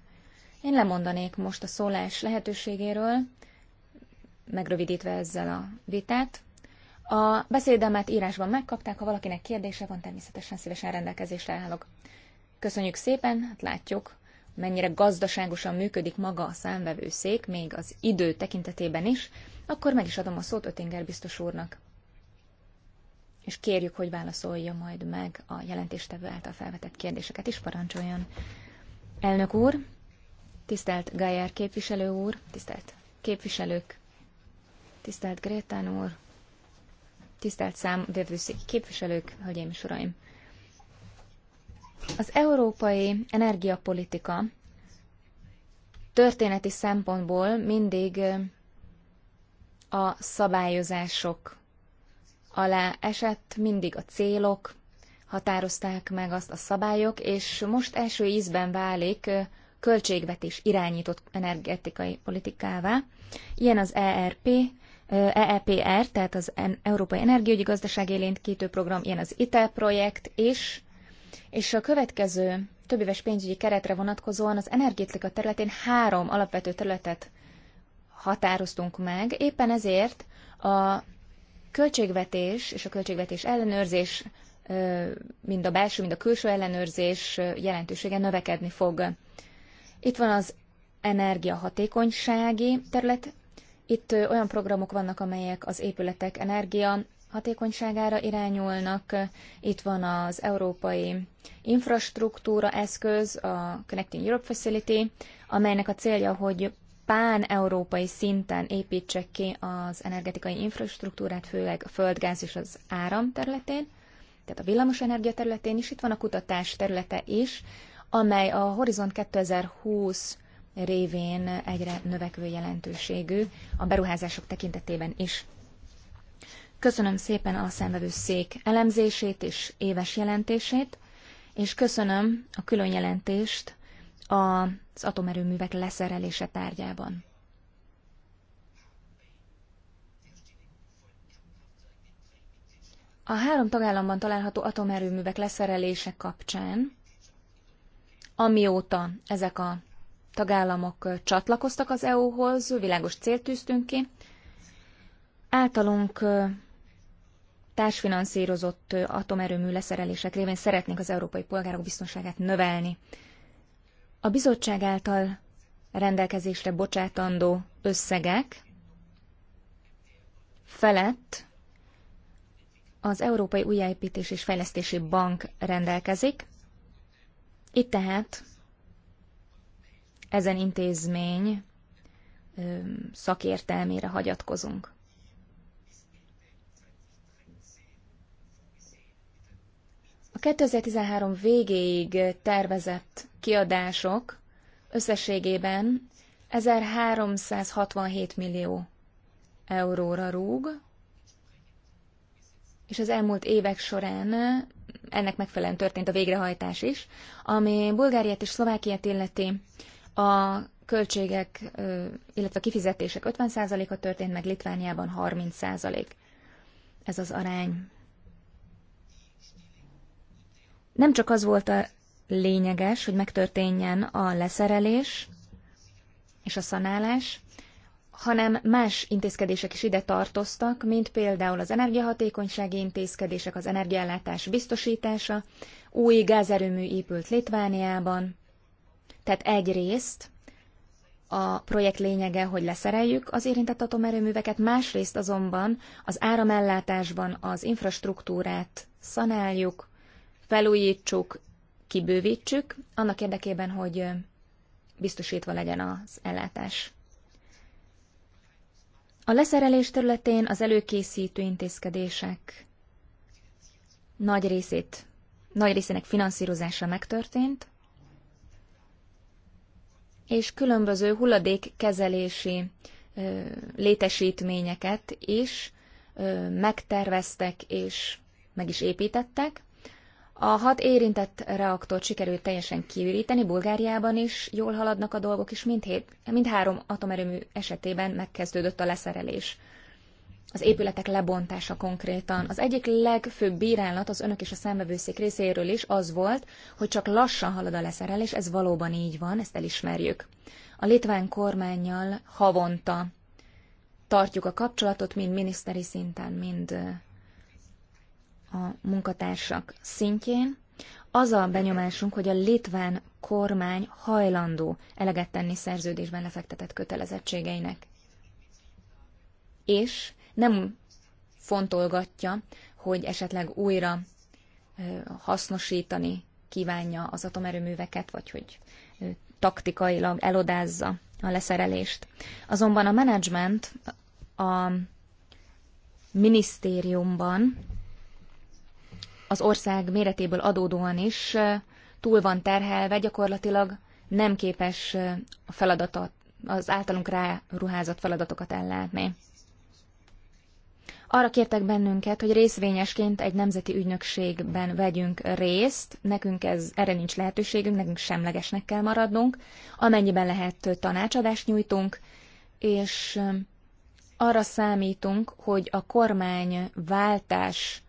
Speaker 5: én lemondanék most a szólás lehetőségéről, megrövidítve ezzel a vitát. A beszédemet írásban megkapták, ha valakinek kérdése van, természetesen szívesen rendelkezésre állok. Köszönjük szépen, hát látjuk, mennyire gazdaságosan működik maga a számvevőszék, még az idő tekintetében is, akkor meg is adom a szót Ötinger biztos úrnak. És kérjük, hogy válaszolja majd meg a jelentéstevő által felvetett kérdéseket is, parancsoljon. Elnök úr, tisztelt Gajer képviselő úr, tisztelt képviselők, tisztelt Grétán úr, tisztelt számvevőszék képviselők, hölgyeim és uraim! Az európai energiapolitika történeti szempontból mindig a szabályozások alá esett, mindig a célok határozták meg azt a szabályok, és most első ízben válik költségvetés irányított energetikai politikává. Ilyen az ERP, EEPR, tehát az Európai Energiaügyi Gazdaság kétő Program, ilyen az ITEL projekt is, és a következő éves pénzügyi keretre vonatkozóan az energetika területén három alapvető területet határoztunk meg, éppen ezért a költségvetés és a költségvetés ellenőrzés, mind a belső, mind a külső ellenőrzés jelentősége növekedni fog. Itt van az energiahatékonysági terület, itt olyan programok vannak, amelyek az épületek energia hatékonyságára irányulnak. Itt van az európai infrastruktúra eszköz, a Connecting Europe Facility, amelynek a célja, hogy pán-európai szinten építsek ki az energetikai infrastruktúrát, főleg a földgáz és az áram területén, tehát a villamosenergia területén is. Itt van a kutatás területe is, amely a Horizont 2020 révén egyre növekvő jelentőségű a beruházások tekintetében is. Köszönöm szépen a szék elemzését és éves jelentését, és köszönöm a külön jelentést az atomerőművek leszerelése tárgyában. A három tagállamban található atomerőművek leszerelése kapcsán, amióta ezek a tagállamok csatlakoztak az EU-hoz, világos célt tűztünk ki. Általunk társfinanszírozott atomerőmű leszerelések révén szeretnénk az európai polgárok biztonságát növelni. A bizottság által rendelkezésre bocsátandó összegek felett az Európai Újjáépítés és Fejlesztési Bank rendelkezik. Itt tehát ezen intézmény szakértelmére hagyatkozunk. A 2013 végéig tervezett kiadások összességében 1367 millió euróra rúg, és az elmúlt évek során ennek megfelelően történt a végrehajtás is, ami Bulgáriát és Szlovákiát illeti a költségek, illetve a kifizetések 50%-a történt meg, Litvániában 30%. Ez az arány. Nem csak az volt a lényeges, hogy megtörténjen a leszerelés és a szanálás, hanem más intézkedések is ide tartoztak, mint például az energiahatékonysági intézkedések, az energiállátás biztosítása, új gázerőmű épült Litvániában, tehát egyrészt a projekt lényege, hogy leszereljük az érintett atomerőműveket, másrészt azonban az áramellátásban az infrastruktúrát szanáljuk, felújítsuk, kibővítsük, annak érdekében, hogy biztosítva legyen az ellátás. A leszerelés területén az előkészítő intézkedések nagy részét, nagy részének finanszírozása megtörtént, és különböző hulladékkezelési létesítményeket is megterveztek és meg is építettek. A hat érintett reaktort sikerült teljesen kiüríteni, Bulgáriában is jól haladnak a dolgok, és mindhét, mindhárom atomerőmű esetében megkezdődött a leszerelés az épületek lebontása konkrétan. Az egyik legfőbb bírálat az önök és a szembevőszék részéről is az volt, hogy csak lassan halad a leszerelés, ez valóban így van, ezt elismerjük. A litván kormányjal havonta tartjuk a kapcsolatot, mind miniszteri szinten, mind a munkatársak szintjén. Az a benyomásunk, hogy a litván kormány hajlandó eleget tenni szerződésben lefektetett kötelezettségeinek. És nem fontolgatja, hogy esetleg újra hasznosítani kívánja az atomerőműveket, vagy hogy taktikailag elodázza a leszerelést. Azonban a menedzsment a minisztériumban az ország méretéből adódóan is túl van terhelve, gyakorlatilag nem képes a feladatot, az általunk ráruházott feladatokat ellátni. Arra kértek bennünket, hogy részvényesként egy nemzeti ügynökségben vegyünk részt, nekünk ez, erre nincs lehetőségünk, nekünk semlegesnek kell maradnunk, amennyiben lehet tanácsadást nyújtunk, és arra számítunk, hogy a kormány váltás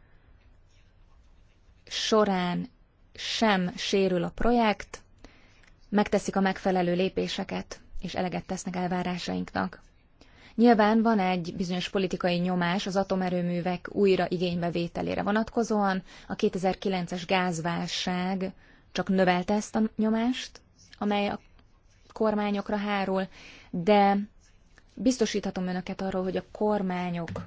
Speaker 5: során sem sérül a projekt, megteszik a megfelelő lépéseket, és eleget tesznek elvárásainknak. Nyilván van egy bizonyos politikai nyomás az atomerőművek újra igénybevételére vonatkozóan. A 2009-es gázválság csak növelte ezt a nyomást, amely a kormányokra hárul, de biztosíthatom önöket arról, hogy a kormányok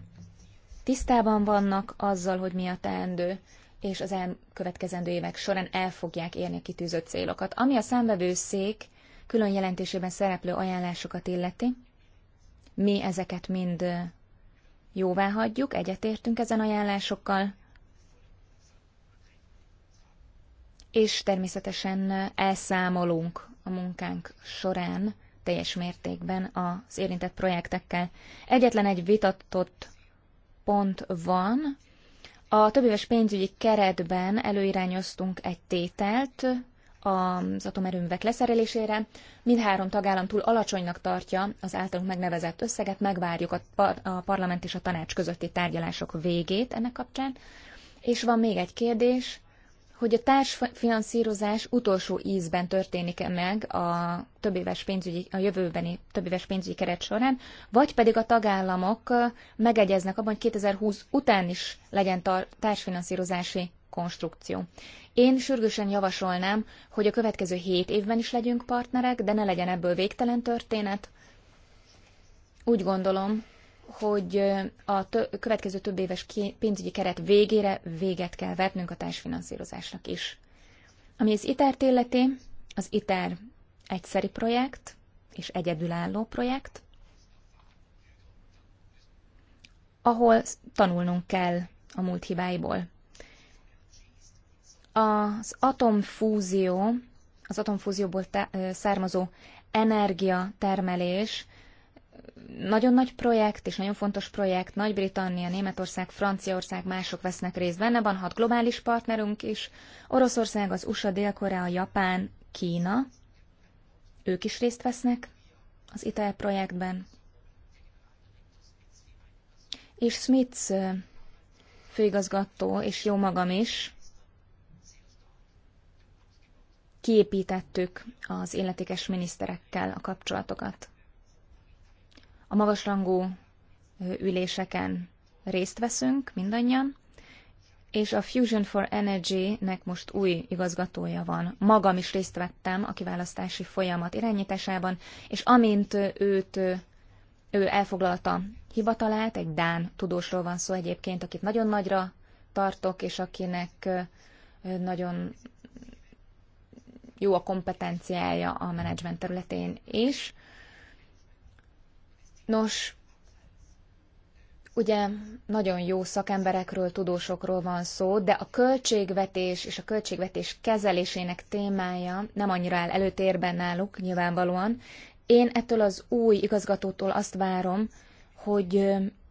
Speaker 5: tisztában vannak azzal, hogy mi a teendő, és az elkövetkezendő évek során el fogják érni a kitűzött célokat. Ami a számvevőszék külön jelentésében szereplő ajánlásokat illeti, mi ezeket mind jóvá hagyjuk, egyetértünk ezen ajánlásokkal, és természetesen elszámolunk a munkánk során teljes mértékben az érintett projektekkel. Egyetlen egy vitatott pont van. A többéves pénzügyi keretben előirányoztunk egy tételt, az atomerőművek leszerelésére. Mindhárom tagállam túl alacsonynak tartja az általunk megnevezett összeget, megvárjuk a, par- a parlament és a tanács közötti tárgyalások végét ennek kapcsán. És van még egy kérdés, hogy a társfinanszírozás utolsó ízben történik-e meg a, éves pénzügyi, a jövőbeni éves pénzügyi keret során, vagy pedig a tagállamok megegyeznek abban, hogy 2020 után is legyen társfinanszírozási konstrukció. Én sürgősen javasolnám, hogy a következő hét évben is legyünk partnerek, de ne legyen ebből végtelen történet. Úgy gondolom, hogy a tö- következő több éves pénzügyi keret végére véget kell vetnünk a társfinanszírozásnak is. Ami az ITER-t illeti, az ITER egyszeri projekt és egyedülálló projekt, ahol tanulnunk kell a múlt hibáiból. Az atomfúzió, az atomfúzióból származó energiatermelés nagyon nagy projekt és nagyon fontos projekt. Nagy-Britannia, Németország, Franciaország, mások vesznek részt benne. Van hat globális partnerünk is. Oroszország, az USA, Dél-Korea, Japán, Kína. Ők is részt vesznek az ITER projektben. És Smith főigazgató, és jó magam is kiépítettük az illetékes miniszterekkel a kapcsolatokat. A magasrangú üléseken részt veszünk mindannyian, és a Fusion for Energy-nek most új igazgatója van. Magam is részt vettem a kiválasztási folyamat irányításában, és amint őt, ő elfoglalta hivatalát, egy Dán tudósról van szó egyébként, akit nagyon nagyra tartok, és akinek nagyon jó a kompetenciája a menedzsment területén is. Nos, ugye nagyon jó szakemberekről, tudósokról van szó, de a költségvetés és a költségvetés kezelésének témája nem annyira el előtérben náluk nyilvánvalóan. Én ettől az új igazgatótól azt várom, hogy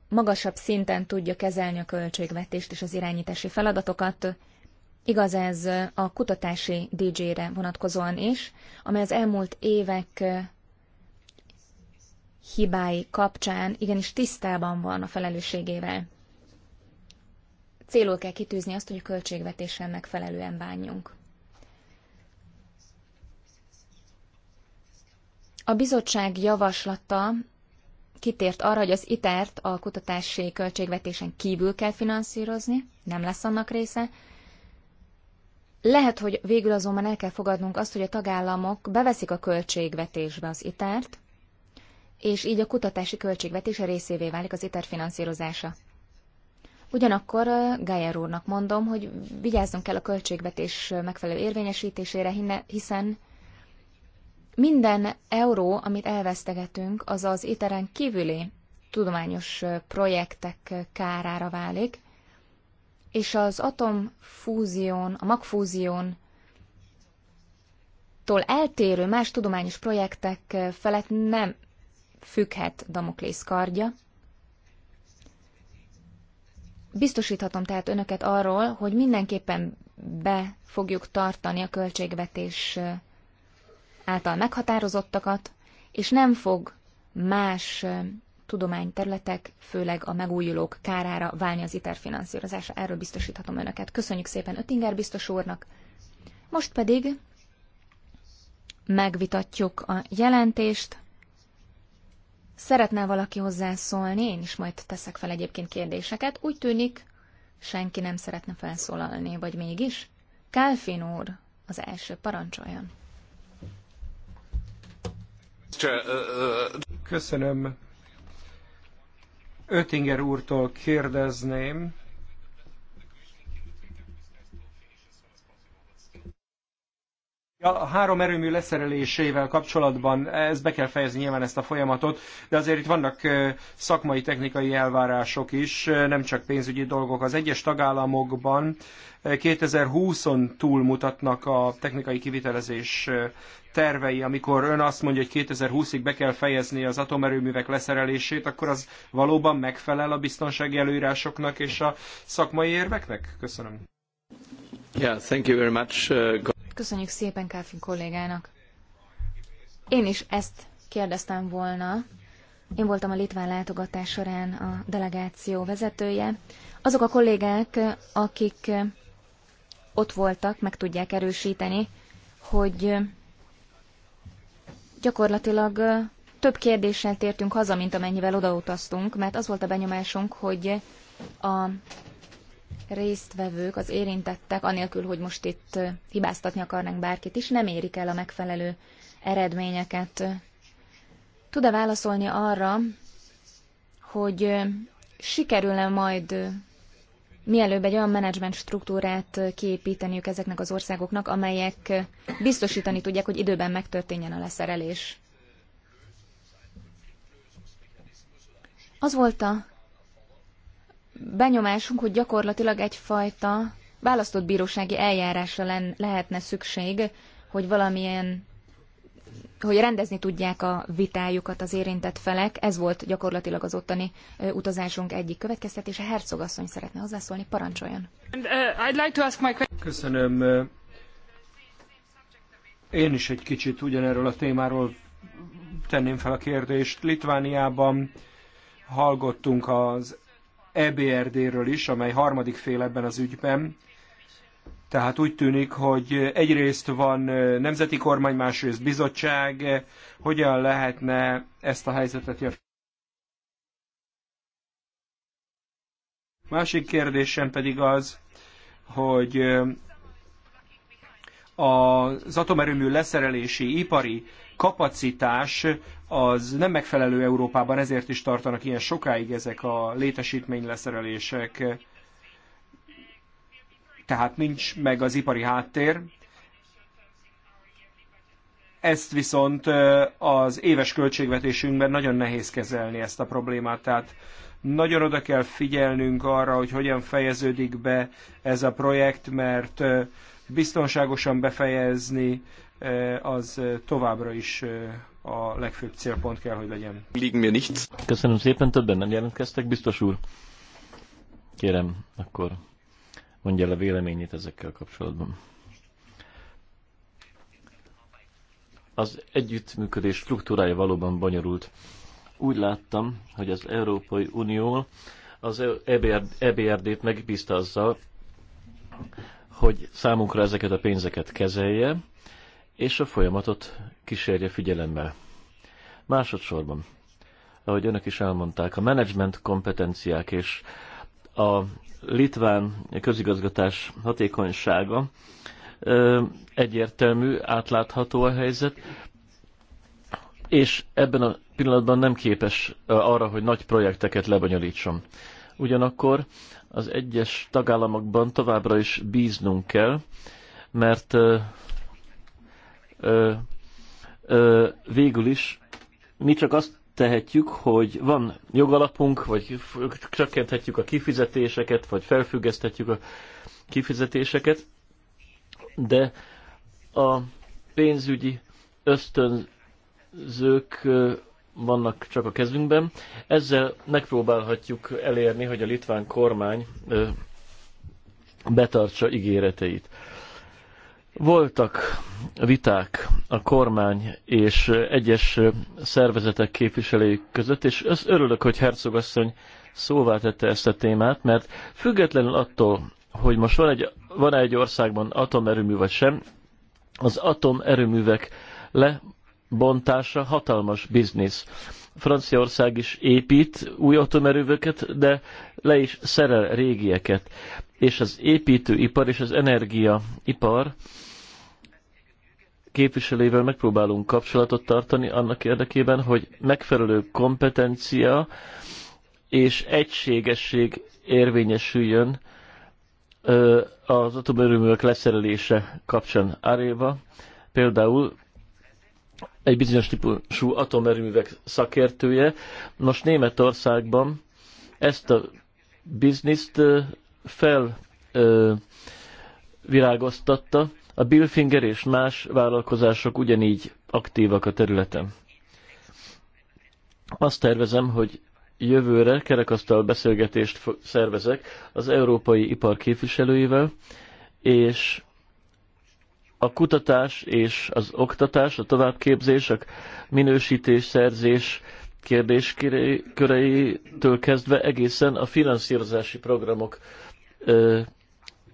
Speaker 5: magasabb szinten tudja kezelni a költségvetést és az irányítási feladatokat, Igaz ez a kutatási DJ-re vonatkozóan is, amely az elmúlt évek hibái kapcsán igenis tisztában van a felelősségével. Célul kell kitűzni azt, hogy a költségvetéssel megfelelően bánjunk. A bizottság javaslata kitért arra, hogy az itert a kutatási költségvetésen kívül kell finanszírozni, nem lesz annak része, lehet, hogy végül azonban el kell fogadnunk azt, hogy a tagállamok beveszik a költségvetésbe az itárt, és így a kutatási költségvetése részévé válik az ITER finanszírozása. Ugyanakkor Gájer úrnak mondom, hogy vigyázzunk kell a költségvetés megfelelő érvényesítésére, hiszen minden euró, amit elvesztegetünk, az az iteren kívüli tudományos projektek kárára válik, és az atomfúzión, a magfúzión tól eltérő más tudományos projektek felett nem függhet Damoklész kardja. Biztosíthatom tehát önöket arról, hogy mindenképpen be fogjuk tartani a költségvetés által meghatározottakat, és nem fog más tudományterületek, főleg a megújulók kárára válni az ITER finanszírozása. Erről biztosíthatom önöket. Köszönjük szépen Ötinger biztos úrnak. Most pedig megvitatjuk a jelentést. Szeretne valaki hozzászólni? Én is majd teszek fel egyébként kérdéseket. Úgy tűnik, senki nem szeretne felszólalni, vagy mégis? Kálfin úr az első, parancsoljon. Köszönöm,
Speaker 4: Öttinger úrtól kérdezném, A három erőmű leszerelésével kapcsolatban ez be kell fejezni nyilván ezt a folyamatot, de azért itt vannak szakmai, technikai elvárások is, nem csak pénzügyi dolgok. Az egyes tagállamokban 2020-on túlmutatnak a technikai kivitelezés tervei, amikor ön azt mondja, hogy 2020-ig be kell fejezni az atomerőművek leszerelését, akkor az valóban megfelel a biztonsági előírásoknak és a szakmai érveknek? Köszönöm.
Speaker 2: Yeah, thank you very much. Uh,
Speaker 5: Köszönjük szépen Káfin kollégának. Én is ezt kérdeztem volna. Én voltam a Litván látogatás során a delegáció vezetője. Azok a kollégák, akik ott voltak, meg tudják erősíteni, hogy gyakorlatilag több kérdéssel tértünk haza, mint amennyivel odautaztunk, mert az volt a benyomásunk, hogy a résztvevők, az érintettek, anélkül, hogy most itt hibáztatni akarnánk bárkit is, nem érik el a megfelelő eredményeket. Tud-e válaszolni arra, hogy sikerül-e majd mielőbb egy olyan menedzsment struktúrát kiépíteniük ezeknek az országoknak, amelyek biztosítani tudják, hogy időben megtörténjen a leszerelés. Az volt a benyomásunk, hogy gyakorlatilag egyfajta választott bírósági eljárásra len, lehetne szükség, hogy valamilyen hogy rendezni tudják a vitájukat az érintett felek. Ez volt gyakorlatilag az ottani utazásunk egyik következtetése. Hercogasszony szeretne hozzászólni, parancsoljon.
Speaker 4: Köszönöm. Én is egy kicsit ugyanerről a témáról tenném fel a kérdést. Litvániában hallgattunk az EBRD-ről is, amely harmadik fél ebben az ügyben. Tehát úgy tűnik, hogy egyrészt van nemzeti kormány, másrészt bizottság. Hogyan lehetne ezt a helyzetet javítani? Másik kérdésem pedig az, hogy az atomerőmű leszerelési ipari kapacitás az nem megfelelő Európában, ezért is tartanak ilyen sokáig ezek a létesítmény leszerelések. Tehát nincs meg az ipari háttér. Ezt viszont az éves költségvetésünkben nagyon nehéz kezelni ezt a problémát, tehát nagyon oda kell figyelnünk arra, hogy hogyan fejeződik be ez a projekt, mert biztonságosan befejezni Eh, az eh, továbbra is eh, a legfőbb célpont kell, hogy legyen.
Speaker 3: Liegen nicht. Köszönöm szépen, többen nem jelentkeztek, biztos úr. Kérem, akkor mondja le véleményét ezekkel kapcsolatban. Az együttműködés struktúrája valóban bonyolult. Úgy láttam, hogy az Európai Unió az EBRD-t e megbízta azzal, hogy számunkra ezeket a pénzeket kezelje, és a folyamatot kísérje figyelemmel. Másodszorban, ahogy önök is elmondták, a menedzsment kompetenciák és a litván közigazgatás hatékonysága egyértelmű, átlátható a helyzet, és ebben a pillanatban nem képes arra, hogy nagy projekteket lebonyolítson. Ugyanakkor az egyes tagállamokban továbbra is bíznunk kell, mert ö, ö, végül is mi csak azt tehetjük, hogy van jogalapunk, vagy csökkenthetjük a kifizetéseket, vagy felfüggeszthetjük a kifizetéseket, de a pénzügyi ösztönzők vannak csak a kezünkben. Ezzel megpróbálhatjuk elérni, hogy a litván kormány betartsa ígéreteit. Voltak viták a kormány és egyes szervezetek képviselői között, és az örülök, hogy Herzog asszony szóvá tette ezt a témát, mert függetlenül attól, hogy most van egy, van egy országban atomerőmű vagy sem, az atomerőművek lebontása hatalmas biznisz. Franciaország is épít új atomerőveket, de le is szerel régieket. És az építőipar és az energiaipar képviselével megpróbálunk kapcsolatot tartani annak érdekében, hogy megfelelő kompetencia és egységesség érvényesüljön az atomerőművek leszerelése kapcsán aréva. Például egy bizonyos típusú atomerőművek szakértője. Most Németországban ezt a bizniszt felvirágoztatta, a Billfinger és más vállalkozások ugyanígy aktívak a területen. Azt tervezem, hogy jövőre kerekasztal beszélgetést szervezek az európai ipar képviselőivel, és a kutatás és az oktatás, a továbbképzés, a minősítés, szerzés kérdésköreitől kezdve egészen a finanszírozási programok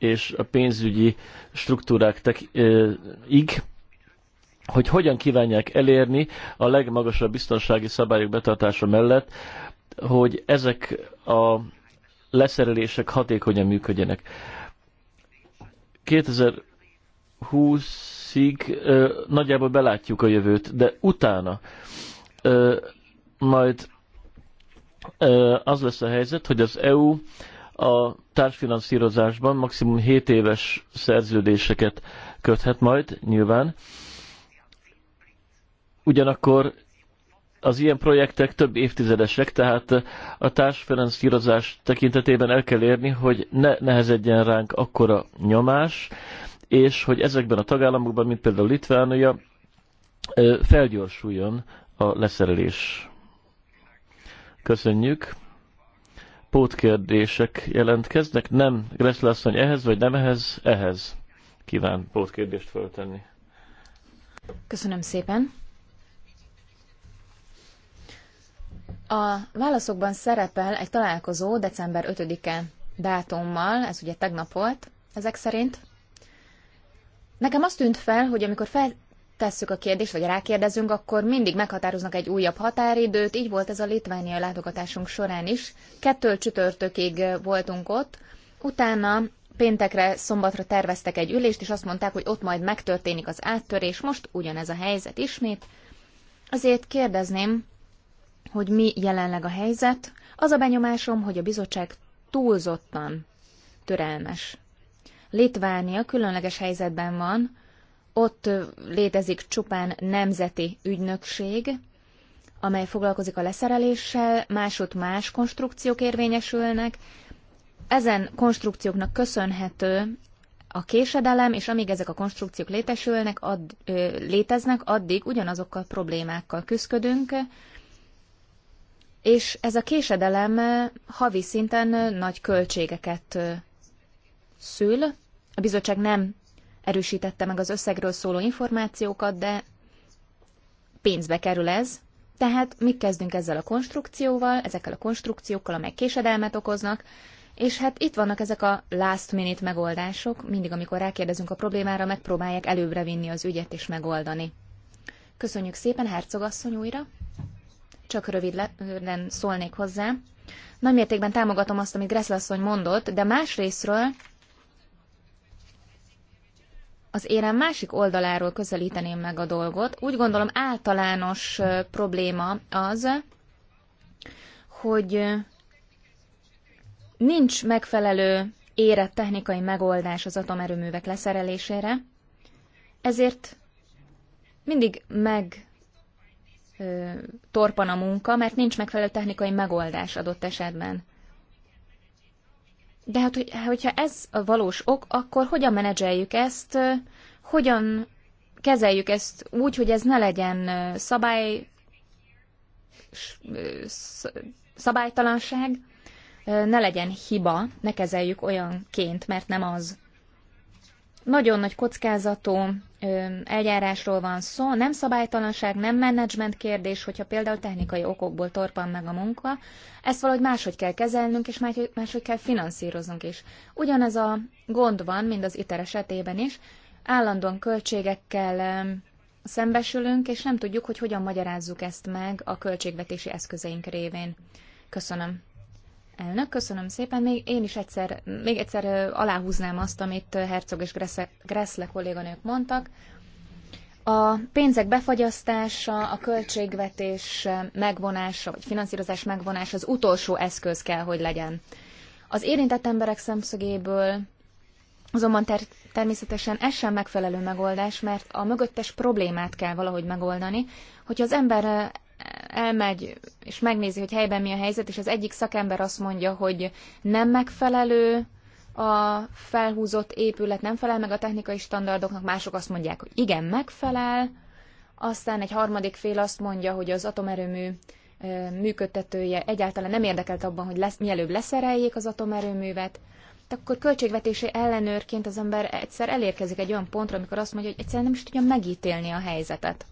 Speaker 3: és a pénzügyi struktúrák struktúrákig, hogy hogyan kívánják elérni a legmagasabb biztonsági szabályok betartása mellett, hogy ezek a leszerelések hatékonyan működjenek. 2020-ig nagyjából belátjuk a jövőt, de utána ö, majd ö, az lesz a helyzet, hogy az EU a társfinanszírozásban maximum 7 éves szerződéseket köthet majd, nyilván. Ugyanakkor az ilyen projektek több évtizedesek, tehát a társfinanszírozás tekintetében el kell érni, hogy ne nehezedjen ránk akkora nyomás, és hogy ezekben a tagállamokban, mint például Litvánia, felgyorsuljon a leszerelés. Köszönjük! pótkérdések jelentkeznek? Nem, Gressler mondja, ehhez vagy nem ehhez? Ehhez kíván pótkérdést föltenni.
Speaker 5: Köszönöm szépen. A válaszokban szerepel egy találkozó december 5-e dátummal, ez ugye tegnap volt ezek szerint. Nekem azt tűnt fel, hogy amikor fel, tesszük a kérdést, vagy rákérdezünk, akkor mindig meghatároznak egy újabb határidőt. Így volt ez a Litvánia látogatásunk során is. Kettől csütörtökig voltunk ott, utána péntekre, szombatra terveztek egy ülést, és azt mondták, hogy ott majd megtörténik az áttörés, most ugyanez a helyzet ismét. Azért kérdezném, hogy mi jelenleg a helyzet. Az a benyomásom, hogy a bizottság túlzottan türelmes. Litvánia különleges helyzetben van, ott létezik csupán nemzeti ügynökség, amely foglalkozik a leszereléssel, másod más konstrukciók érvényesülnek. Ezen konstrukcióknak köszönhető a késedelem, és amíg ezek a konstrukciók létesülnek, ad, ö, léteznek, addig ugyanazokkal problémákkal küzdködünk, és ez a késedelem havi szinten nagy költségeket szül. A bizottság nem erősítette meg az összegről szóló információkat, de pénzbe kerül ez, tehát mit kezdünk ezzel a konstrukcióval, ezekkel a konstrukciókkal, amelyek késedelmet okoznak, és hát itt vannak ezek a last minute megoldások, mindig amikor rákérdezünk a problémára, megpróbálják előbbre vinni az ügyet és megoldani. Köszönjük szépen, hercogasszony újra. Csak röviden szólnék hozzá. Nagy mértékben támogatom azt, amit Gressel asszony mondott, de más részről az érem másik oldaláról közelíteném meg a dolgot. Úgy gondolom általános probléma az, hogy nincs megfelelő érett technikai megoldás az atomerőművek leszerelésére, ezért mindig meg torpan a munka, mert nincs megfelelő technikai megoldás adott esetben. De hát, hogyha ez a valós ok, akkor hogyan menedzseljük ezt, hogyan kezeljük ezt úgy, hogy ez ne legyen szabály, szabálytalanság, ne legyen hiba, ne kezeljük olyanként, mert nem az. Nagyon nagy kockázatú eljárásról van szó, nem szabálytalanság, nem menedzsment kérdés, hogyha például technikai okokból torpan meg a munka, ezt valahogy máshogy kell kezelnünk, és máshogy kell finanszíroznunk is. Ugyanez a gond van, mind az ITER esetében is, állandóan költségekkel szembesülünk, és nem tudjuk, hogy hogyan magyarázzuk ezt meg a költségvetési eszközeink révén. Köszönöm. Elnök, köszönöm szépen. Még én is egyszer, még egyszer aláhúznám azt, amit Herzog és Gressle kolléganők mondtak. A pénzek befagyasztása, a költségvetés megvonása, vagy finanszírozás megvonása az utolsó eszköz kell, hogy legyen. Az érintett emberek szemszögéből azonban ter- természetesen ez sem megfelelő megoldás, mert a mögöttes problémát kell valahogy megoldani. Hogyha az ember elmegy és megnézi, hogy helyben mi a helyzet, és az egyik szakember azt mondja, hogy nem megfelelő a felhúzott épület, nem felel meg a technikai standardoknak, mások azt mondják, hogy igen, megfelel, aztán egy harmadik fél azt mondja, hogy az atomerőmű működtetője egyáltalán nem érdekelt abban, hogy lesz, mielőbb leszereljék az atomerőművet, akkor költségvetési ellenőrként az ember egyszer elérkezik egy olyan pontra, amikor azt mondja, hogy egyszerűen nem is tudja megítélni a helyzetet.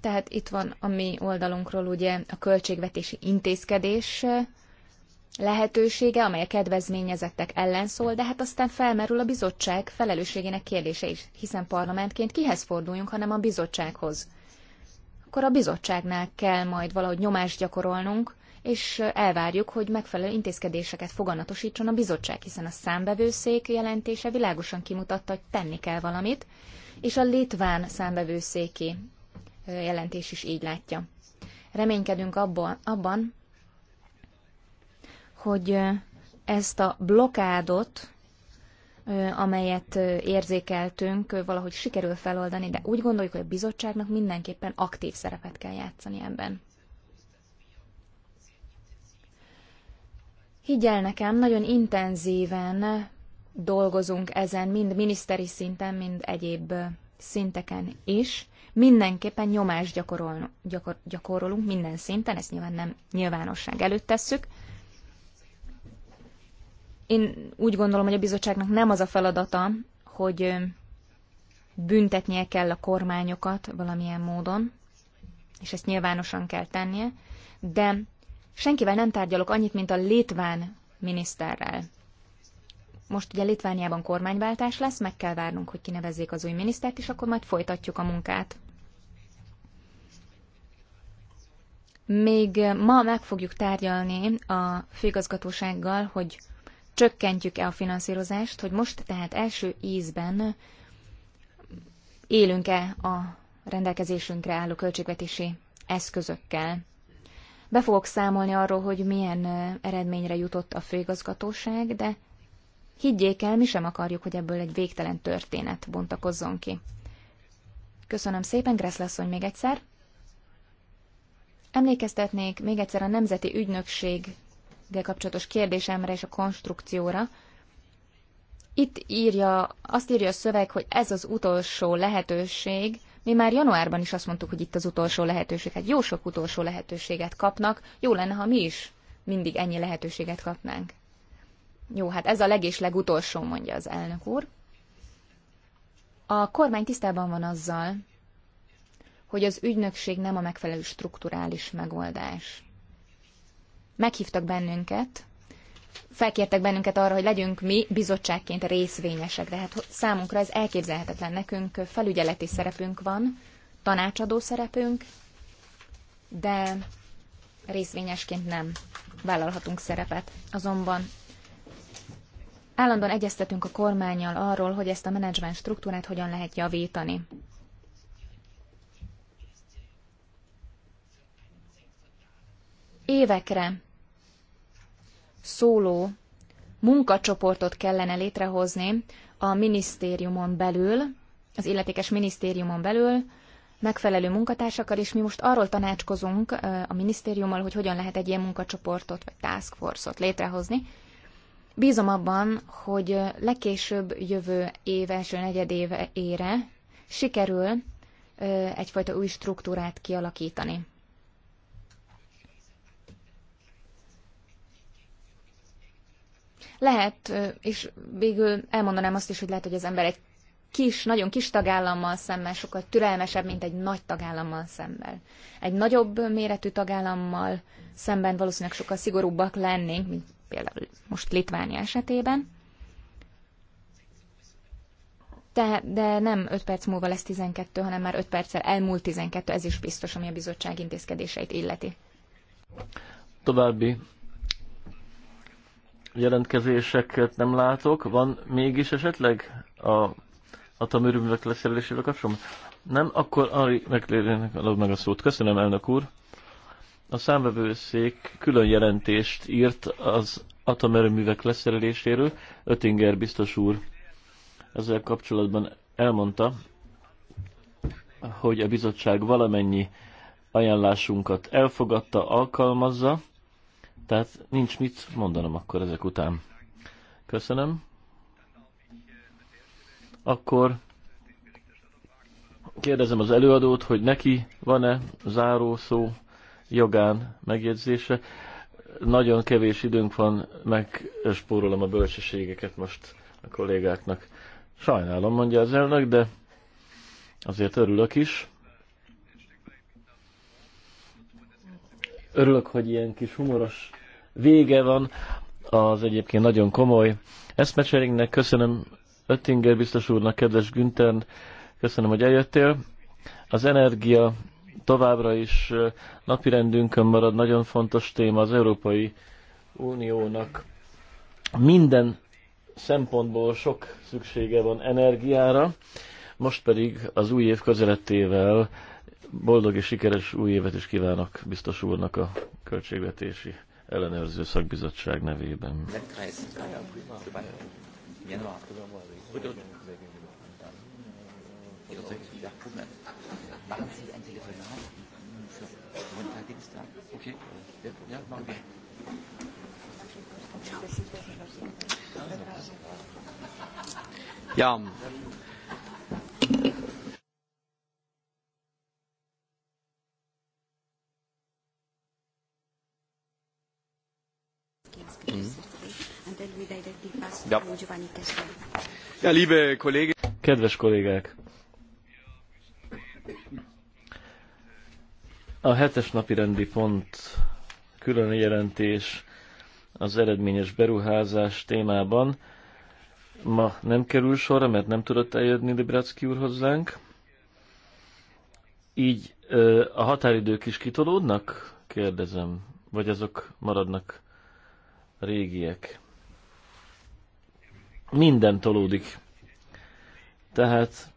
Speaker 5: Tehát itt van a mi oldalunkról ugye a költségvetési intézkedés lehetősége, amely a kedvezményezettek ellen szól, de hát aztán felmerül a bizottság felelősségének kérdése is, hiszen parlamentként kihez forduljunk, hanem a bizottsághoz. Akkor a bizottságnál kell majd valahogy nyomást gyakorolnunk, és elvárjuk, hogy megfelelő intézkedéseket foganatosítson a bizottság, hiszen a számbevőszék jelentése világosan kimutatta, hogy tenni kell valamit, és a litván számbevőszéki jelentés is így látja. Reménykedünk abban, abban hogy ezt a blokádot, amelyet érzékeltünk, valahogy sikerül feloldani, de úgy gondoljuk, hogy a bizottságnak mindenképpen aktív szerepet kell játszani ebben. Higgyel nekem, nagyon intenzíven dolgozunk ezen, mind miniszteri szinten, mind egyéb szinteken is mindenképpen nyomást gyakorol, gyakor, gyakorolunk minden szinten, ezt nyilván nem nyilvánosság előtt tesszük. Én úgy gondolom, hogy a bizottságnak nem az a feladata, hogy büntetnie kell a kormányokat valamilyen módon, és ezt nyilvánosan kell tennie, de senkivel nem tárgyalok annyit, mint a litván miniszterrel. Most ugye Litvániában kormányváltás lesz, meg kell várnunk, hogy kinevezzék az új minisztert, és akkor majd folytatjuk a munkát. Még eh, ma meg fogjuk tárgyalni a főigazgatósággal, hogy csökkentjük-e a finanszírozást, hogy most tehát első ízben élünk-e a rendelkezésünkre álló költségvetési eszközökkel. Be fogok számolni arról, hogy milyen eh, eredményre jutott a főigazgatóság, de higgyék el, mi sem akarjuk, hogy ebből egy végtelen történet bontakozzon ki. Köszönöm szépen, Gressz hogy még egyszer. Emlékeztetnék még egyszer a Nemzeti Ügynökséggel kapcsolatos kérdésemre és a konstrukcióra. Itt írja, azt írja a szöveg, hogy ez az utolsó lehetőség. Mi már januárban is azt mondtuk, hogy itt az utolsó lehetőség. Hát jó sok utolsó lehetőséget kapnak. Jó lenne, ha mi is mindig ennyi lehetőséget kapnánk. Jó, hát ez a legés legutolsó, mondja az elnök úr. A kormány tisztában van azzal, hogy az ügynökség nem a megfelelő strukturális megoldás. Meghívtak bennünket, felkértek bennünket arra, hogy legyünk mi bizottságként részvényesek, de hát számunkra ez elképzelhetetlen. Nekünk felügyeleti szerepünk van, tanácsadó szerepünk, de részvényesként nem vállalhatunk szerepet. Azonban állandóan egyeztetünk a kormányjal arról, hogy ezt a menedzsment struktúrát hogyan lehet javítani. évekre szóló munkacsoportot kellene létrehozni a minisztériumon belül, az illetékes minisztériumon belül, megfelelő munkatársakkal, és mi most arról tanácskozunk a minisztériummal, hogy hogyan lehet egy ilyen munkacsoportot vagy task force-ot létrehozni. Bízom abban, hogy legkésőbb jövő év első ére sikerül egyfajta új struktúrát kialakítani. Lehet, és végül elmondanám azt is, hogy lehet, hogy az ember egy kis, nagyon kis tagállammal szemben sokkal türelmesebb, mint egy nagy tagállammal szemben. Egy nagyobb méretű tagállammal szemben valószínűleg sokkal szigorúbbak lennénk, mint például most Litvánia esetében. De, de nem 5 perc múlva lesz 12, hanem már 5 perccel elmúlt 12, ez is biztos, ami a bizottság intézkedéseit illeti.
Speaker 3: További jelentkezéseket nem látok. Van mégis esetleg a atomőrűművek leszerelésével kapcsolatban? Nem, akkor Ari McLarennek adom meg a szót. Köszönöm, elnök úr. A számvevőszék külön jelentést írt az atomerőművek leszereléséről. Ötinger biztos úr ezzel kapcsolatban elmondta, hogy a bizottság valamennyi ajánlásunkat elfogadta, alkalmazza, tehát nincs mit mondanom akkor ezek után. Köszönöm. Akkor kérdezem az előadót, hogy neki van-e zárószó jogán megjegyzése. Nagyon kevés időnk van, megspórolom a bölcsességeket most a kollégáknak. Sajnálom, mondja az elnök, de azért örülök is. Örülök, hogy ilyen kis humoros vége van az egyébként nagyon komoly eszmecseringnek. Köszönöm Öttinger biztos úrnak, kedves Günther, köszönöm, hogy eljöttél. Az energia továbbra is napirendünkön marad, nagyon fontos téma az Európai Uniónak. Minden szempontból sok szüksége van energiára, most pedig az új év közelettével boldog és sikeres új évet is kívánok biztos úrnak a költségvetési ellenőrző szakbizottság nevében.
Speaker 2: Ja,
Speaker 6: Mm-hmm.
Speaker 3: Kedves kollégák! A hetes napi rendi pont külön jelentés az eredményes beruházás témában ma nem kerül sorra, mert nem tudott eljönni Liberacki úr hozzánk. Így a határidők is kitolódnak? Kérdezem. Vagy azok maradnak régiek. Minden tolódik. Tehát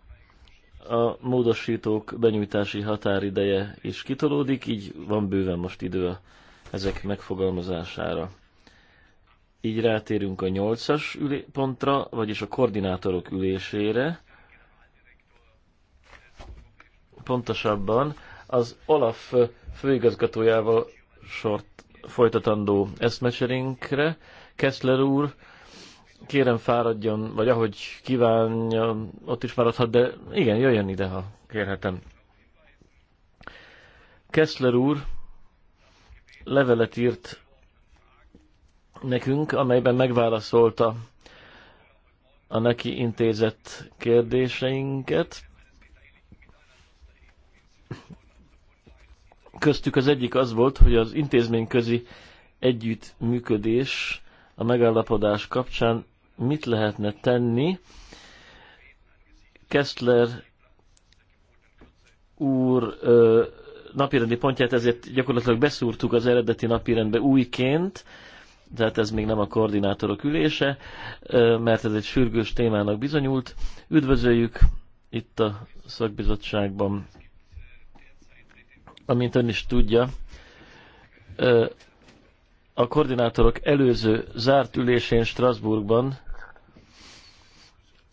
Speaker 3: a módosítók benyújtási határideje is kitolódik, így van bőven most idő ezek megfogalmazására. Így rátérünk a 8-as pontra, vagyis a koordinátorok ülésére. Pontosabban az Olaf főigazgatójával sort folytatandó eszmecserénkre. Kessler úr, kérem fáradjon, vagy ahogy kívánja, ott is fáradhat, de igen, jöjjön ide, ha kérhetem. Kessler úr levelet írt nekünk, amelyben megválaszolta a neki intézett kérdéseinket. Köztük az egyik az volt, hogy az intézményközi együttműködés a megállapodás kapcsán mit lehetne tenni. Kessler úr ö, napirendi pontját ezért gyakorlatilag beszúrtuk az eredeti napirendbe újként, tehát ez még nem a koordinátorok ülése, ö, mert ez egy sürgős témának bizonyult. Üdvözöljük itt a szakbizottságban amint ön is tudja, a koordinátorok előző zárt ülésén Strasbourgban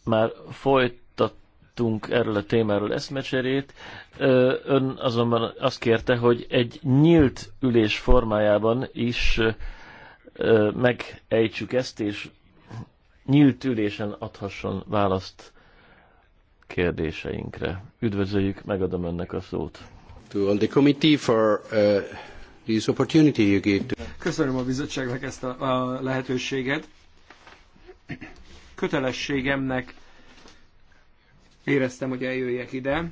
Speaker 3: már folytattunk erről a témáról eszmecserét. Ön azonban azt kérte, hogy egy nyílt ülés formájában is megejtsük ezt, és nyílt ülésen adhasson választ kérdéseinkre. Üdvözöljük, megadom önnek a szót
Speaker 6: to all the committee for uh, this opportunity you To...
Speaker 4: Köszönöm a bizottságnak ezt a, a lehetőséget. Kötelességemnek éreztem, hogy eljöjjek ide.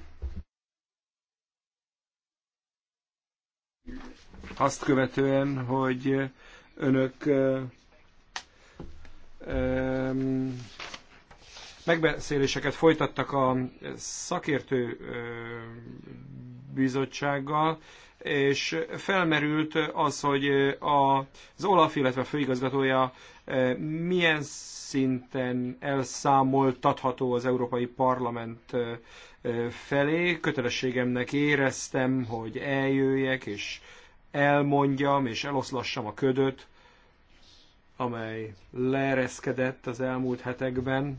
Speaker 4: Azt követően, hogy önök um, megbeszéléseket folytattak a szakértő bizottsággal, és felmerült az, hogy az Olaf, illetve a főigazgatója eh, milyen szinten elszámoltatható az Európai Parlament eh, felé. Kötelességemnek éreztem, hogy eljöjjek, és elmondjam, és eloszlassam a ködöt, amely leereszkedett az elmúlt hetekben.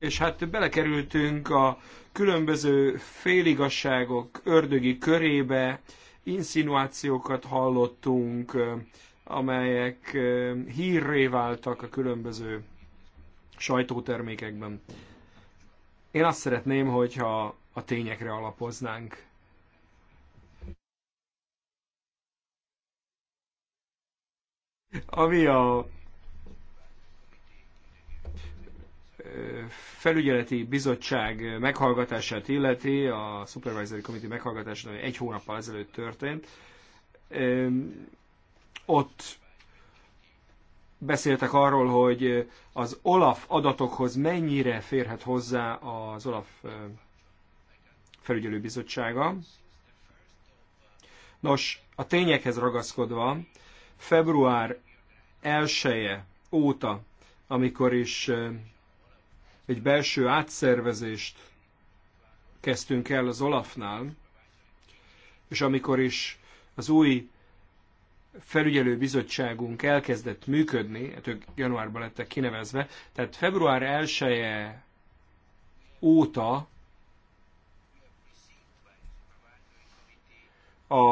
Speaker 4: és hát belekerültünk a különböző féligasságok ördögi körébe, insinuációkat hallottunk, amelyek hírré váltak a különböző sajtótermékekben. Én azt szeretném, hogyha a tényekre alapoznánk. Ami a felügyeleti bizottság meghallgatását illeti, a Supervisory Committee meghallgatását, ami egy hónappal ezelőtt történt, ott beszéltek arról, hogy az OLAF adatokhoz mennyire férhet hozzá az OLAF bizottsága. Nos, a tényekhez ragaszkodva, február 1 óta, amikor is egy belső átszervezést kezdtünk el az Olafnál, és amikor is az új felügyelő bizottságunk elkezdett működni, hát ők januárban lettek kinevezve, tehát február 1 -e óta a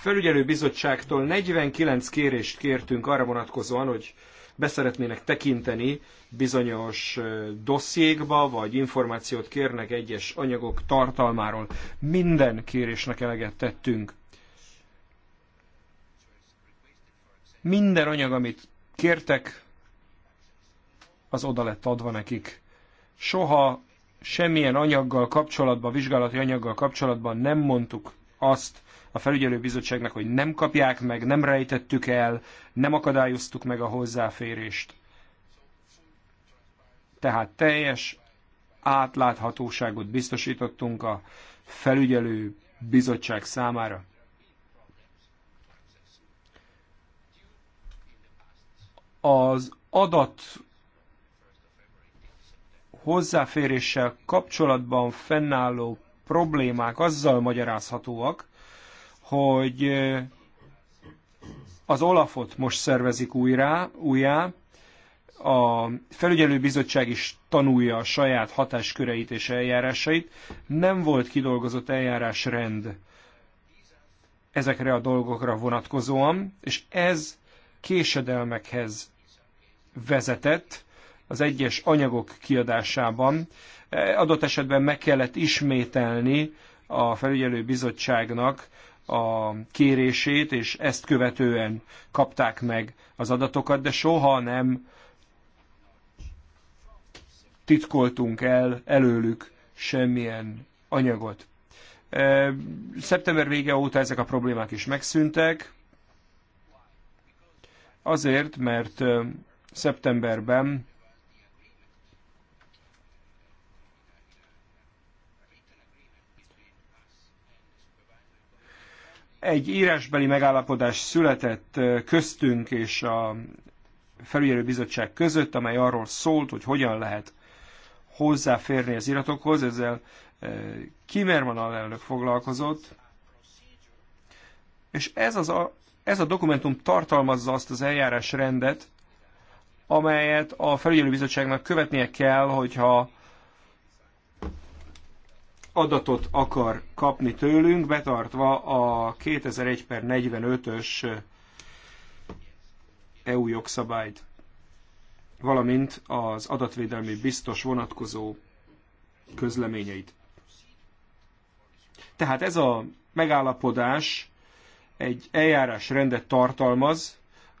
Speaker 4: felügyelő bizottságtól 49 kérést kértünk arra vonatkozóan, hogy beszeretnének tekinteni bizonyos dossziékba, vagy információt kérnek egyes anyagok tartalmáról. Minden kérésnek eleget tettünk. Minden anyag, amit kértek, az oda lett adva nekik. Soha semmilyen anyaggal kapcsolatban, vizsgálati anyaggal kapcsolatban nem mondtuk azt, a felügyelőbizottságnak, hogy nem kapják meg, nem rejtettük el, nem akadályoztuk meg a hozzáférést. Tehát teljes átláthatóságot biztosítottunk a felügyelő bizottság számára. Az adat hozzáféréssel kapcsolatban fennálló problémák azzal magyarázhatóak, hogy az Olafot most szervezik újra, újjá, a felügyelőbizottság is tanulja a saját hatásköreit és eljárásait. Nem volt kidolgozott eljárásrend ezekre a dolgokra vonatkozóan, és ez késedelmekhez vezetett az egyes anyagok kiadásában. Adott esetben meg kellett ismételni a felügyelőbizottságnak a kérését, és ezt követően kapták meg az adatokat, de soha nem titkoltunk el előlük semmilyen anyagot. Szeptember vége óta ezek a problémák is megszűntek, azért, mert szeptemberben Egy írásbeli megállapodás született köztünk és a felügyelő bizottság között, amely arról szólt, hogy hogyan lehet hozzáférni az iratokhoz, ezzel Kimerman alelnök foglalkozott, és ez, az a, ez a dokumentum tartalmazza azt az eljárásrendet, amelyet a felügyelő bizottságnak követnie kell, hogyha adatot akar kapni tőlünk, betartva a 2001 per 45-ös EU jogszabályt, valamint az adatvédelmi biztos vonatkozó közleményeit. Tehát ez a megállapodás egy eljárásrendet tartalmaz,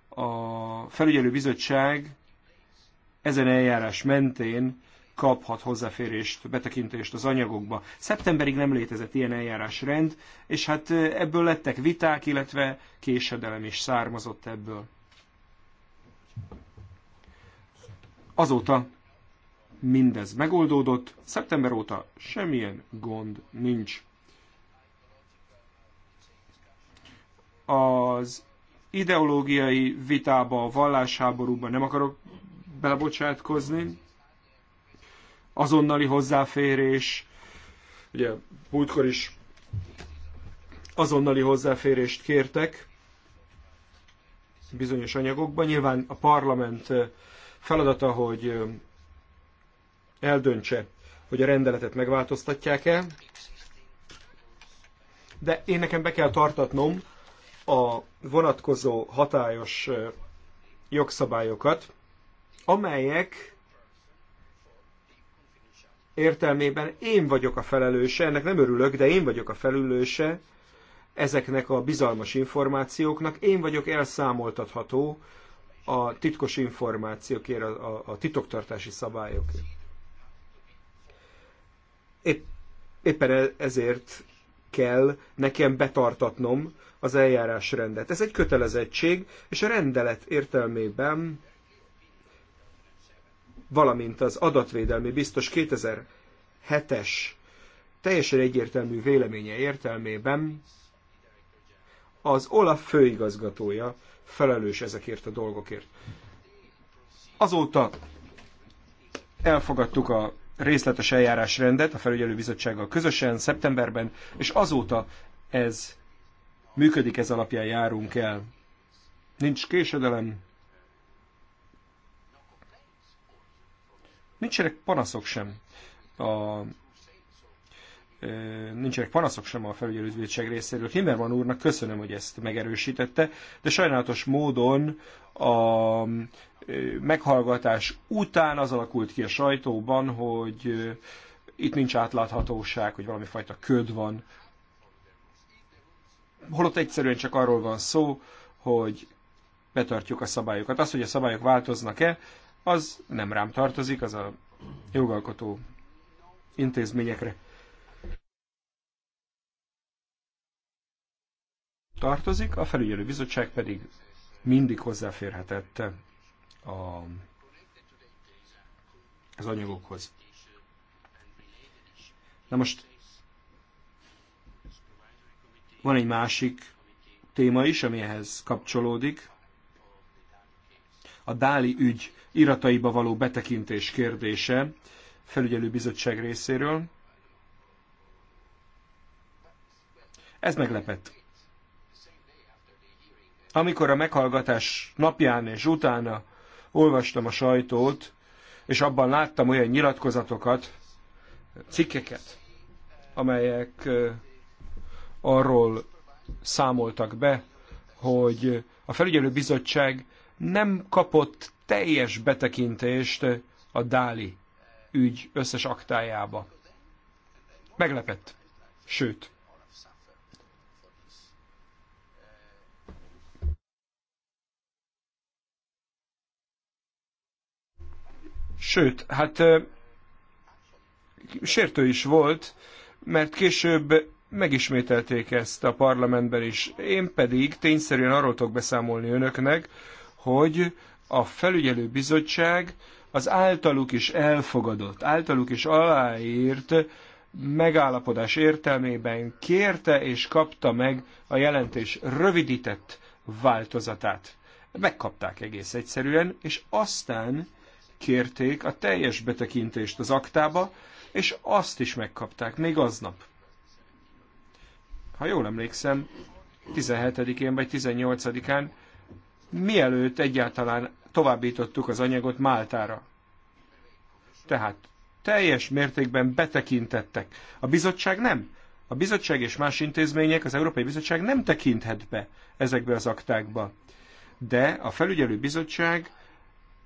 Speaker 4: a felügyelő bizottság ezen eljárás mentén kaphat hozzáférést, betekintést az anyagokba. Szeptemberig nem létezett ilyen eljárásrend, és hát ebből lettek viták, illetve késedelem is származott ebből. Azóta mindez megoldódott, szeptember óta semmilyen gond nincs. Az ideológiai vitába, a vallásháborúba nem akarok belebocsátkozni, azonnali hozzáférés, ugye múltkor is azonnali hozzáférést kértek bizonyos anyagokban. Nyilván a parlament feladata, hogy eldöntse, hogy a rendeletet megváltoztatják-e, de én nekem be kell tartatnom a vonatkozó hatályos jogszabályokat, amelyek értelmében én vagyok a felelőse, ennek nem örülök, de én vagyok a felelőse ezeknek a bizalmas információknak, én vagyok elszámoltatható a titkos információkért, a, a titoktartási szabályokért. Épp, éppen e, ezért kell nekem betartatnom az eljárásrendet. Ez egy kötelezettség, és a rendelet értelmében valamint az adatvédelmi biztos 2007-es teljesen egyértelmű véleménye értelmében az Olaf főigazgatója felelős ezekért a dolgokért. Azóta elfogadtuk a részletes eljárásrendet a felügyelőbizottsággal közösen szeptemberben, és azóta ez működik, ez alapján járunk el. Nincs késedelem, Nincsenek panaszok sem. A, nincsenek panaszok sem a felügyelőzőség részéről. Himmerman úrnak köszönöm, hogy ezt megerősítette, de sajnálatos módon a meghallgatás után az alakult ki a sajtóban, hogy itt nincs átláthatóság, hogy valami fajta köd van. Holott egyszerűen csak arról van szó, hogy betartjuk a szabályokat. Az, hogy a szabályok változnak-e, az nem rám tartozik, az a jogalkotó intézményekre tartozik, a felügyelő bizottság pedig mindig hozzáférhetett a, az anyagokhoz. Na most van egy másik téma is, amihez kapcsolódik a Dáli ügy irataiba való betekintés kérdése felügyelőbizottság részéről. Ez meglepett. Amikor a meghallgatás napján és utána olvastam a sajtót, és abban láttam olyan nyilatkozatokat, cikkeket, amelyek arról számoltak be, hogy a felügyelőbizottság nem kapott teljes betekintést a Dáli ügy összes aktájába. Meglepett. Sőt. Sőt, hát sértő is volt, mert később megismételték ezt a parlamentben is. Én pedig tényszerűen arról tudok beszámolni önöknek, hogy a felügyelő bizottság az általuk is elfogadott, általuk is aláírt megállapodás értelmében kérte és kapta meg a jelentés rövidített változatát. Megkapták egész egyszerűen, és aztán kérték a teljes betekintést az aktába, és azt is megkapták még aznap. Ha jól emlékszem, 17-én vagy 18-án mielőtt egyáltalán továbbítottuk az anyagot Máltára. Tehát teljes mértékben betekintettek. A bizottság nem. A bizottság és más intézmények, az Európai Bizottság nem tekinthet be ezekbe az aktákba. De a felügyelő bizottság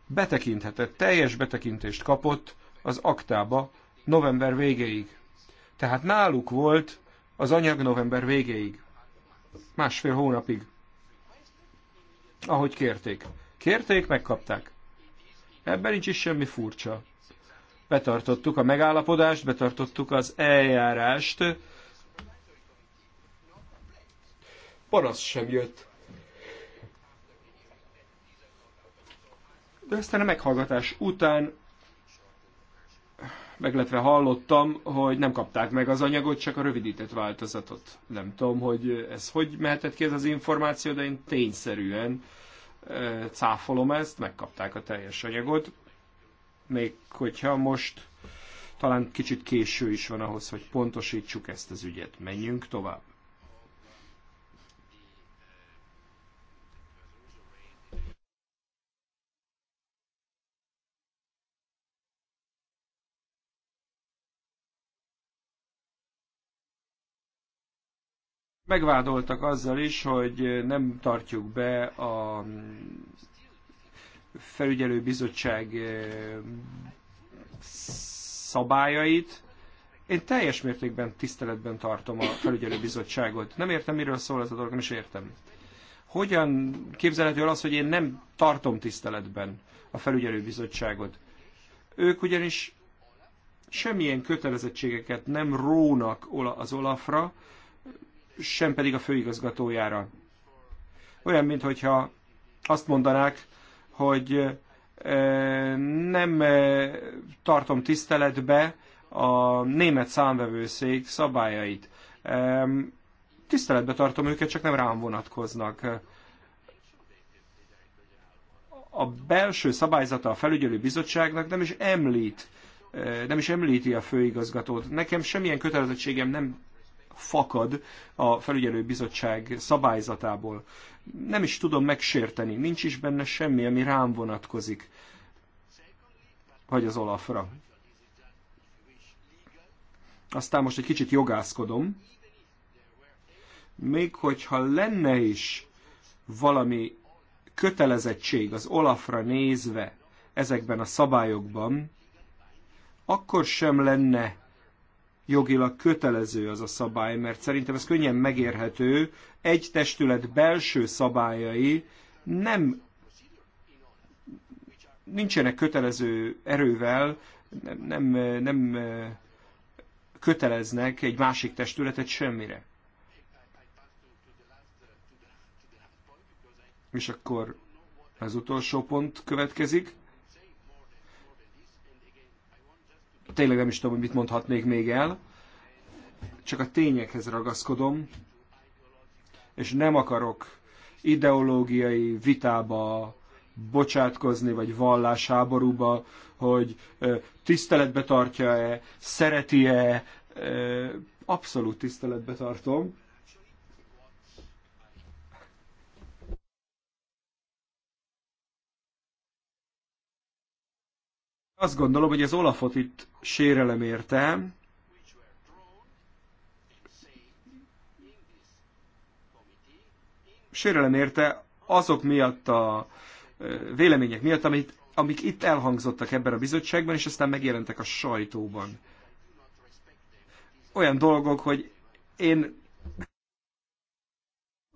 Speaker 4: betekinthetett, teljes betekintést kapott az aktába november végéig. Tehát náluk volt az anyag november végéig. Másfél hónapig ahogy kérték. Kérték, megkapták. Ebben nincs is semmi furcsa. Betartottuk a megállapodást, betartottuk az eljárást. Panasz sem jött. De aztán a meghallgatás után meglepve hallottam, hogy nem kapták meg az anyagot, csak a rövidített változatot. Nem tudom, hogy ez hogy mehetett ki ez az információ, de én tényszerűen e, cáfolom ezt, megkapták a teljes anyagot. Még hogyha most talán kicsit késő is van ahhoz, hogy pontosítsuk ezt az ügyet. Menjünk tovább. megvádoltak azzal is, hogy nem tartjuk be a felügyelőbizottság eh, szabályait. Én teljes mértékben tiszteletben tartom a felügyelőbizottságot. Nem értem, miről szól ez a dolog, nem is értem. Hogyan képzelhető az, hogy én nem tartom tiszteletben a felügyelőbizottságot? Ők ugyanis semmilyen kötelezettségeket nem rónak az Olafra, sem pedig a főigazgatójára. Olyan, mintha azt mondanák, hogy nem tartom tiszteletbe a német számvevőszék szabályait. Tiszteletbe tartom őket, csak nem rám vonatkoznak. A belső szabályzata a felügyelő bizottságnak nem is említ, nem is említi a főigazgatót. Nekem semmilyen kötelezettségem nem fakad a felügyelőbizottság szabályzatából. Nem is tudom megsérteni, nincs is benne semmi, ami rám vonatkozik, vagy az Olafra. Aztán most egy kicsit jogászkodom. Még hogyha lenne is valami kötelezettség az Olafra nézve ezekben a szabályokban, akkor sem lenne jogilag kötelező az a szabály, mert szerintem ez könnyen megérhető. Egy testület belső szabályai nem nincsenek kötelező erővel, nem, nem eh, köteleznek egy másik testületet semmire. És akkor az utolsó pont következik. tényleg nem is tudom, hogy mit mondhatnék még el, csak a tényekhez ragaszkodom, és nem akarok ideológiai vitába bocsátkozni, vagy vallásháborúba, hogy tiszteletbe tartja-e, szereti-e, abszolút tiszteletbe tartom. Azt gondolom, hogy az Olafot itt sérelem érte, sérelem érte azok miatt a vélemények miatt, amit, amik itt elhangzottak ebben a bizottságban, és aztán megjelentek a sajtóban. Olyan dolgok, hogy én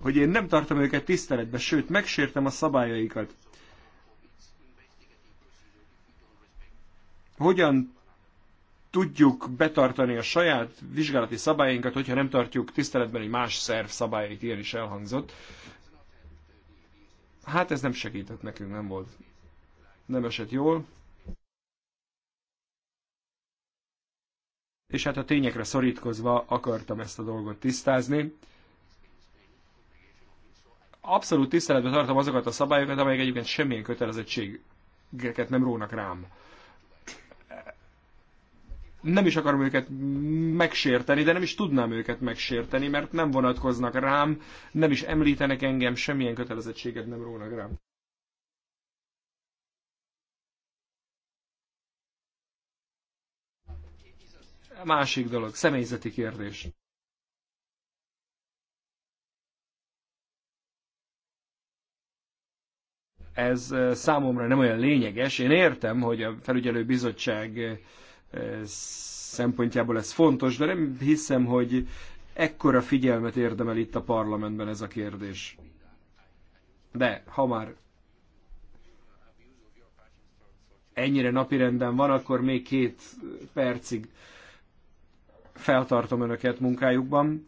Speaker 4: hogy én nem tartom őket tiszteletbe, sőt, megsértem a szabályaikat. hogyan tudjuk betartani a saját vizsgálati szabályainkat, hogyha nem tartjuk tiszteletben egy más szerv szabályait, ilyen is elhangzott. Hát ez nem segített nekünk, nem volt. Nem esett jól. És hát a tényekre szorítkozva akartam ezt a dolgot tisztázni. Abszolút tiszteletben tartom azokat a szabályokat, amelyek egyébként semmilyen kötelezettségeket nem rónak rám nem is akarom őket megsérteni, de nem is tudnám őket megsérteni, mert nem vonatkoznak rám, nem is említenek engem, semmilyen kötelezettséget nem rónak rám. Másik dolog, személyzeti kérdés. Ez eh, számomra nem olyan lényeges. Én értem, hogy a felügyelő bizottság eh, szempontjából ez fontos, de nem hiszem, hogy ekkora figyelmet érdemel itt a parlamentben ez a kérdés. De ha már ennyire napirenden van, akkor még két percig feltartom önöket munkájukban.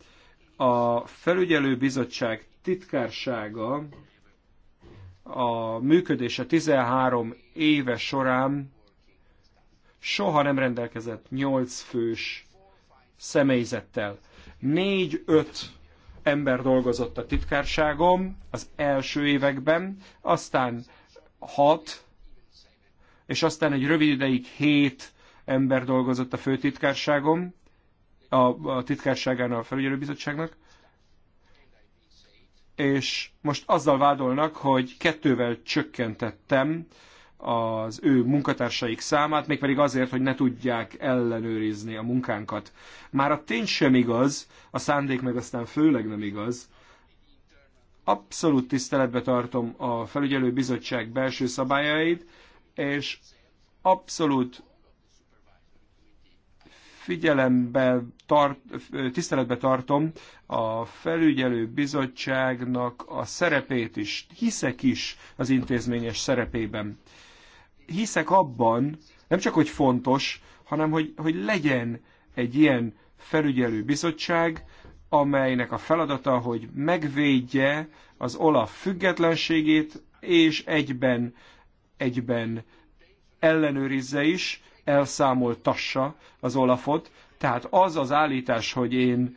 Speaker 4: A felügyelő bizottság titkársága a működése 13 éve során soha nem rendelkezett 8 fős személyzettel. 4-5 ember dolgozott a titkárságom az első években, aztán 6, és aztán egy rövid ideig 7 ember dolgozott a főtitkárságom, a, a titkárságánál a felügyelőbizottságnak, és most azzal vádolnak, hogy kettővel csökkentettem az ő munkatársaik számát, mégpedig azért, hogy ne tudják ellenőrizni a munkánkat. Már a tény sem igaz, a szándék meg aztán főleg nem igaz. Abszolút tiszteletbe tartom a felügyelő bizottság belső szabályait, és abszolút figyelembe tart, tiszteletbe tartom a felügyelő bizottságnak a szerepét is, hiszek is az intézményes szerepében hiszek abban, nem csak hogy fontos, hanem hogy, hogy legyen egy ilyen felügyelő bizottság, amelynek a feladata, hogy megvédje az Olaf függetlenségét, és egyben, egyben ellenőrizze is, elszámoltassa az Olafot. Tehát az az állítás, hogy én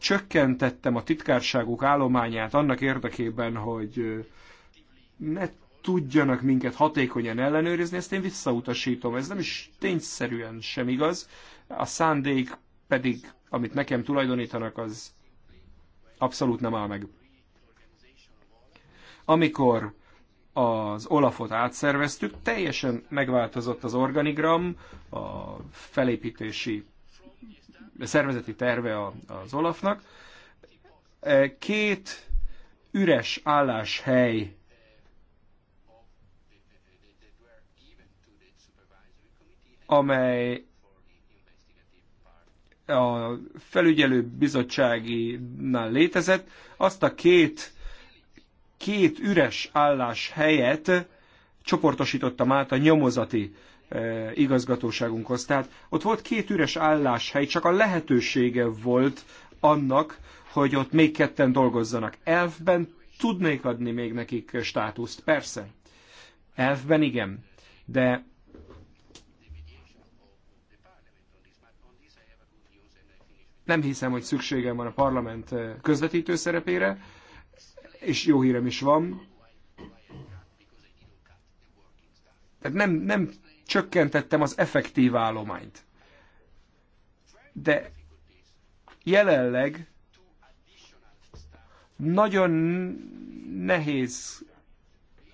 Speaker 4: csökkentettem a titkárságuk állományát annak érdekében, hogy ne tudjanak minket hatékonyan ellenőrizni, ezt én visszautasítom. Ez nem is tényszerűen sem igaz. A szándék pedig, amit nekem tulajdonítanak, az abszolút nem áll meg. Amikor az Olafot átszerveztük, teljesen megváltozott az organigram, a felépítési a szervezeti terve az Olafnak. Két üres álláshely amely a felügyelő bizottságinál létezett, azt a két, két üres állás helyet csoportosítottam át a nyomozati e, igazgatóságunkhoz. Tehát ott volt két üres álláshely, csak a lehetősége volt annak, hogy ott még ketten dolgozzanak. Elfben tudnék adni még nekik státuszt, persze. Elfben igen, de nem hiszem, hogy szükségem van a parlament eh, közvetítő szerepére, és jó hírem is van. Tehát nem, nem csökkentettem az effektív állományt. De jelenleg nagyon nehéz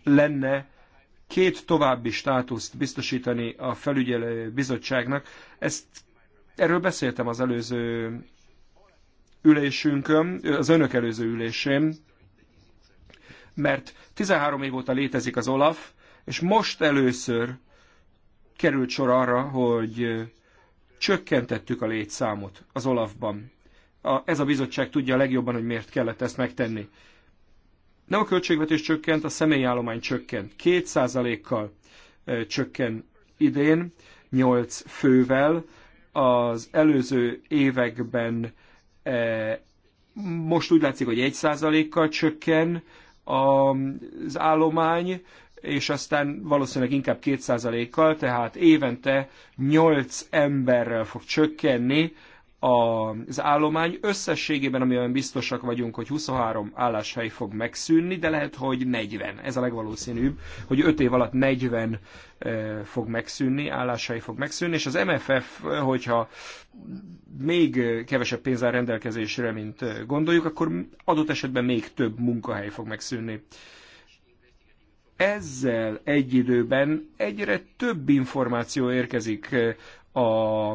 Speaker 4: lenne két további státuszt biztosítani a felügyelő bizottságnak. Ezt Erről beszéltem az előző ülésünkön, az önök előző ülésén, mert 13 év óta létezik az OLAF, és most először került sor arra, hogy csökkentettük a létszámot az Olafban. A, ez a bizottság tudja legjobban, hogy miért kellett ezt megtenni. Nem a költségvetés csökkent, a személyállomány csökkent. 2%-kal e, csökken idén, 8 fővel, az előző években e, most úgy látszik, hogy 1%-kal csökken az állomány, és aztán valószínűleg inkább 2%-kal, tehát évente 8 emberrel fog csökkenni az állomány. Összességében, amiben biztosak vagyunk, hogy 23 álláshely fog megszűnni, de lehet, hogy 40. Ez a legvalószínűbb, hogy 5 év alatt 40 eh, fog megszűnni, álláshely fog megszűnni, és az MFF, hogyha még kevesebb pénz áll rendelkezésre, mint eh, gondoljuk, akkor adott esetben még több munkahely fog megszűnni. Ezzel egy időben egyre több információ érkezik eh, a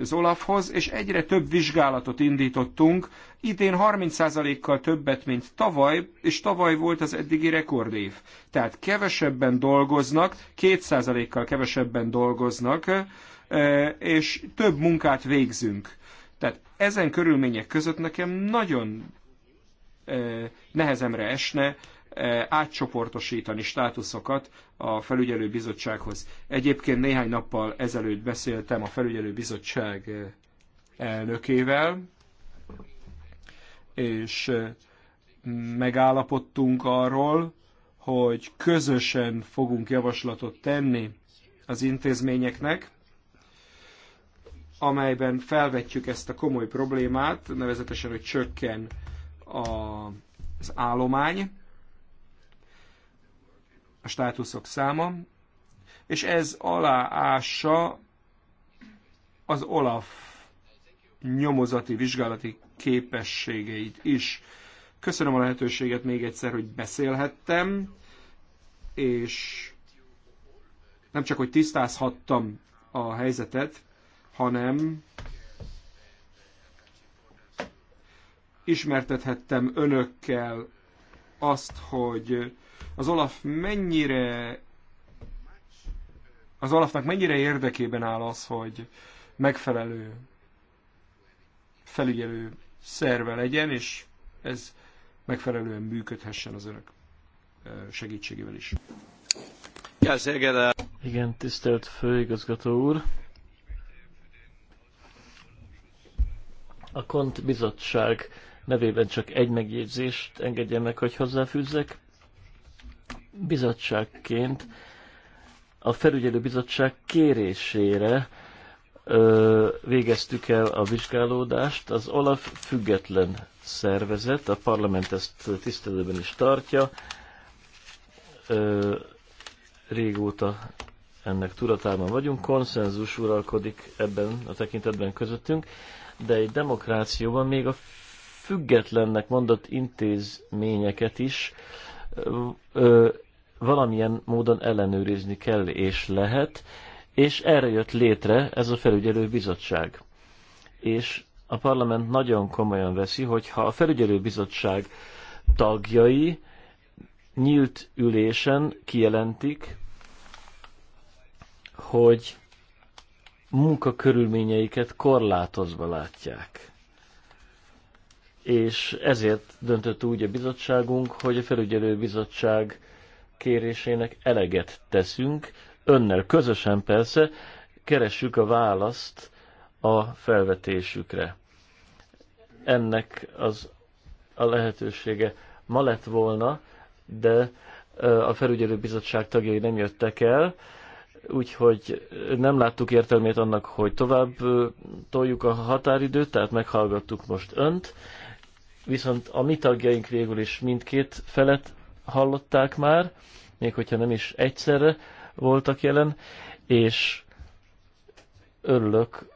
Speaker 4: az Olafhoz, és egyre több vizsgálatot indítottunk, idén 30%-kal többet, mint tavaly, és tavaly volt az eddigi rekordév. Tehát kevesebben dolgoznak, 2%-kal kevesebben dolgoznak, és több munkát végzünk. Tehát ezen körülmények között nekem nagyon nehezemre esne átcsoportosítani státuszokat a felügyelőbizottsághoz. Egyébként néhány nappal ezelőtt beszéltem a felügyelőbizottság eh, elnökével, és eh, megállapodtunk arról, hogy közösen fogunk javaslatot tenni az intézményeknek, amelyben felvetjük ezt a komoly problémát, nevezetesen, hogy csökken az állomány, a státuszok száma, és ez aláássa az Olaf nyomozati, vizsgálati képességeit is. Köszönöm a lehetőséget még egyszer, hogy beszélhettem, és nem csak, hogy tisztázhattam a helyzetet, hanem ismertethettem önökkel azt, hogy az Olaf mennyire az Olafnak mennyire érdekében áll az, hogy megfelelő felügyelő szerve legyen, és ez megfelelően működhessen az önök segítségével is. Igen, tisztelt
Speaker 3: főigazgató úr! A Kont Bizottság nevében csak egy megjegyzést engedjen meg, hogy hozzáfűzzek bizottságként a felügyelő bizottság kérésére ö, végeztük el a vizsgálódást. Az OLAF független szervezet, a parlament ezt tisztelőben is tartja. Ö, régóta ennek tudatában vagyunk, konszenzus uralkodik ebben a tekintetben közöttünk, de egy demokrációban még a függetlennek mondott intézményeket is ö, ö, valamilyen módon ellenőrizni kell és lehet, és erre jött létre ez a felügyelő bizottság. És a parlament nagyon komolyan veszi, hogy ha a felügyelő bizottság tagjai nyílt ülésen kijelentik, hogy munkakörülményeiket korlátozva látják. És ezért döntött úgy a bizottságunk, hogy a felügyelő bizottság kérésének eleget teszünk, önnel közösen persze, keressük a választ a felvetésükre. Ennek az a lehetősége ma lett volna, de a felügyelőbizottság tagjai nem jöttek el, úgyhogy nem láttuk értelmét annak, hogy tovább toljuk a határidőt, tehát meghallgattuk most önt, viszont a mi tagjaink végül is mindkét felet hallották már, még hogyha nem is egyszerre voltak jelen, és örülök,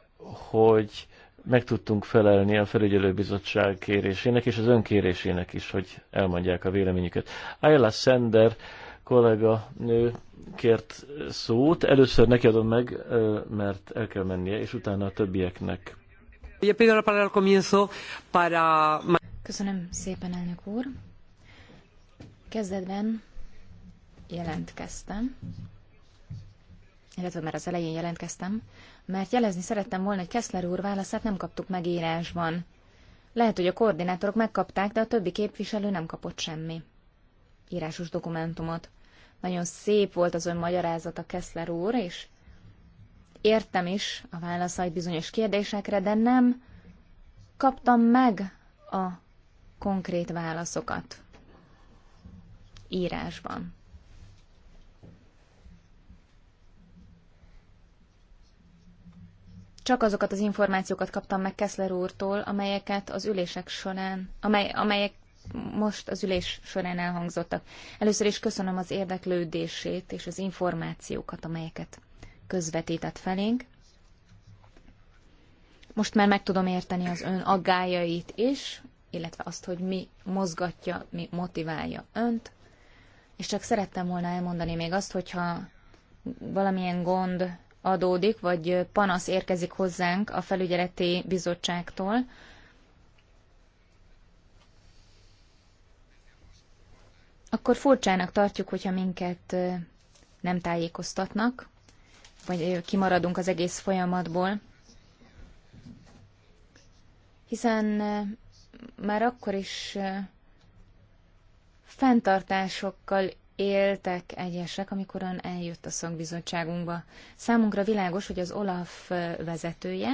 Speaker 3: hogy meg tudtunk felelni a felügyelőbizottság kérésének és az önkérésének is, hogy elmondják a véleményüket. Ayala Sender kollega nő kért szót. Először neki adom meg, mert el kell mennie, és utána a többieknek.
Speaker 5: Köszönöm szépen, elnök úr. Kezdetben jelentkeztem, illetve már az elején jelentkeztem, mert jelezni szerettem volna, hogy Keszler úr válaszát nem kaptuk meg írásban. Lehet, hogy a koordinátorok megkapták, de a többi képviselő nem kapott semmi. Írásos dokumentumot. Nagyon szép volt az ön magyarázata, Keszler úr, és értem is a válaszait bizonyos kérdésekre, de nem kaptam meg a konkrét válaszokat írásban. Csak azokat az információkat kaptam meg Kessler úrtól, amelyeket az ülések során, amely, amelyek most az ülés során elhangzottak. Először is köszönöm az érdeklődését és az információkat, amelyeket közvetített felénk. Most már meg tudom érteni az ön aggájait is, illetve azt, hogy mi mozgatja, mi motiválja önt és csak szerettem volna elmondani még azt, hogyha valamilyen gond adódik, vagy panasz érkezik hozzánk a felügyeleti bizottságtól, akkor furcsának tartjuk, hogyha minket nem tájékoztatnak, vagy kimaradunk az egész folyamatból. Hiszen már akkor is fenntartásokkal éltek egyesek, amikor ön eljött a szakbizottságunkba. Számunkra világos, hogy az OLAF vezetője,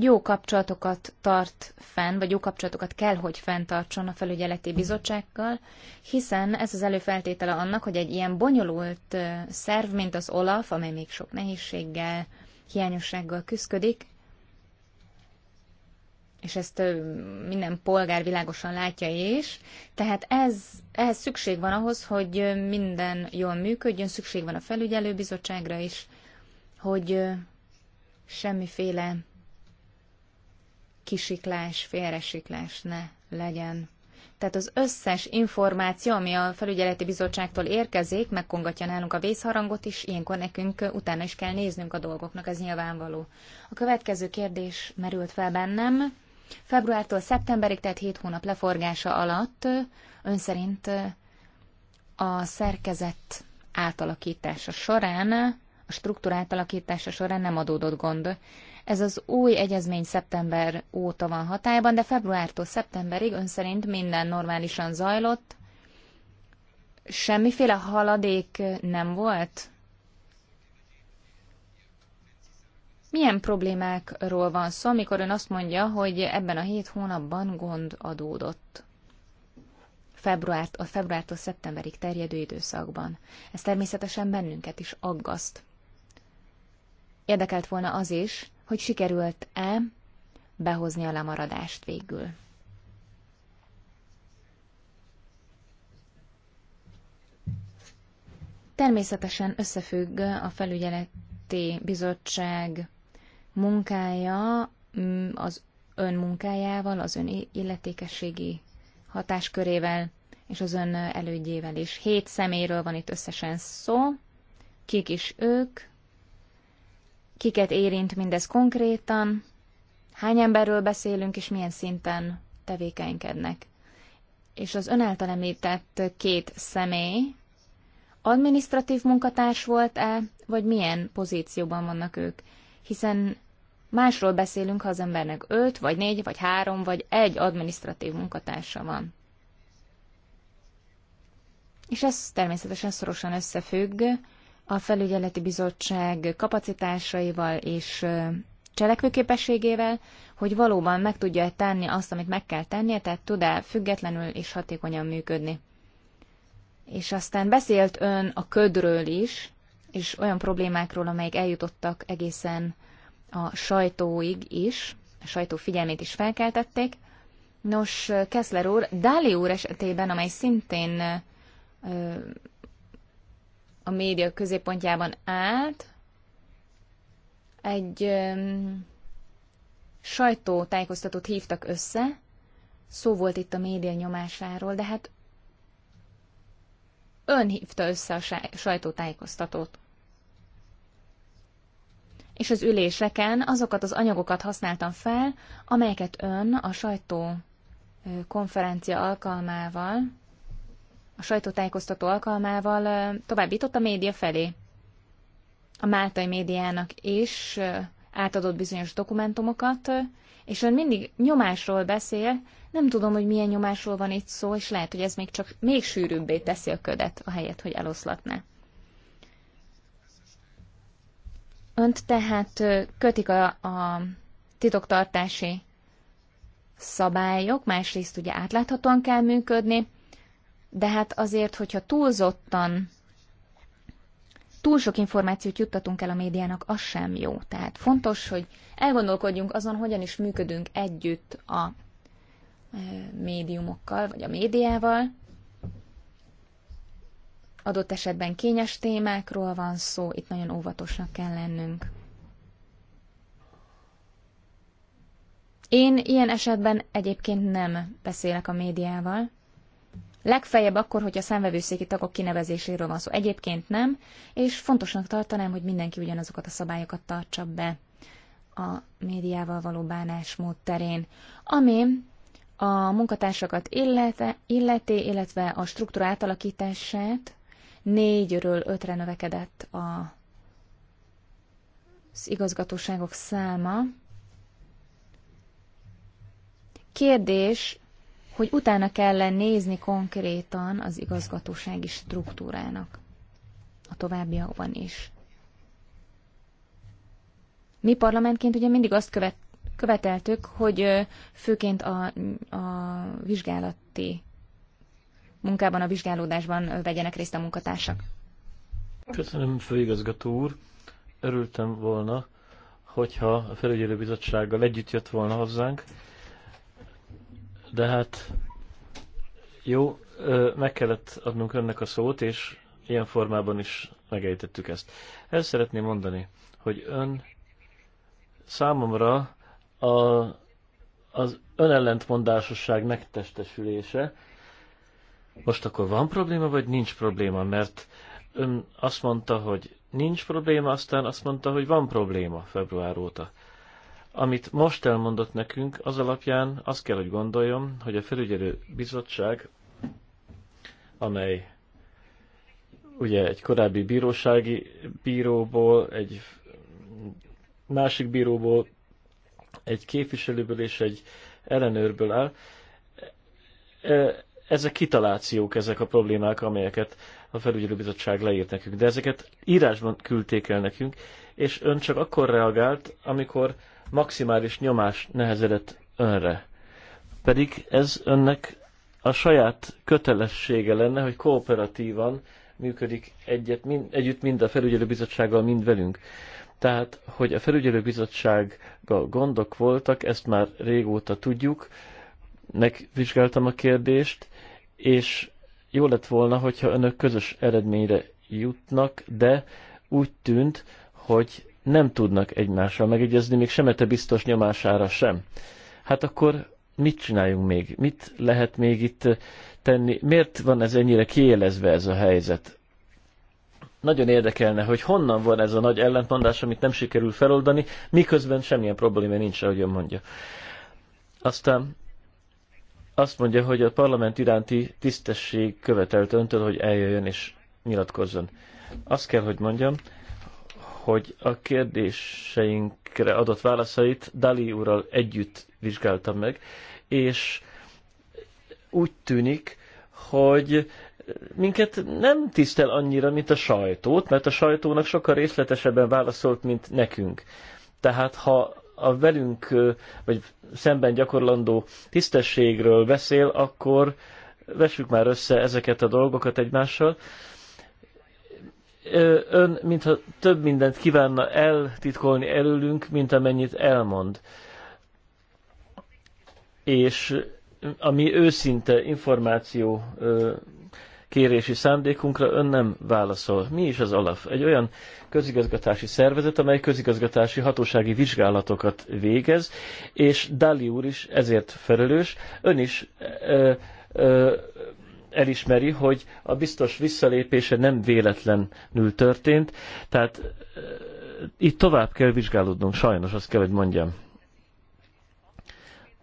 Speaker 5: jó kapcsolatokat tart fenn, vagy jó kapcsolatokat kell, hogy fenntartson a felügyeleti bizottsággal, hiszen ez az előfeltétele annak, hogy egy ilyen bonyolult szerv, mint az OLAF, amely még sok nehézséggel, hiányossággal küzdik, és ezt minden polgár világosan látja is. Tehát ez, ehhez szükség van ahhoz, hogy minden jól működjön, szükség van a felügyelőbizottságra is, hogy semmiféle kisiklás, félresiklás ne legyen. Tehát az összes információ, ami a felügyeleti bizottságtól érkezik, megkongatja nálunk a vészharangot is, ilyenkor nekünk utána is kell néznünk a dolgoknak, ez nyilvánvaló. A következő kérdés merült fel bennem, Februártól szeptemberig, tehát hét hónap leforgása alatt ön szerint a szerkezet átalakítása során, a struktúra átalakítása során nem adódott gond. Ez az új egyezmény szeptember óta van hatályban, de februártól szeptemberig ön szerint minden normálisan zajlott, semmiféle haladék nem volt Milyen problémákról van szó, amikor ön azt mondja, hogy ebben a hét hónapban gond adódott? Februárt, a februártól szeptemberig terjedő időszakban. Ez természetesen bennünket is aggaszt. Érdekelt volna az is, hogy sikerült-e behozni a lemaradást végül. Természetesen összefügg a felügyeleti bizottság munkája mm, az ön munkájával, az ön illetékességi hatáskörével és az ön elődjével is. Hét személyről van itt összesen szó, kik is ők, kiket érint mindez konkrétan, hány emberről beszélünk és milyen szinten tevékenykednek. És az ön által említett két személy administratív munkatárs volt-e, vagy milyen pozícióban vannak ők? hiszen másról beszélünk, ha az embernek öt, vagy négy, vagy három, vagy egy administratív munkatársa van. És ez természetesen szorosan összefügg a felügyeleti bizottság kapacitásaival és cselekvőképességével, hogy valóban meg tudja-e tenni azt, amit meg kell tennie, tehát tud-e függetlenül és hatékonyan működni. És aztán beszélt ön a ködről is, és olyan problémákról, amelyek eljutottak egészen a sajtóig is, a sajtó figyelmét is felkeltették. Nos, Kessler úr, Dáli úr esetében, amely szintén ö, a média középpontjában állt, egy ö, sajtótájékoztatót hívtak össze, szó volt itt a média nyomásáról, de hát ön hívta össze a sajtótájékoztatót és az üléseken azokat az anyagokat használtam fel, amelyeket ön a sajtó konferencia alkalmával, a sajtótájékoztató alkalmával továbbított a média felé. A máltai médiának is átadott bizonyos dokumentumokat, és ön mindig nyomásról beszél, nem tudom, hogy milyen nyomásról van itt szó, és lehet, hogy ez még csak még sűrűbbé teszi a ködet, a helyet, hogy eloszlatná. Önt tehát kötik a, a titoktartási szabályok, másrészt ugye átláthatóan kell működni, de hát azért, hogyha túlzottan túl sok információt juttatunk el a médiának, az sem jó. Tehát fontos, hogy elgondolkodjunk azon, hogyan is működünk együtt a médiumokkal, vagy a médiával, adott esetben kényes témákról van szó, itt nagyon óvatosnak kell lennünk. Én ilyen esetben egyébként nem beszélek a médiával. Legfeljebb akkor, hogy a szemvevőszéki tagok kinevezéséről van szó. Egyébként nem, és fontosnak tartanám, hogy mindenki ugyanazokat a szabályokat tartsa be a médiával való bánásmód terén. Ami a munkatársakat illeti, illeti illetve a struktúra átalakítását, négyről ötre növekedett a, az igazgatóságok száma. Kérdés, hogy utána kell -e nézni konkrétan az igazgatósági struktúrának a továbbiakban is. Mi parlamentként ugye mindig azt követ, követeltük, hogy főként a, a vizsgálati munkában, a vizsgálódásban vegyenek részt a munkatársak.
Speaker 3: Köszönöm, főigazgató úr. Örültem volna, hogyha a bizottsággal együtt jött volna hozzánk, de hát jó, meg kellett adnunk önnek a szót, és ilyen formában is megejtettük ezt. El szeretném mondani, hogy ön számomra a, az önellentmondásosság megtestesülése, most akkor van probléma, vagy nincs probléma? Mert ön azt mondta, hogy nincs probléma, aztán azt mondta, hogy van probléma február óta. Amit most elmondott nekünk, az alapján azt kell, hogy gondoljam, hogy a felügyelő bizottság, amely ugye egy korábbi bírósági bíróból, egy másik bíróból, egy képviselőből és egy ellenőrből áll, ezek kitalációk, ezek a problémák, amelyeket a felügyelőbizottság leírt nekünk, de ezeket írásban küldték el nekünk, és ön csak akkor reagált, amikor maximális nyomás nehezedett önre. Pedig ez önnek a saját kötelessége lenne, hogy kooperatívan működik egyet, mind, együtt mind a felügyelőbizottsággal, mind velünk. Tehát, hogy a felügyelőbizottsággal gondok voltak, ezt már régóta tudjuk, megvizsgáltam a kérdést, és jó lett volna, hogyha önök közös eredményre jutnak, de úgy tűnt, hogy nem tudnak egymással megegyezni, még semete biztos nyomására sem. Hát akkor mit csináljunk még? Mit lehet még itt tenni? Miért van ez ennyire kiélezve ez a helyzet? Nagyon érdekelne, hogy honnan van ez a nagy ellentmondás, amit nem sikerül feloldani, miközben semmilyen probléma nincs, ahogy ön mondja. Aztán azt mondja, hogy a parlament iránti tisztesség követelt öntől, hogy eljöjjön és nyilatkozzon. Azt kell, hogy mondjam, hogy a kérdéseinkre adott válaszait Dali úrral együtt vizsgáltam meg, és úgy tűnik, hogy minket nem tisztel annyira, mint a sajtót, mert a sajtónak sokkal részletesebben válaszolt, mint nekünk. Tehát ha a velünk, vagy szemben gyakorlandó tisztességről beszél, akkor vessük már össze ezeket a dolgokat egymással. Ön, mintha több mindent kívánna eltitkolni előlünk, mint amennyit elmond. És a mi őszinte információ kérési szándékunkra ön nem válaszol. Mi is az alap? Egy olyan közigazgatási szervezet, amely közigazgatási hatósági vizsgálatokat végez, és Dali úr is ezért felelős. Ön is ö, ö, elismeri, hogy a biztos visszalépése nem véletlenül történt, tehát ö, itt tovább kell vizsgálódnunk, sajnos azt kell, hogy mondjam.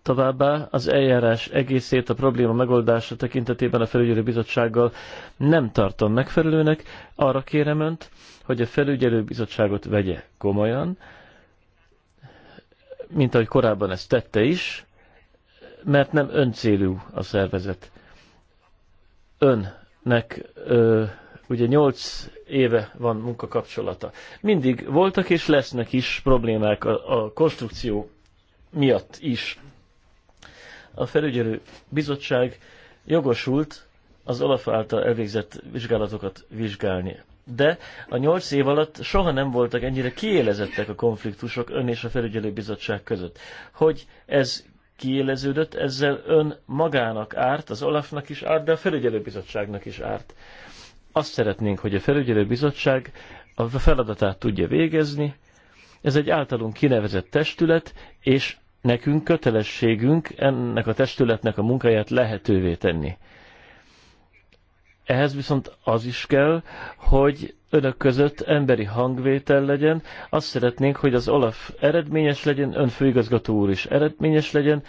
Speaker 3: Továbbá az eljárás egészét a probléma megoldása tekintetében a felügyelő bizottsággal nem tartom megfelelőnek. Arra kérem önt, hogy a felügyelő bizottságot vegye komolyan, mint ahogy korábban ezt tette is, mert nem öncélú a szervezet. Önnek ö, ugye nyolc éve van munkakapcsolata. Mindig voltak és lesznek is problémák a, a konstrukció miatt is a felügyelő bizottság jogosult az Olaf által elvégzett vizsgálatokat vizsgálni. De a nyolc év alatt soha nem voltak ennyire kiélezettek a konfliktusok ön és a felügyelő bizottság között. Hogy ez kiéleződött, ezzel ön magának árt, az Olafnak is árt, de a felügyelő bizottságnak is árt. Azt szeretnénk, hogy a felügyelő bizottság a feladatát tudja végezni. Ez egy általunk kinevezett testület, és nekünk kötelességünk ennek a testületnek a munkáját lehetővé tenni. Ehhez viszont az is kell, hogy önök között emberi hangvétel legyen. Azt szeretnénk, hogy az Olaf eredményes legyen, ön főigazgató úr is eredményes legyen,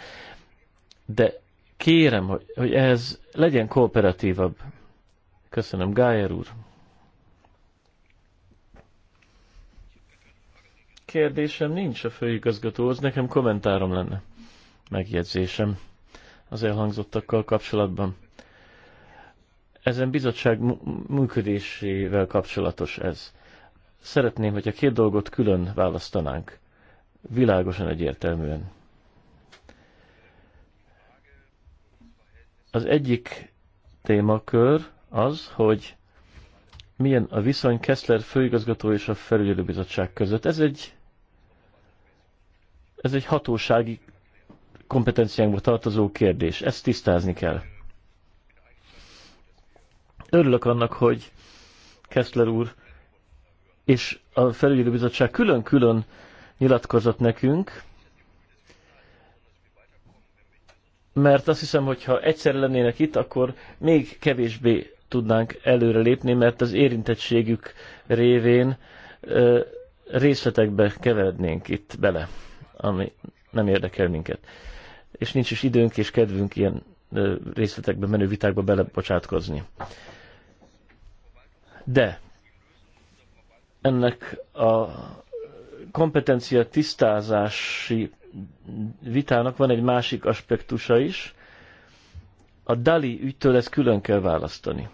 Speaker 3: de kérem, hogy, hogy ehhez legyen kooperatívabb. Köszönöm, Gájer úr. kérdésem nincs a főigazgatóhoz, nekem kommentárom lenne, megjegyzésem az elhangzottakkal kapcsolatban. Ezen bizottság működésével kapcsolatos ez. Szeretném, hogy a két dolgot külön választanánk, világosan egyértelműen. Az egyik témakör az, hogy milyen a viszony Kessler főigazgató és a felügyelőbizottság között. Ez egy ez egy hatósági kompetenciánkba tartozó kérdés. Ezt tisztázni kell. Örülök annak, hogy Kessler úr és a felügyelőbizottság külön-külön nyilatkozott nekünk, mert azt hiszem, hogy ha egyszer lennének itt, akkor még kevésbé tudnánk előre lépni, mert az érintettségük révén részletekbe keverednénk itt bele ami nem érdekel minket. És nincs is időnk és kedvünk ilyen részletekbe menő vitákba belebocsátkozni. De ennek a kompetencia tisztázási vitának van egy másik aspektusa is. A Dali ügytől ezt külön kell választani.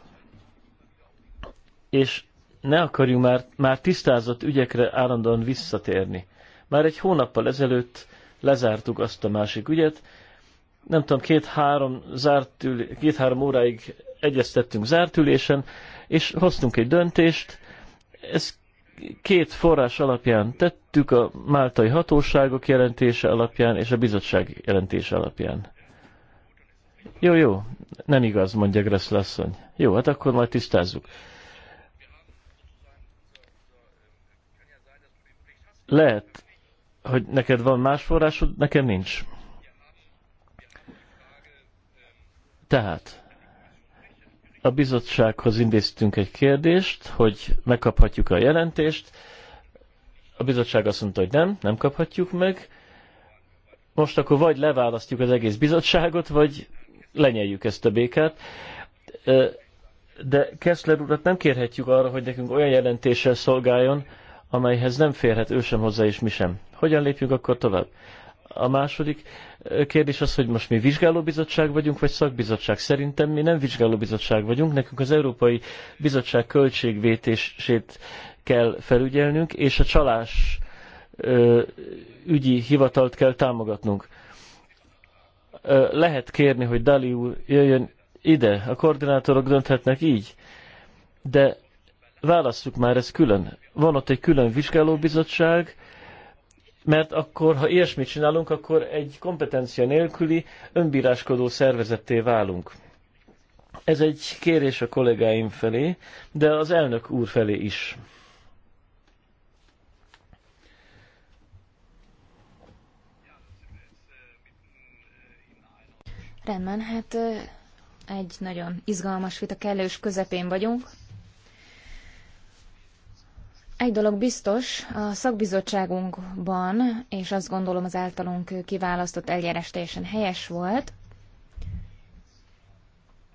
Speaker 3: És ne akarjunk már, már tisztázott ügyekre állandóan visszatérni. Már egy hónappal ezelőtt lezártuk azt a másik ügyet. Nem tudom, két-három, zárt ül, két-három óráig egyeztettünk zárt ülésen, és hoztunk egy döntést. Ez két forrás alapján tettük, a máltai hatóságok jelentése alapján és a bizottság jelentése alapján. Jó, jó, nem igaz, mondja Gressz asszony. Jó, hát akkor majd tisztázzuk. Lehet, hogy neked van más forrásod, nekem nincs. Tehát a bizottsághoz intéztünk egy kérdést, hogy megkaphatjuk a jelentést. A bizottság azt mondta, hogy nem, nem kaphatjuk meg. Most akkor vagy leválasztjuk az egész bizottságot, vagy lenyeljük ezt a békát. De Kessler urat nem kérhetjük arra, hogy nekünk olyan jelentéssel szolgáljon, amelyhez nem férhet ő sem hozzá, és mi sem. Hogyan lépjünk akkor tovább? A második kérdés az, hogy most mi vizsgálóbizottság vagyunk, vagy szakbizottság. Szerintem mi nem vizsgálóbizottság vagyunk, nekünk az Európai Bizottság költségvétését kell felügyelnünk, és a csalás ö, ügyi hivatalt kell támogatnunk. Ö, lehet kérni, hogy Dali úr jöjjön ide, a koordinátorok dönthetnek így, de válasszuk már ezt külön. Van ott egy külön vizsgálóbizottság, mert akkor, ha ilyesmit csinálunk, akkor egy kompetencia nélküli önbíráskodó szervezetté válunk. Ez egy kérés a kollégáim felé, de az elnök úr felé is.
Speaker 5: Rendben, hát egy nagyon izgalmas vita kellős közepén vagyunk. Egy dolog biztos, a szakbizottságunkban, és azt gondolom az általunk kiválasztott eljárás teljesen helyes volt,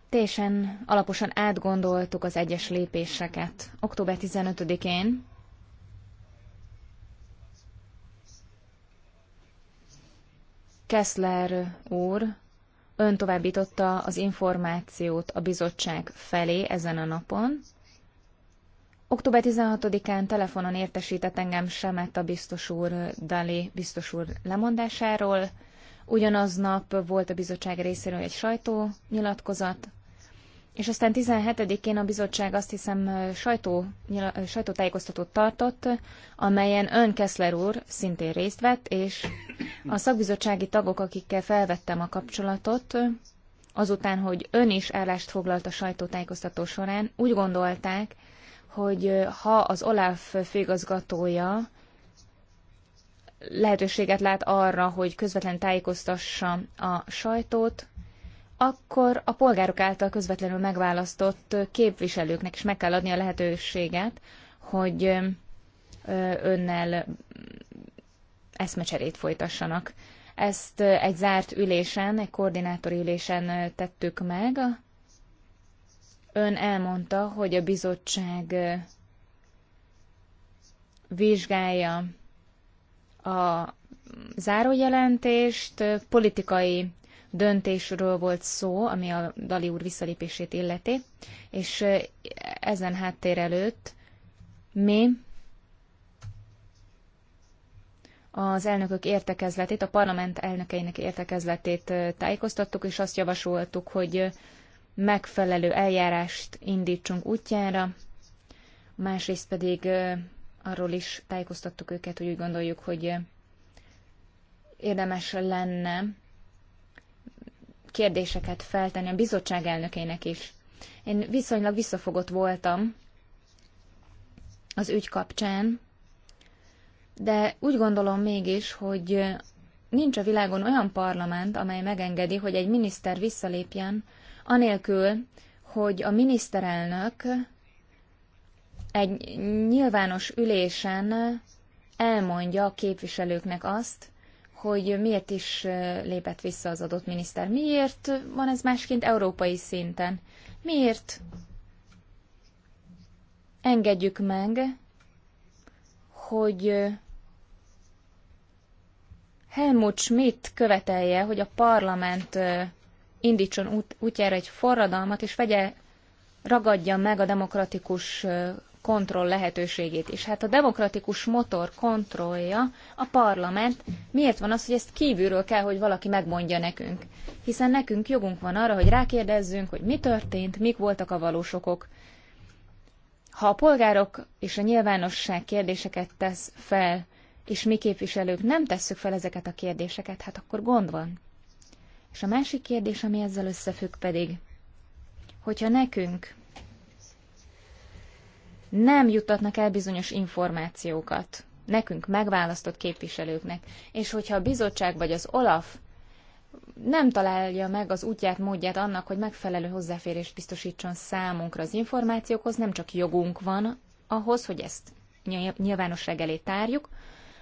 Speaker 5: teljesen alaposan átgondoltuk az egyes lépéseket. Október 15-én Kessler úr ön továbbította az információt a bizottság felé ezen a napon, Október 16-án telefonon értesített engem Semet a biztos úr, Dali biztos úr lemondásáról. Ugyanaznap volt a bizottság részéről egy sajtónyilatkozat, és aztán 17-én a bizottság azt hiszem sajtó, sajtótájékoztatót tartott, amelyen ön Keszler úr szintén részt vett, és a szakbizottsági tagok, akikkel felvettem a kapcsolatot, azután, hogy ön is állást foglalt a sajtótájékoztató során, úgy gondolták, hogy ha az OLAF főigazgatója lehetőséget lát arra, hogy közvetlen tájékoztassa a sajtót, akkor a polgárok által közvetlenül megválasztott képviselőknek is meg kell adni a lehetőséget, hogy önnel eszmecserét folytassanak. Ezt egy zárt ülésen, egy koordinátori ülésen tettük meg, Ön elmondta, hogy a bizottság vizsgálja a zárójelentést, politikai döntésről volt szó, ami a Dali úr visszalépését illeti, és ezen háttér előtt mi az elnökök értekezletét, a parlament elnökeinek értekezletét tájékoztattuk, és azt javasoltuk, hogy megfelelő eljárást indítsunk útjára, másrészt pedig arról is tájékoztattuk őket, hogy úgy gondoljuk, hogy érdemes lenne kérdéseket feltenni a bizottság elnökének is. Én viszonylag visszafogott voltam az ügy kapcsán, de úgy gondolom mégis, hogy nincs a világon olyan parlament, amely megengedi, hogy egy miniszter visszalépjen anélkül, hogy a miniszterelnök egy nyilvános ülésen elmondja a képviselőknek azt, hogy miért is lépett vissza az adott miniszter. Miért van ez másként európai szinten? Miért engedjük meg, hogy Helmut Schmidt követelje, hogy a parlament indítson út, útjára egy forradalmat, és vegye, ragadja meg a demokratikus kontroll lehetőségét is. Hát a demokratikus motor kontrollja a parlament. Miért van az, hogy ezt kívülről kell, hogy valaki megmondja nekünk? Hiszen nekünk jogunk van arra, hogy rákérdezzünk, hogy mi történt, mik voltak a valós okok. Ha a polgárok és a nyilvánosság kérdéseket tesz fel, és mi képviselők nem tesszük fel ezeket a kérdéseket, hát akkor gond van. És a másik kérdés, ami ezzel összefügg pedig, hogyha nekünk nem juttatnak el bizonyos információkat, nekünk megválasztott képviselőknek, és hogyha a bizottság vagy az OLAF nem találja meg az útját, módját annak, hogy megfelelő hozzáférést biztosítson számunkra az információkhoz, nem csak jogunk van ahhoz, hogy ezt nyilvánosság elé tárjuk,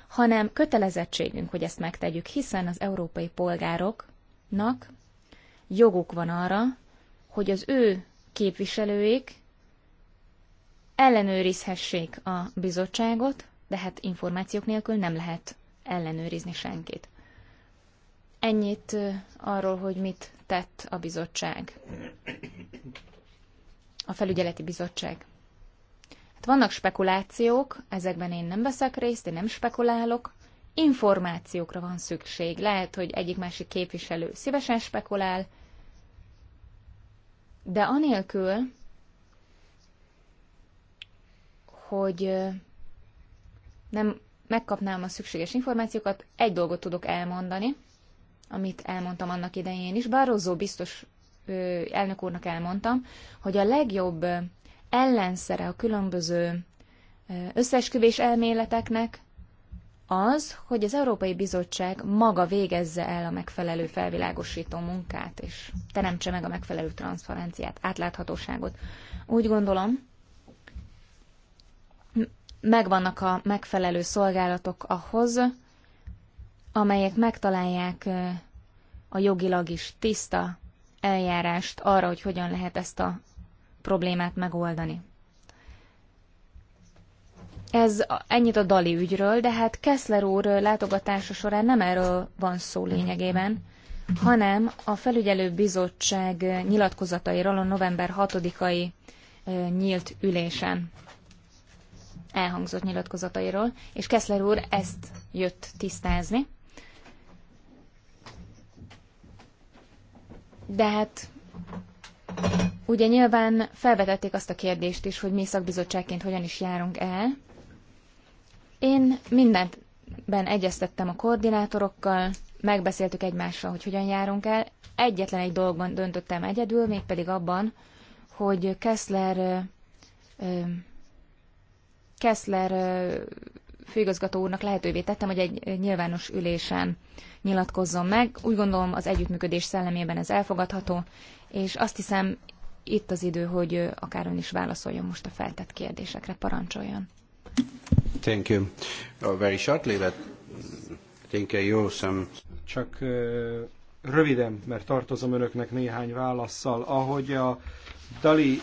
Speaker 5: hanem kötelezettségünk, hogy ezt megtegyük, hiszen az európai polgárok nak joguk van arra, hogy az ő képviselőik ellenőrizhessék a bizottságot, de hát információk nélkül nem lehet ellenőrizni senkit. Ennyit arról, hogy mit tett a bizottság. A felügyeleti bizottság. Hát vannak spekulációk, ezekben én nem veszek részt, én nem spekulálok, információkra van szükség. Lehet, hogy egyik-másik képviselő szívesen spekulál, de anélkül, hogy nem megkapnám a szükséges információkat, egy dolgot tudok elmondani, amit elmondtam annak idején is. Barroso biztos elnök úrnak elmondtam, hogy a legjobb ellenszere a különböző összeesküvés elméleteknek az, hogy az Európai Bizottság maga végezze el a megfelelő felvilágosító munkát, és teremtse meg a megfelelő transzparenciát, átláthatóságot. Úgy gondolom, megvannak a megfelelő szolgálatok ahhoz, amelyek megtalálják a jogilag is tiszta eljárást arra, hogy hogyan lehet ezt a problémát megoldani. Ez ennyit a Dali ügyről, de hát Kessler úr látogatása során nem erről van szó lényegében, hanem a felügyelő bizottság nyilatkozatairól a november 6-ai nyílt ülésen elhangzott nyilatkozatairól, és Kessler úr ezt jött tisztázni. De hát ugye nyilván felvetették azt a kérdést is, hogy mi szakbizottságként hogyan is járunk el, én mindenben egyeztettem a koordinátorokkal, megbeszéltük egymással, hogy hogyan járunk el. Egyetlen egy dologban döntöttem egyedül, mégpedig abban, hogy Kessler, Kessler főigazgató úrnak lehetővé tettem, hogy egy nyilvános ülésen nyilatkozzon meg. Úgy gondolom az együttműködés szellemében ez elfogadható, és azt hiszem itt az idő, hogy akár ön is válaszoljon most a feltett kérdésekre, parancsoljon.
Speaker 6: Thank you. Oh, very shortly, but I think uh, some...
Speaker 4: Csak uh, röviden, mert tartozom önöknek néhány válaszsal. Ahogy a Dali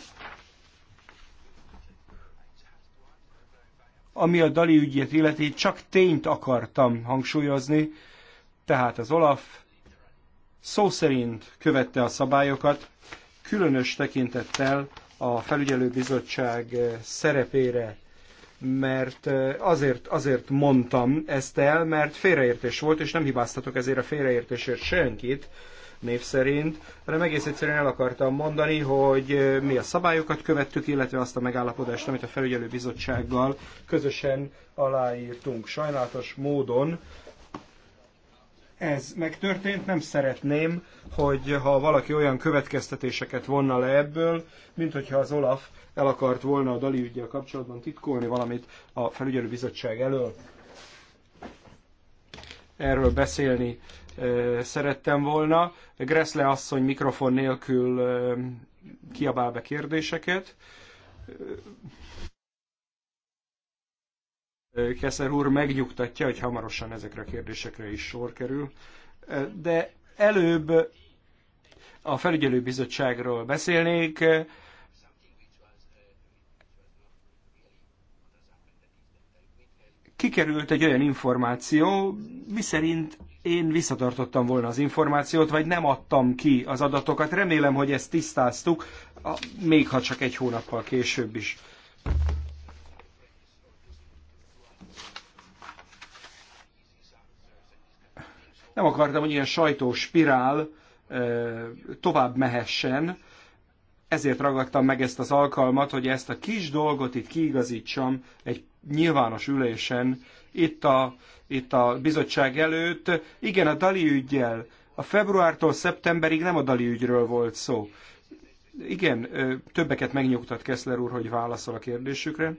Speaker 4: ami a Dali ügyét illeti, csak tényt akartam hangsúlyozni, tehát az Olaf szó szerint követte a szabályokat, különös tekintettel a felügyelőbizottság uh, szerepére mert azért, azért mondtam ezt el, mert félreértés volt, és nem hibáztatok ezért a félreértésért senkit, név szerint, hanem egész egyszerűen el akartam mondani, hogy mi a szabályokat követtük, illetve azt a megállapodást, amit a felügyelőbizottsággal közösen aláírtunk. Sajnálatos módon ez megtörtént, nem szeretném, hogy ha valaki olyan következtetéseket vonna le ebből, mint hogyha az Olaf el akart volna a Dali ügyjel kapcsolatban titkolni valamit a felügyelőbizottság elől. Erről beszélni e, szerettem volna. Gressle asszony mikrofon nélkül e, kiabál be kérdéseket. Keszer úr megnyugtatja, hogy hamarosan ezekre a kérdésekre is sor kerül. De előbb a felügyelőbizottságról beszélnék. Kikerült egy olyan információ, miszerint én visszatartottam volna az információt, vagy nem adtam ki az adatokat. Remélem, hogy ezt tisztáztuk, még ha csak egy hónappal később is. Nem akartam, hogy ilyen spirál tovább mehessen, ezért ragadtam meg ezt az alkalmat, hogy ezt a kis dolgot itt kiigazítsam egy nyilvános ülésen, itt a, itt a bizottság előtt. Igen, a Dali ügyjel. A februártól szeptemberig nem a Dali ügyről volt szó. Igen, többeket megnyugtat Keszler úr, hogy válaszol a kérdésükre.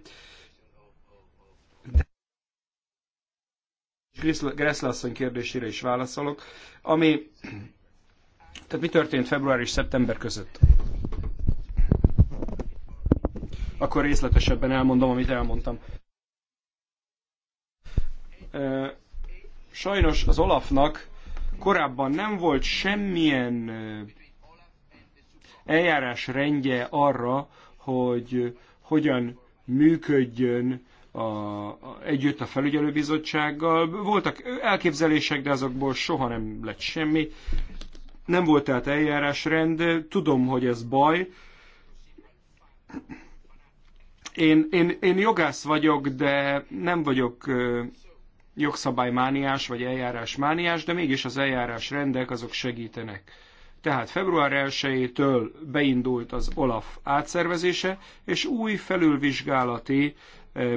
Speaker 4: De... Gressle asszony kérdésére is válaszolok, ami, tehát mi történt február és szeptember között? Akkor részletesebben elmondom, amit elmondtam. Sajnos az Olafnak korábban nem volt semmilyen eljárás rendje arra, hogy hogyan működjön a, a, együtt a felügyelőbizottsággal. Voltak elképzelések, de azokból soha nem lett semmi. Nem volt tehát eljárásrend, tudom, hogy ez baj. Én, én, én jogász vagyok, de nem vagyok jogszabálymániás vagy eljárásmániás, de mégis az eljárásrendek azok segítenek. Tehát február 1-től beindult az OLAF átszervezése, és új felülvizsgálati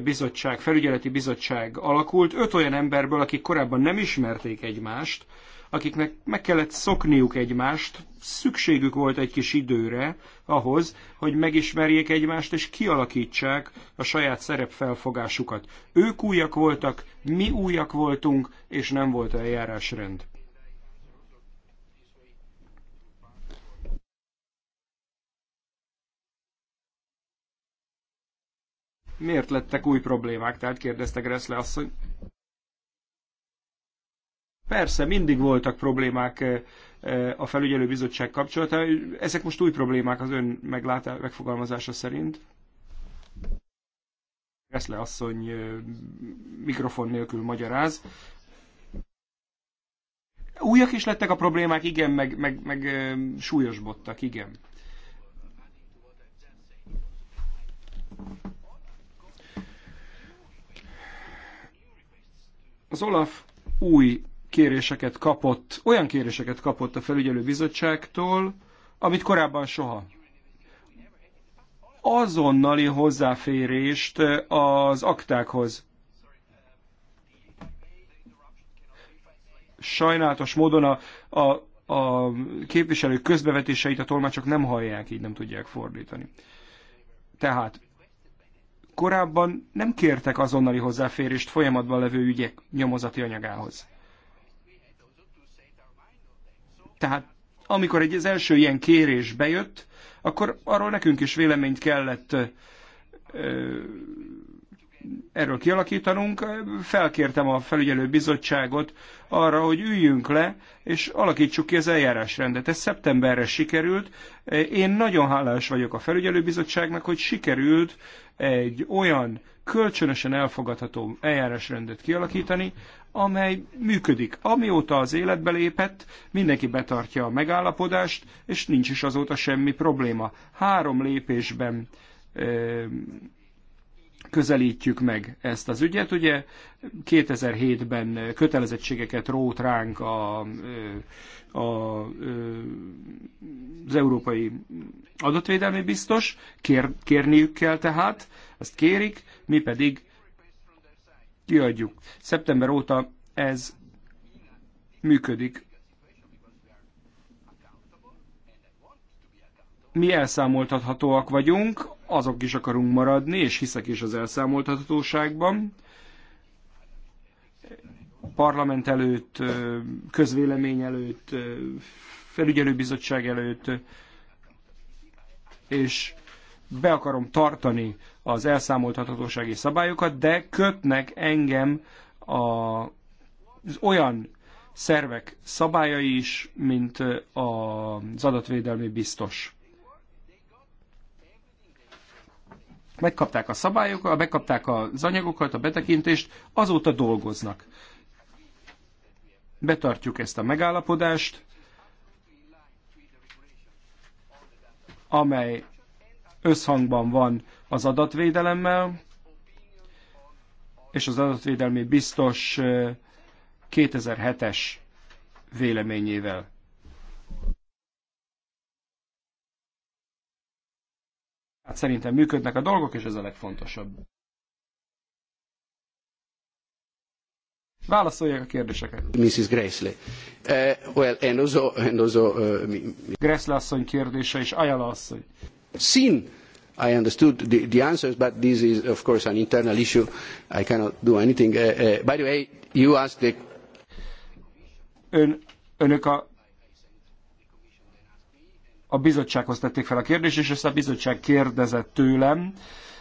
Speaker 4: bizottság, felügyeleti bizottság alakult, öt olyan emberből, akik korábban nem ismerték egymást, akiknek meg kellett szokniuk egymást, szükségük volt egy kis időre ahhoz, hogy megismerjék egymást és kialakítsák a saját szerepfelfogásukat. Ők újak voltak, mi újak voltunk, és nem volt eljárásrend. miért lettek új problémák? Tehát kérdezte Gressle asszony. Persze, mindig voltak problémák eh, eh, a felügyelőbizottság kapcsolata. Ezek most új problémák az ön meglátá, megfogalmazása szerint. Gressle asszony eh, mikrofon nélkül magyaráz. Újak is lettek a problémák, igen, meg, meg, meg súlyosbottak, igen. Az Olaf új kéréseket kapott, olyan kéréseket kapott a felügyelőbizottságtól, amit korábban soha. Azonnali hozzáférést az aktákhoz. Sajnálatos módon a, a, a képviselők közbevetéseit a tolmácsok nem hallják, így nem tudják fordítani. Tehát korábban nem kértek azonnali hozzáférést folyamatban levő ügyek nyomozati anyagához. Tehát amikor egy, az első ilyen kérés bejött, akkor arról nekünk is véleményt kellett ö, erről kialakítanunk. Felkértem a felügyelő bizottságot arra, hogy üljünk le, és alakítsuk ki az eljárásrendet. Ez szeptemberre sikerült. Én nagyon hálás vagyok a felügyelő bizottságnak, hogy sikerült egy olyan kölcsönösen elfogadható eljárásrendet kialakítani, amely működik. Amióta az életbe lépett, mindenki betartja a megállapodást, és nincs is azóta semmi probléma. Három lépésben közelítjük meg ezt az ügyet. Ugye 2007-ben kötelezettségeket rót ránk a, a, a, az Európai Adatvédelmi Biztos, Kér, kérniük kell tehát, ezt kérik, mi pedig kiadjuk. Szeptember óta ez működik. Mi elszámoltathatóak vagyunk, azok is akarunk maradni, és hiszek is az elszámoltathatóságban. Parlament előtt, közvélemény előtt, felügyelőbizottság előtt, és be akarom tartani az elszámoltathatósági szabályokat, de kötnek engem a, az olyan szervek szabályai is, mint az adatvédelmi biztos. megkapták a szabályokat, megkapták az anyagokat, a betekintést, azóta dolgoznak. Betartjuk ezt a megállapodást, amely összhangban van az adatvédelemmel, és az adatvédelmi biztos 2007-es eh, véleményével. Hát szerintem működnek a dolgok, és ez a legfontosabb. Válaszolják a kérdéseket.
Speaker 6: Mrs. Gressley. Uh, eh, well, and eh, also, and eh, also, uh, mi, mi... asszony kérdése és Ayala asszony. Sin, I understood the, the answers, but this is of course an internal issue. I cannot do anything. Uh, uh, by the way, you asked the... Ön, önök a
Speaker 4: a bizottsághoz tették fel a kérdést, és ezt a bizottság kérdezett tőlem,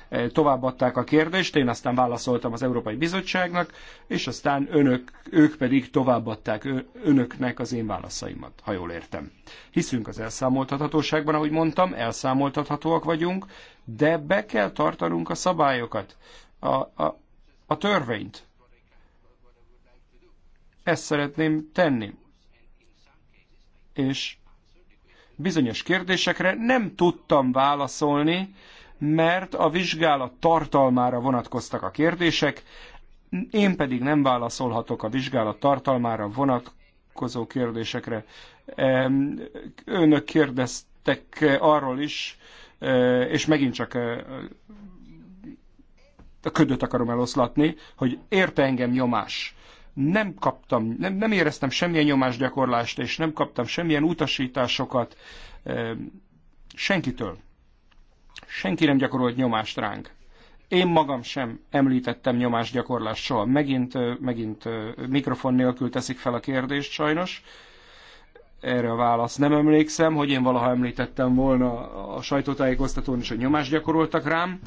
Speaker 4: e, továbbadták a kérdést, én aztán válaszoltam az Európai Bizottságnak, és aztán önök, ők pedig továbbadták önöknek az én válaszaimat, ha jól értem. Hiszünk az elszámoltathatóságban, ahogy mondtam, elszámoltathatóak vagyunk, de be kell tartanunk a szabályokat, a, a, a törvényt. Ezt szeretném tenni. És bizonyos kérdésekre nem tudtam válaszolni, mert a vizsgálat tartalmára vonatkoztak a kérdések, én pedig nem válaszolhatok a vizsgálat tartalmára vonatkozó kérdésekre. Önök kérdeztek arról is, e, és megint csak e, a ködöt akarom eloszlatni, hogy érte engem nyomás nem kaptam, nem, nem éreztem semmilyen nyomásgyakorlást, és nem kaptam semmilyen utasításokat senkitől. Senki nem gyakorolt nyomást ránk. Én magam sem említettem nyomásgyakorlást soha. Megint, megint mikrofon nélkül teszik fel a kérdést sajnos. Erre a válasz nem emlékszem, hogy én valaha említettem volna a sajtótájékoztatón is, hogy nyomást gyakoroltak rám.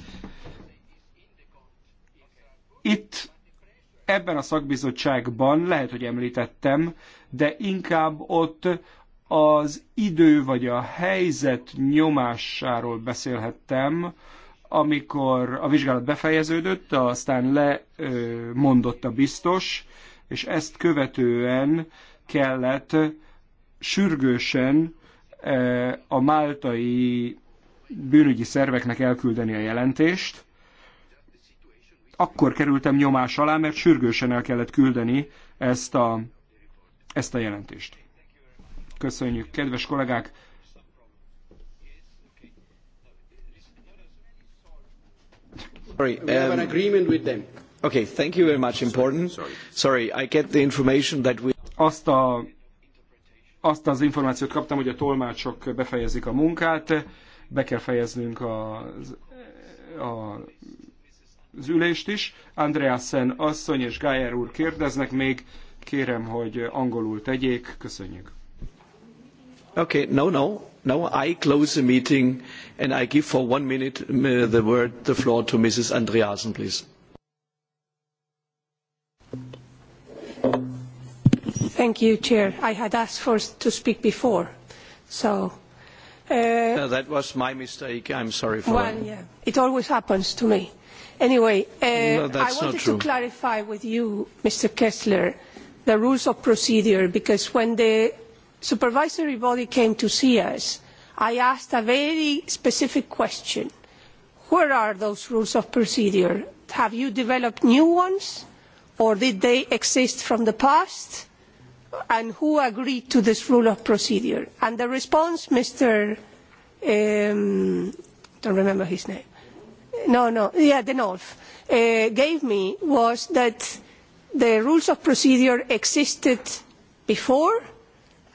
Speaker 4: Itt ebben a szakbizottságban, lehet, hogy említettem, de inkább ott az idő vagy a helyzet nyomásáról beszélhettem, amikor a vizsgálat befejeződött, aztán lemondott a biztos, és ezt követően kellett sürgősen a máltai bűnügyi szerveknek elküldeni a jelentést, akkor kerültem nyomás alá, mert sürgősen el kellett küldeni ezt a, ezt a jelentést. Köszönjük, kedves kollégák!
Speaker 2: Sorry, um, we have an um, agreement with them. Okay, thank you very much. Important. Sorry,
Speaker 4: sorry. sorry I get the information that we. Azt a azt az információt kaptam, hogy a tolmácsok befejezik a munkát, be kell fejeznünk a, a az ülést is. Andreasen asszony és Gájer úr kérdeznek még. Kérem, hogy angolul tegyék. Köszönjük.
Speaker 2: Okay, no, no. No, I close the meeting and I give for one minute uh, the word, the floor to Mrs. Andreasen, please.
Speaker 1: Thank you, Chair. I had asked for to speak before, so. Uh,
Speaker 2: no, that was my mistake. I'm sorry for well, that. Yeah,
Speaker 1: it always happens to me. Anyway, uh, no, I wanted to clarify with you, Mr. Kessler, the rules of procedure, because when the supervisory body came to see us, I asked a very specific question. Where are those rules of procedure? Have you developed new ones, or did they exist from the past? And who agreed to this rule of procedure? And the response, Mr. Um, don't remember his name no, no, yeah, the North, uh, gave me was that the rules of procedure existed before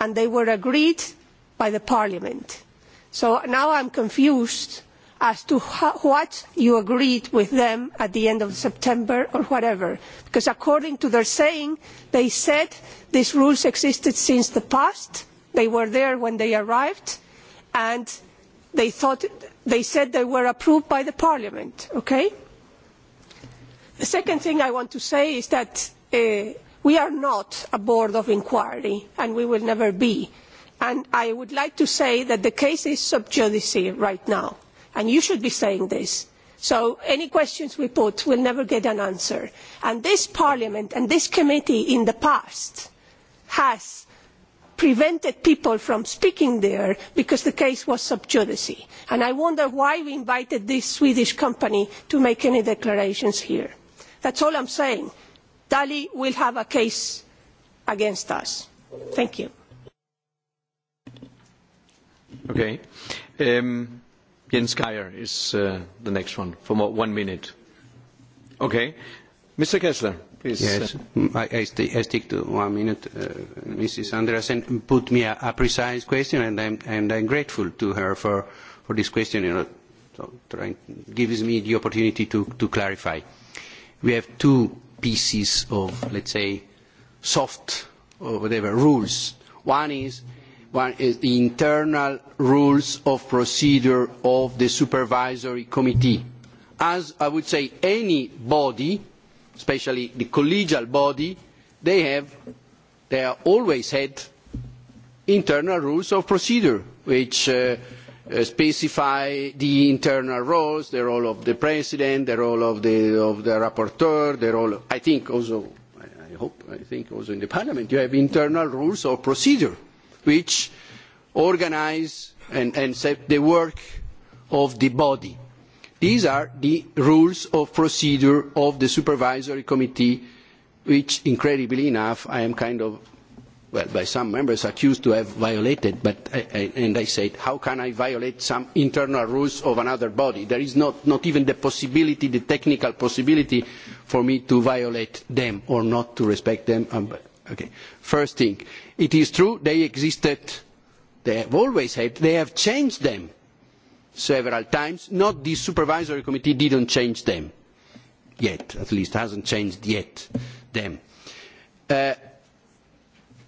Speaker 1: and they were agreed by the Parliament. So now I'm confused as to what you agreed with them at the end of September or whatever. Because according to their saying, they said these rules existed since the past, they were there when they arrived, and they thought they said they were approved by the parliament. Okay? the second thing i want to say is that uh, we are not a board of inquiry and we will never be and i would like to say that the case is sub judice right now and you should be saying this so any questions we put will never get an answer and this parliament and this committee in the past has prevented people from speaking there because the case was sub judice. And I wonder why we invited this Swedish company to make any declarations here. That's all I'm saying. Dali will have a case against us. Thank you.
Speaker 2: Okay. Um, Jens Geier is uh, the
Speaker 6: next one for one minute. Okay. Mr. Kessler. Please. Yes, I, I, st I stick to one minute. Uh, Mrs. Andreasen put me a, a precise question, and I'm, and I'm grateful to her for, for this question. You know, so trying, gives me the opportunity to, to clarify. We have two pieces of, let's say, soft or whatever rules. One is, one is the internal rules of procedure of the supervisory committee. As I would say, any body especially the collegial body, they have they have always had internal rules of procedure which uh, uh, specify the internal roles, the role of the president, the role of the, of the rapporteur, the role. Of, I think also, I, I hope, I think also in the parliament you have internal rules of procedure, which organise and, and set the work of the body These are the rules of procedure of the supervisory committee, which, incredibly enough, I am kind of, well, by some members accused to have violated, but I, I, and I said, how can I violate some internal rules of another body? There is not, not even the possibility, the technical possibility for me to violate them or not to respect them. Um, okay. First thing, it is true they existed, they have always had, they have changed them several times. Not the supervisory committee didn't change them yet, at least hasn't changed yet them. Uh,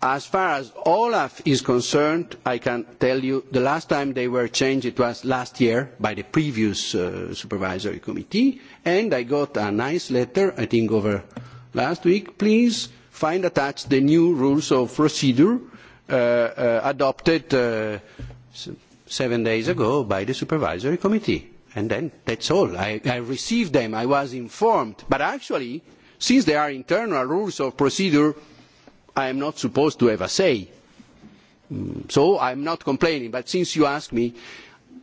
Speaker 6: as far as Olaf is concerned, I can tell you the last time they were changed, it was last year by the previous uh, supervisory committee, and I got a nice letter, I think over last week, please find attached the new rules of procedure uh, uh adopted uh, seven days ago by the supervisory committee. And then that's all. I, I received them. I was informed. But actually, since there are internal rules of procedure, I am not supposed to have a say. Mm, so I'm not complaining. But since you ask me,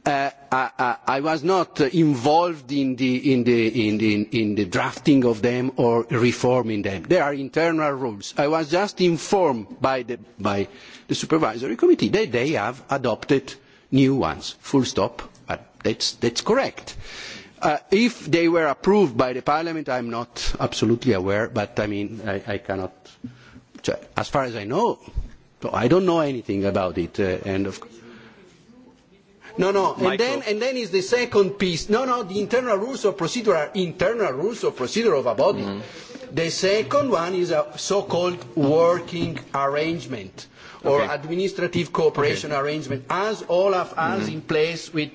Speaker 6: Uh, I, I was not involved in the, in, the, in, the, in the drafting of them or reforming them. There are internal rules. I was just informed by the, by the supervisory committee that they have adopted new ones, full stop, but that's, that's correct. Uh, if they were approved by the Parliament, I'm not absolutely aware, but I mean, I, I cannot, as far as I know, I don't know anything about it, uh, and of course. No, no, and then, and then is the second piece. No, no, the internal rules of procedure are internal rules of procedure of a body. Mm -hmm. The second one is a so-called working arrangement or okay. administrative cooperation okay. arrangement, as Olaf has mm -hmm. in place with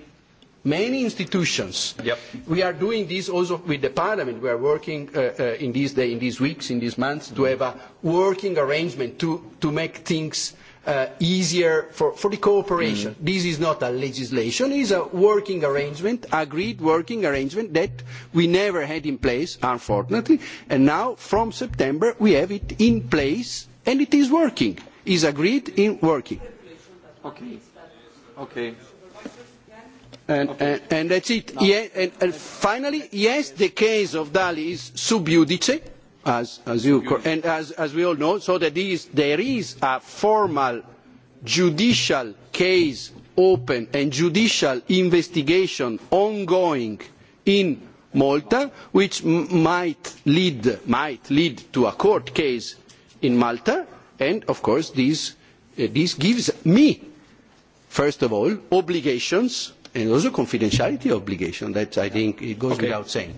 Speaker 6: many institutions. Yep. We are doing this also with the Parliament. We are working uh, uh, in these days, in these weeks, in these months, mm -hmm. to mm-hmm. have a working arrangement to, to make things uh, easier for, for the cooperation. Mm. This is not a legislation, it is a working arrangement, agreed working arrangement that we never had in place, unfortunately, and now from September we have it in place and it is working is agreed in working.
Speaker 4: Okay.
Speaker 2: Okay.
Speaker 6: And, okay. and, and that's it. No. Yeah, and, and finally, yes, the case of Dali is sub judice, as, as, you, and as, as we all know, so that is, there is a formal judicial case open and judicial investigation ongoing in Malta, which might lead, might lead to a court case in Malta and of course this, uh, this gives me first of all obligations and also confidentiality obligations that I think it goes okay. without saying.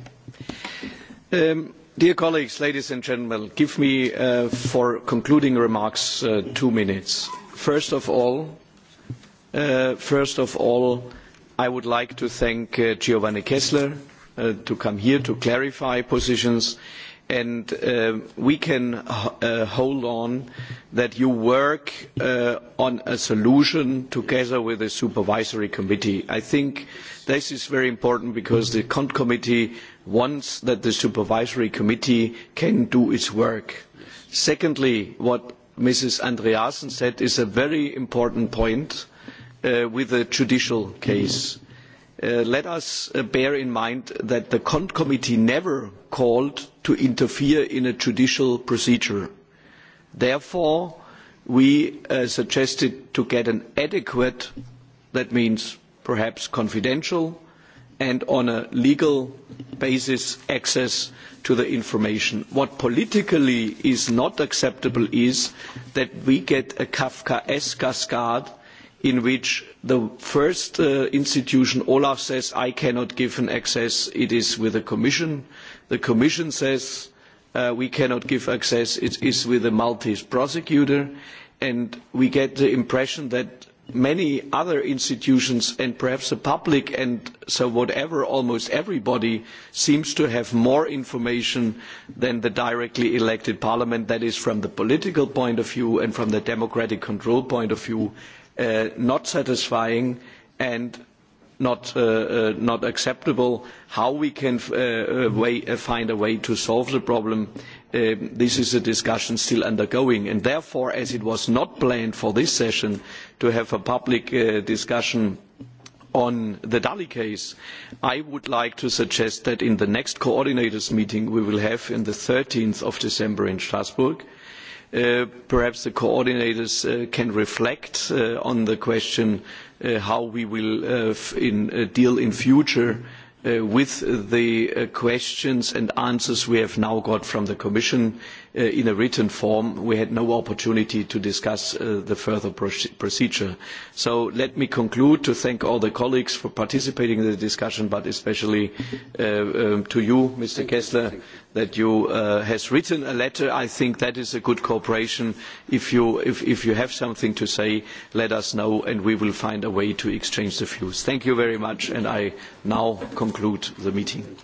Speaker 2: Um, dear colleagues, ladies and gentlemen, give me uh, for concluding remarks uh, two minutes. First of all, uh, first of all, I would like to thank uh, Giovanni Kessler uh, to come here to clarify positions and uh, we can uh, hold on that you work uh, on a solution together with the supervisory committee. I think this is very important because the CONT committee wants that the supervisory committee can do its work. Secondly, what Mrs. Andreasen said is a very important point uh, with the judicial case. Uh, let us uh, bear in mind that the Committee never called to interfere in a judicial procedure. Therefore, we uh, suggested to get an adequate, that means perhaps confidential, and on a legal basis access to the information. What politically is not acceptable is that we get a Kafkaesque cascade in which the first uh, institution, Olaf, says, I cannot give an access, it is with the Commission. The Commission says, uh, we cannot give access, it is with the Maltese prosecutor. And we get the impression that many other institutions and perhaps the public and so whatever almost everybody seems to have more information than the directly elected parliament that is from the political point of view and from the democratic control point of view Uh, not satisfying and not, uh, uh, not acceptable, how we can way, find a way to solve the problem. this is a discussion still undergoing. And therefore, as it was not planned for this session to have a public discussion on the dalli case i would like to suggest that in the next coordinators meeting we will have on thirteen december in strasbourg Uh, perhaps the coordinators uh, can reflect uh, on the question how we will in, deal in future with the questions and answers we have now got from the Commission Uh, in a written form, we had no opportunity to discuss uh, the further procedure. So let me conclude to thank all the colleagues for participating in the discussion, but especially uh, um, to you, Mr. Thank Kessler, you. that you uh, has written a letter. I think that is a good cooperation. If you, if, if you have something to say, let us know, and we will find a way to exchange the views. Thank you very much, and I now conclude the meeting.